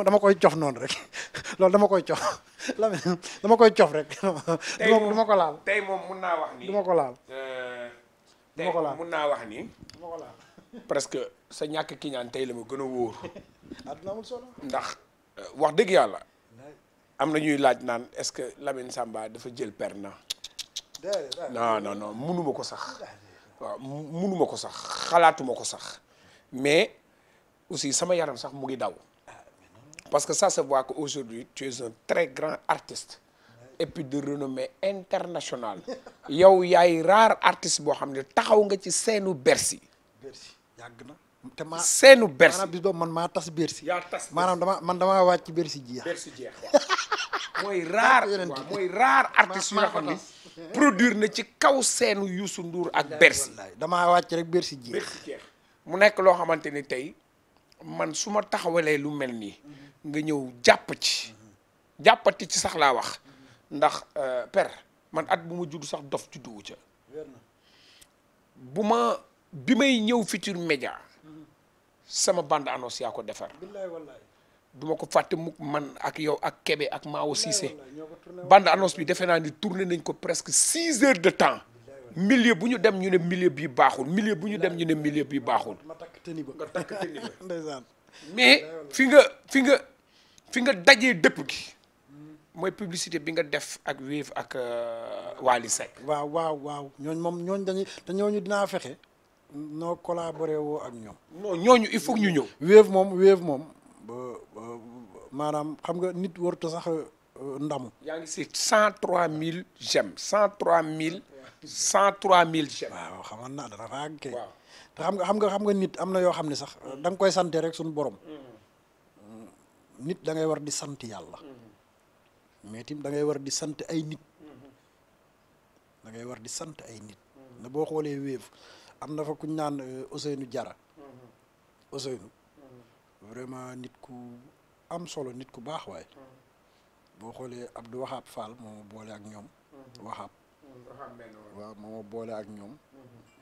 S1: dama koy cof noonu rek loolu dama koy cof dama koy cof rek.
S2: ko laal tey moom mun naa wax ni. ma ko laal. Euh, du ma naa wax ni. presque sa ñàkk kiiñaan tey la ma gën a wóor. àdduna ndax euh, wax dëgg yàlla. am na ñuy laaj naan est-ce que lamin Samba dafa jël per non non non munuma ko sax waaw munuma ko sax xalaatuma ko sax mais aussi sama yaram sax mu ngi daw parce que sa se voit que aujourd'hui tu es un très grand artiste et puis de renommée internationale yow yaay rare
S1: artiste boo xam ne taxaw nga ci seenu Bercy Bercy yàgg na te maa seenu Bercy maanaam bis boobu man maa tas Bercy yaa tas maanaam dama man damaa wàcc Bercy jeex Bercy jeex waaw mooy rare waaw mooy rare artiste yoo xam ni produire na ci kaw seenu
S2: yuusu nduur ak Bercy damaa wàcc rek Bercy jeex mu nekk loo xamante ni tey man su ma taxawalee lu mel nii mhm. nga ñëw jàpp ci mhm. jàppati ci sax laa wax ndax euh, per man at bu ma judd sax dof judduwu ca bu ma bi may ñëw Futurs Médias mhm. sama bande annonce yaa ko defar duma ko fàtte mukk man ak yow ak Kébé ak Mao Cissé bande annonce bi defe naa ni tourné nañ ko presque six heures de temps millier bu ñu dem ñu ne milieu bi baaxul milieu bu ñu dem ñu ne milieu bi baaxul nga
S1: takk tëni ba
S2: mais fi nga fi nga fi nga dajee dëpp gi mooy publicité bi nga def ak Wave ak euh, Wally Seck waaw waaw waaw
S1: ñooñ moom ñooñ dañuy te ñooñu dinaa fexe noo collaboré woo ak ñoom ñooñu il faut ñu ñëw Wave moom Wave moom ba maanaam xam nga nit warto sax
S2: euh, ndamu. yaa si cent trois mille j'aime cent trois mille. cent trois
S1: mille j'aime. waaw xamoon naa dara faa kay. xam nga xam nga nit am na yoo xam ne sax mm. da koy sante rek suñu borom. Mm. Mm. nit dangay ngay war di sant yàlla. mais tim da ngay war di sant ay nit. dangay war di sant ay nit. Mm-hmm. ne boo xoolee wéef am na fa kuñ naan euh, Ousseynou Diarra.
S3: Mm-hmm.
S1: Ousseynou. vraiment nit ku am solo nit ku baax waaye mm-hmm. boo xoolee Abdou Wahab Fall moo boole ak ñoom mm-hmm. Wahab mm-hmm. waaw ak ñoom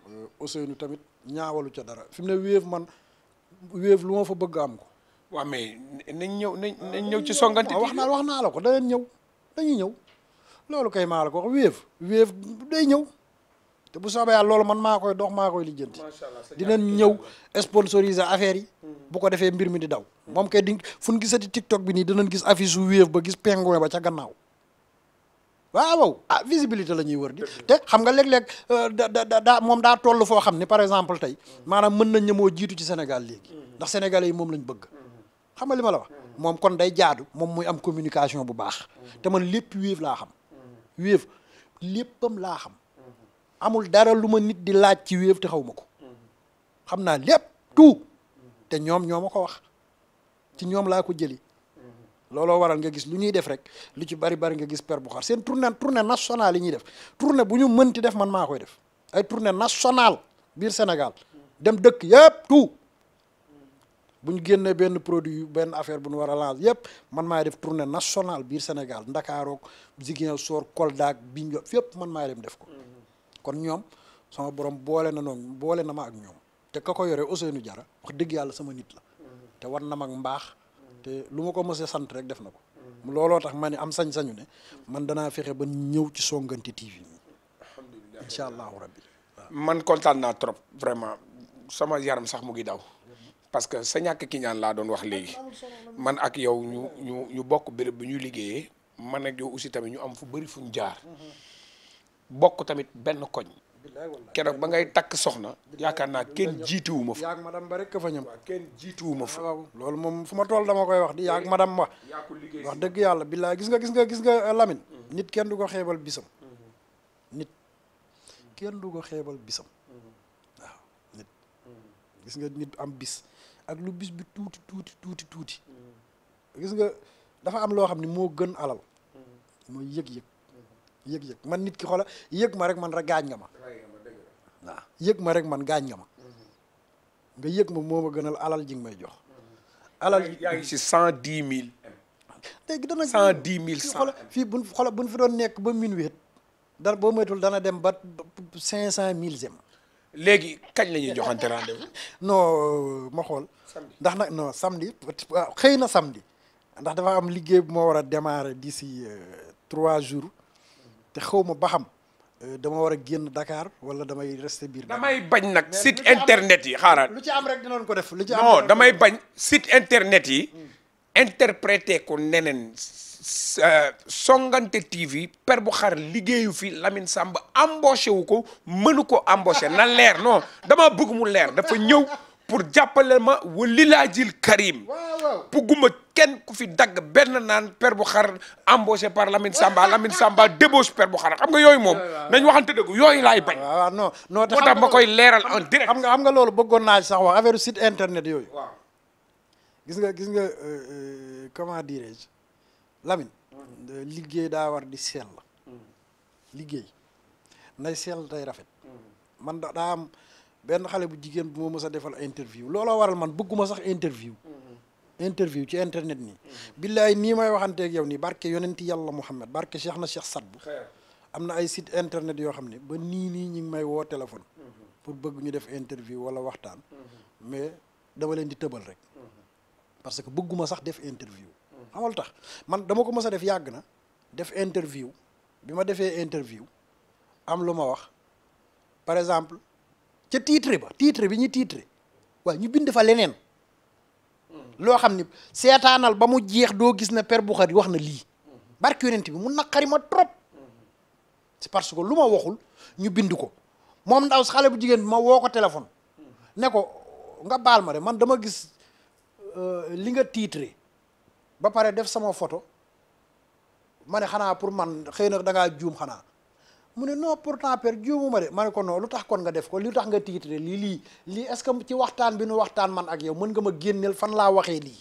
S1: euh, Ousseynou tamit ñaawalu ca dara fi mu ne Wave man Wave lu ma fa bëgg am ko
S2: waaw mais nañ ñëw euh, nañ ñëw ci songante wax wax naa
S1: la ko daneen ñëw dañuy ñëw loolu kay maa la ko wax Wave Wave day ñëw te bu soobee yàlla loolu man maa koy dox maa koy lijjanti dinañ ñëw sponsoriser affaire yi hmm. bu ko defee mbir mi di daw moom kay di fu ñu gisati TikTok bi nii dinañ gis affiche su Wave ba gis pingouin ba ca gannaaw waaw ah visibilité la ñuy wër di te xam nga léeg-léeg euh, da daa moom daa toll foo xam ne par exemple tey hmm. maanaam mën nañ ne moo jiitu ci Sénégal léegi hmm. ndax sénégalais yi moom lañ bëgg xam nga li ma la wax moom kon day jaadu moom muy am communication bu baax te man lépp Wave laa xam Wave léppam laa xam amul dara lu ma nit di laaj ci wéef te xaw ma ko xam naa lépp tout te ñoom ñoo ma ko wax ci ñoom laa ko jëli looloo waral nga gis lu ñuy def rek lu ci bari bari nga gis per bu xar seen tournée tournée nationale yi ñuy def tournée bu ñu mënti def man maa koy def ay tourne national biir Sénégal dem dëkk yëpp tout bu ñu génnee benn produit benn affaire bu nu war a lancer yëpp man maay def tournée nationale biir Sénégal Ndakaaroog Ziguinchor Kolda ak Bignona fépp dem def kon ñoom sama borom boole na noonu boole na ma ak ñoom te ka ko yore nu jara wax dëgg yàlla sama nit la te war na mag mbaax te lu ma ko mës sant rek def na ko looloo tax ma ne am sañ-sañu ne man danaa fexe ba ñëw ci Songuanté TV alhamdulilah incha allahu rabbi
S2: man kontaan naa trop vraiment sama yaram sax mu ngi daw que sa ñàkk laa doon wax léegi man ak yow ñu ñu ñu bokk béréb bu ñu liggéeyee man ak yow aussi tamit ñu am fu bëri fu ñu jaar bokk tamit benn koñ keroog ba ngay takk soxna yaakaar naa kenn jiituwuma fa
S1: yaag madame ba rek fa ñam kenn jiituwuma fa loolu moom fu ma tool dama koy wax di yaag madame wax wax dëgg yàlla billaay gis nga gis nga gis nga euh, Lamine mm-hmm. nit kenn du ko xeebal bisam mm-hmm. du ko xeebal bisam
S3: mm-hmm.
S1: waaw nit gis nga nit am bis ak lu bis bi tuuti tuuti tuuti tuuti gis nga dafa am loo xam ni moo gën alal mooy yëg-yëg yëg-yëg man nit ki xoola yëg ma rek man rek gaañ nga ma
S3: waaw
S1: yëg ma rek man gaañ nga ma mhm. nga yëg ma moo ma gënal alal ji nga may jox mhm. alal yaa ngi si cent dix mille léegi dana cent dix mille xoola fii buñ xoola buñ fi doon nekk ba minuit dara boo moytul dana dem ba cinq cent mille zem
S2: léegi kañ la ñuy joxante
S1: rendez-vous ma xool ndax nag no samedi waaw xëy na samdi ndax dafa am liggéey bu moo war a démarrer d'ici euh, trois jours te xaw ma ba xam euh, dama war a génn Dakar wala damay rester biir.
S2: damay bañ nag site internet yi xaaral. lu
S1: ci am rek dinañ ko def lu ci am damay
S2: bañ site internet yi. Hmm. interprété ko neneen euh, Songuanté TV per bu xar liggéeyu fi lamin Samb embauché wu ko mënu ko embauché na leer non dama bëgg mu leer dafa ñëw. pour jàppale ma wali laa jil karim bugguma kenn ku fi dagg benn naan per bu xar embauché par Lamine Samba Lamine Samba débauche per bu xar xam nga yooyu moom nañ waxante dëgg yooyu laay bañ waaw
S1: non non moo tax ma koy leeral en direct xam nga xam nga loolu bëggoon sax wax affaire site internet yooyu waaw gis nga gis nga euh, euh, comment dirais-je liggéey daa war di sell mm. liggéey nay sell tey rafet mm. man daa am benn xale bu jigéen bu ma mës a defal interview looloo waral man bëgguma sax interview mm-hmm. interview ci internet nii mm-hmm. billaay nii may waxanteeg yow nii barke yonenti yàlla Muhammad barke Cheikh na Cheikh Sadbu am na ay site internet yoo xam ne ba nii nii ñi ngi may woo téléphone mm-hmm. pour bëgg ñu def interview wala waxtaan mais dama leen di tëbal rek parce que bëgguma sax def interview xamal tax man dama ko mës a def yàgg na def interview bi ma defee interview am lu ma wax par exemple ce titre ba titre bi ñu titre waaw ñu bind fa leneen loo xam ne seetaanal ba mu jeex doo gis na Père Boukhari wax na lii barke yonent bi mu naqari ma trop c'est parce que lu ma waxul ñu bind ko moom ndaw xale bu jigéen bi ma woo ko téléphone ne ko nga baal ma de man dama gis euh, li nga titre ba pare def sama photo ma xanaa pour man xëy na da juum xanaa mu ne non pourtant per juumuma de ma ne ko lu tax kon def ko lu tax nga tiitre lii lii lii est-ce que ci waxtaan bi nu waxtaan man ak yow mën nga ma génneel fan laa waxee lii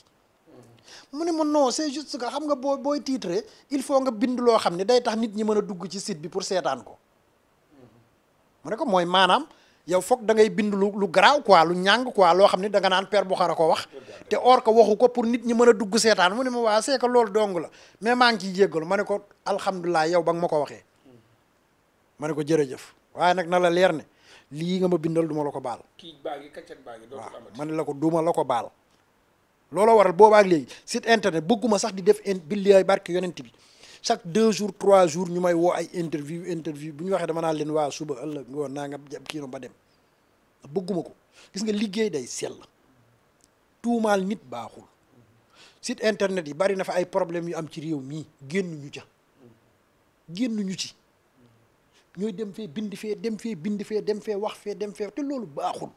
S1: mu ne ma non c'est juste que xam nga boo booy tiitre il faut nga bind loo xam ne day tax nit ñi mën a dugg ci site bi pour seetaan ko mu ne ko mooy maanaam yow foog da ngay bind lu lu garaaw quoi lu ñàng quoi loo xam ne da nga naan per bu xara ko wax te or ko waxu ko pour nit ñi mën a dugg seetaan mu ne ma waa c'est que loolu dong la mais maa ngi ciy jéggalu ma ne ko alhamdulilah yow ba nga ma ko waxee ma ne ko jërëjëf waaye nag na la leer ne lii nga ma bindal du ma la ko baal.
S2: kii baagi kàcceeg baagi dootul amati waaw
S1: ma ne la ko du la ko baal. looloo waral boobaak léegi site internet bëgguma sax di def in billaay barke yonent bi chaque deux jours trois jours ñu may woo ay interview interview bu ñu waxee dama naa leen waa suba ëllëg ngoon naa nga jàpp kii ba dem bëgguma ko gis nga liggéey day sell tuumaal nit baaxul site internet yi bari na fa ay problème yu am ci réew mii génn ñu ca ci. ñooy dem fee bind fee dem fee bind fee dem fee wax fee dem fee te loolu baaxul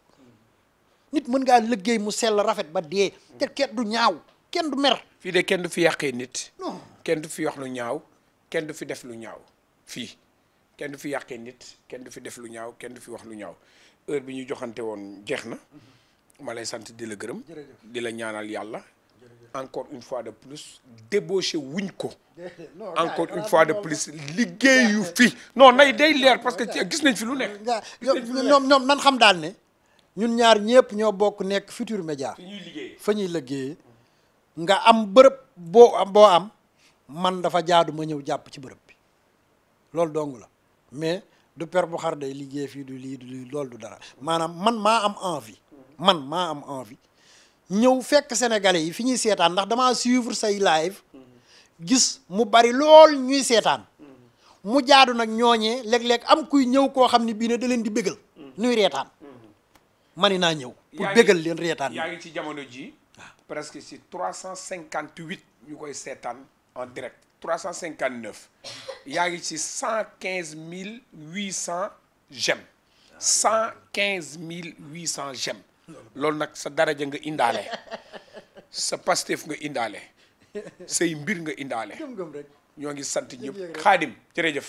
S1: nit mën ngaa liggéey mu sell rafet ba dee te kenn ñaaw kenn du mer
S2: fii de kenn du fi yàqee nit kenn du fi wax lu ñaaw kenn du fi def lu ñaaw fii kenn du fi yàqee nit kenn du fi def lu ñaaw kenn du fi wax lu ñaaw heure bi ñu joxante woon jeex na ma sant di la gërëm di la ñaanal yàlla encore une fois de plus débauché wuñ ko. encore une fois de plus
S1: liggéeyu fi non nay day leer parce que gis nañ fi lu nekk. ñoom ñoom nan xam daal ne ñun ñaar ñëpp ñoo bokk nekk Futurs Médias. fa ñuy liggéeyee nga am bërëb boo am boo am man dafa jaadu ma ñëw jàpp ci bërëb bi loolu dong la mais du per bu xar day liggéey fii du lii du lii loolu du dara maanaam man maa am envie man maa am envie. ñëw fekk sénégalais yi fi ñuy seetaan ndax damaa suivre say live gis mu bari lool ñuy seetaan mu jaadu nag ñooñee léeg-léeg am kuy ñëw koo xam ne bii na da leen di bégal nuy reetaan mani naa ñëw pour bégal leen reetaan yaa ngi ci jamono ji
S2: presque si trois cent cinquante huit ñu koy seetaan en direct trois cent cinquante neuf yaa ngi ci cent quinze mille huit cent j'aime cent quinze mille huit cent j'aime loolu nag sa daraja nga indaale sa Pastef nga indaale say mbir nga indaale ñoo ngi sant ñëpp xaadim jërëjëf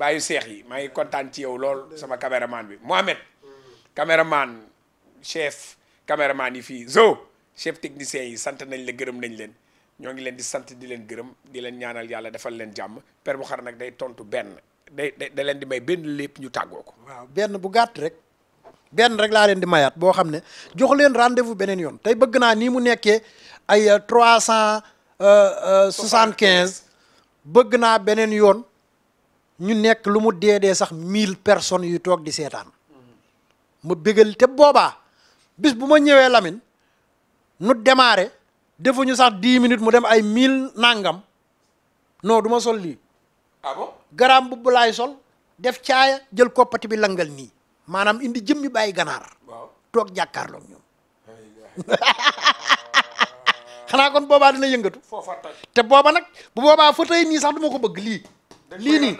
S2: bàyyi seex yi maa ngi kontaan ci yow lool sama caméraman bi Mohamed caméraman chef caméraman yi fii zo chef technicien yi sant nañ la gërëm nañ leen ñoo ngi leen di sant di leen gërëm di leen ñaanal yàlla defal leen jàmm per bu xar nag day tontu benn day da leen di may benn lépp ñu tàggoo ko
S1: benn bu gàtt rek benn rek laa leen di mayaat boo xam ne jox leen rendez-vous beneen yoon tey bëgg naa nii mu nekkee ay euh, trois cent euh, euh, soixante quinze bëgg naa beneen yoon ñu nekk lu mu dee dee sax mille personnes yu toog di seetaan ma bégal te boobaa bis bu ma ñëwee lamin nu démarré defu ñu sax dix minutes mu dem ay mille nangam non duma sol lii. ah garaam bu laay sol def caaya jël koppati bi langal nii. maanaam indi jëmmi bàyyi ganaar toog jàkkaarlook ñoom xanaa kon boobaa dina yëngatu te booba nag bu boobaa fa nii sax du ko bëgg lii lii nii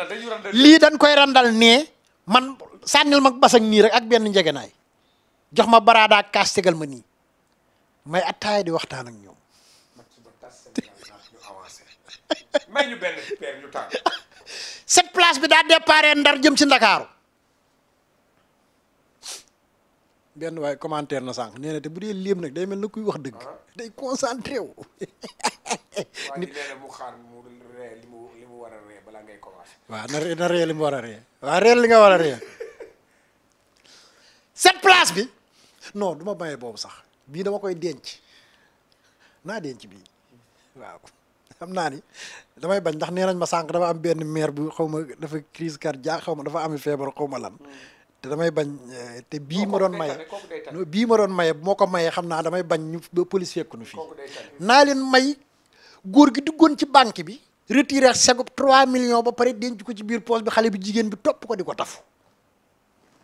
S1: lii dañ koy randal nee man sànnil mag basak nii rek ak benn njegenaay jox ma baraadaa kaas tegal ma nii may attaaya di waxtaan ak ñoom may ñu benn ñu place bi daa déparé ndar jëm ci ndakaaru benn waaye commentaire na sànq nee na te bu dee léem nag day mel na kuy wax dëgg. Ah. day concentré wu. nit waaye mu xaar li mu war a ree balaa ngay commencé. waaw na ree li mu war a ree waaw ree li nga war a ree cette place bi non du ma boobu sax bii dama koy denc naa denc bii waaw xam naa ni damay bañ ndax nee nañ ma sànq dafa am benn maire bu xaw ma dafa crise cardiaque xaw ma dafa am feebar xaw ma lan. Hmm. te damay bañ eh, te bii ma doon maye bii ma doon maye moo ko mayee xam naa damay bañ ñu ba police fekk nu fii naa leen may góor gi duggoon ci banque bi retiré segub 3 millions ba pare denc ko ci biir poche bi xale bi jigéen bi topp ko di ko tafu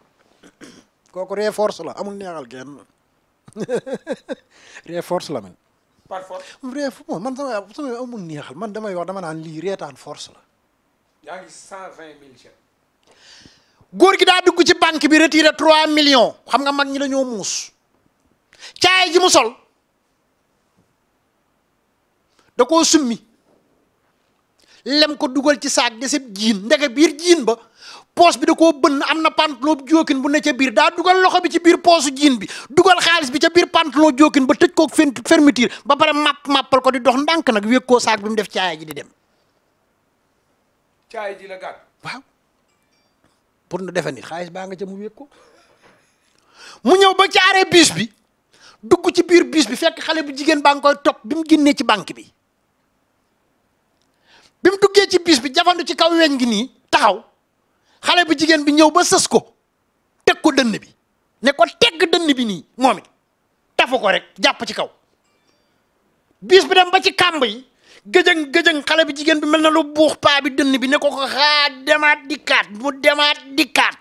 S1: kooku force la amul neexal kenn reforce la man par force man sama sama amul neexal man damay wax dama naan lii reetaan force la
S2: yaa ngi 120 000
S1: góor gi daa dugg ci banque bi retiire 3 millions xam nga mag ñi la ñoo muus caay ji mu sol da koo summi lem ko dugal ci saak de seb jiin ndege biir jiin ba poos bi da koo bënn am na pantalon jóokin bu ne ca biir daa dugal loxo bi ci biir poosu jiin bi dugal xaalis bi ca biir pantalon jóokin ba tëj kook fermeture ba pare màpp màppal ko di dox ndànk nag wéeg koo saak bi mu def caaya ji di dem
S2: caaya ji la gàtt
S1: pour nu defe ni xaalis baa nga ca mu wéeg ko mu ñëw ba ci arrêt bus bi dugg ci biir bus bi fekk xale bu jigéen baa nga koy topp bi mu génnee ci banque bi bi mu duggee ci bus bi jafandu ci kaw weñ gi nii taxaw xale bu jigéen bi ñëw ba sës ko teg ko dënn bi ne ko tegg dënn bi nii moom it tafu ko rek jàpp ci kaw bus bi dem ba ci kàmb yi gëjëng gëjëng xale bi jigéen bi mel na lu buux paa bi dënn bi ne ko ko xaa demaat dikkaat mu demaat dikkaat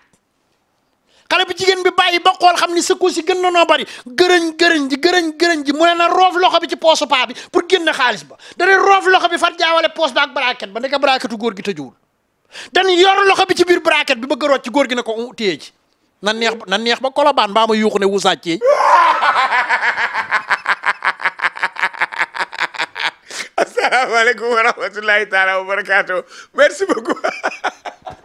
S1: xale bi jigéen bi bàyyi ba xool xam ni secours si gën na noo bari gërëñ gërëñ ji gërëñ gërëñ ji mu ne na roof loxo bi ci poosu paa bi pour génne xaalis ba dana roof loxo bi far jaawale poos ba ak braquette ba ndeka braquette góor gi tëjuwul dañ yor loxo bi ci biir braquette bi ba a ci góor gi ne ko téye ji na neex na neex ba kolobaan baa ma yuuxu ne wusaat ci asalaamaaleykum wa rahmatulahi taala wa
S2: barakaatu merci beaucoup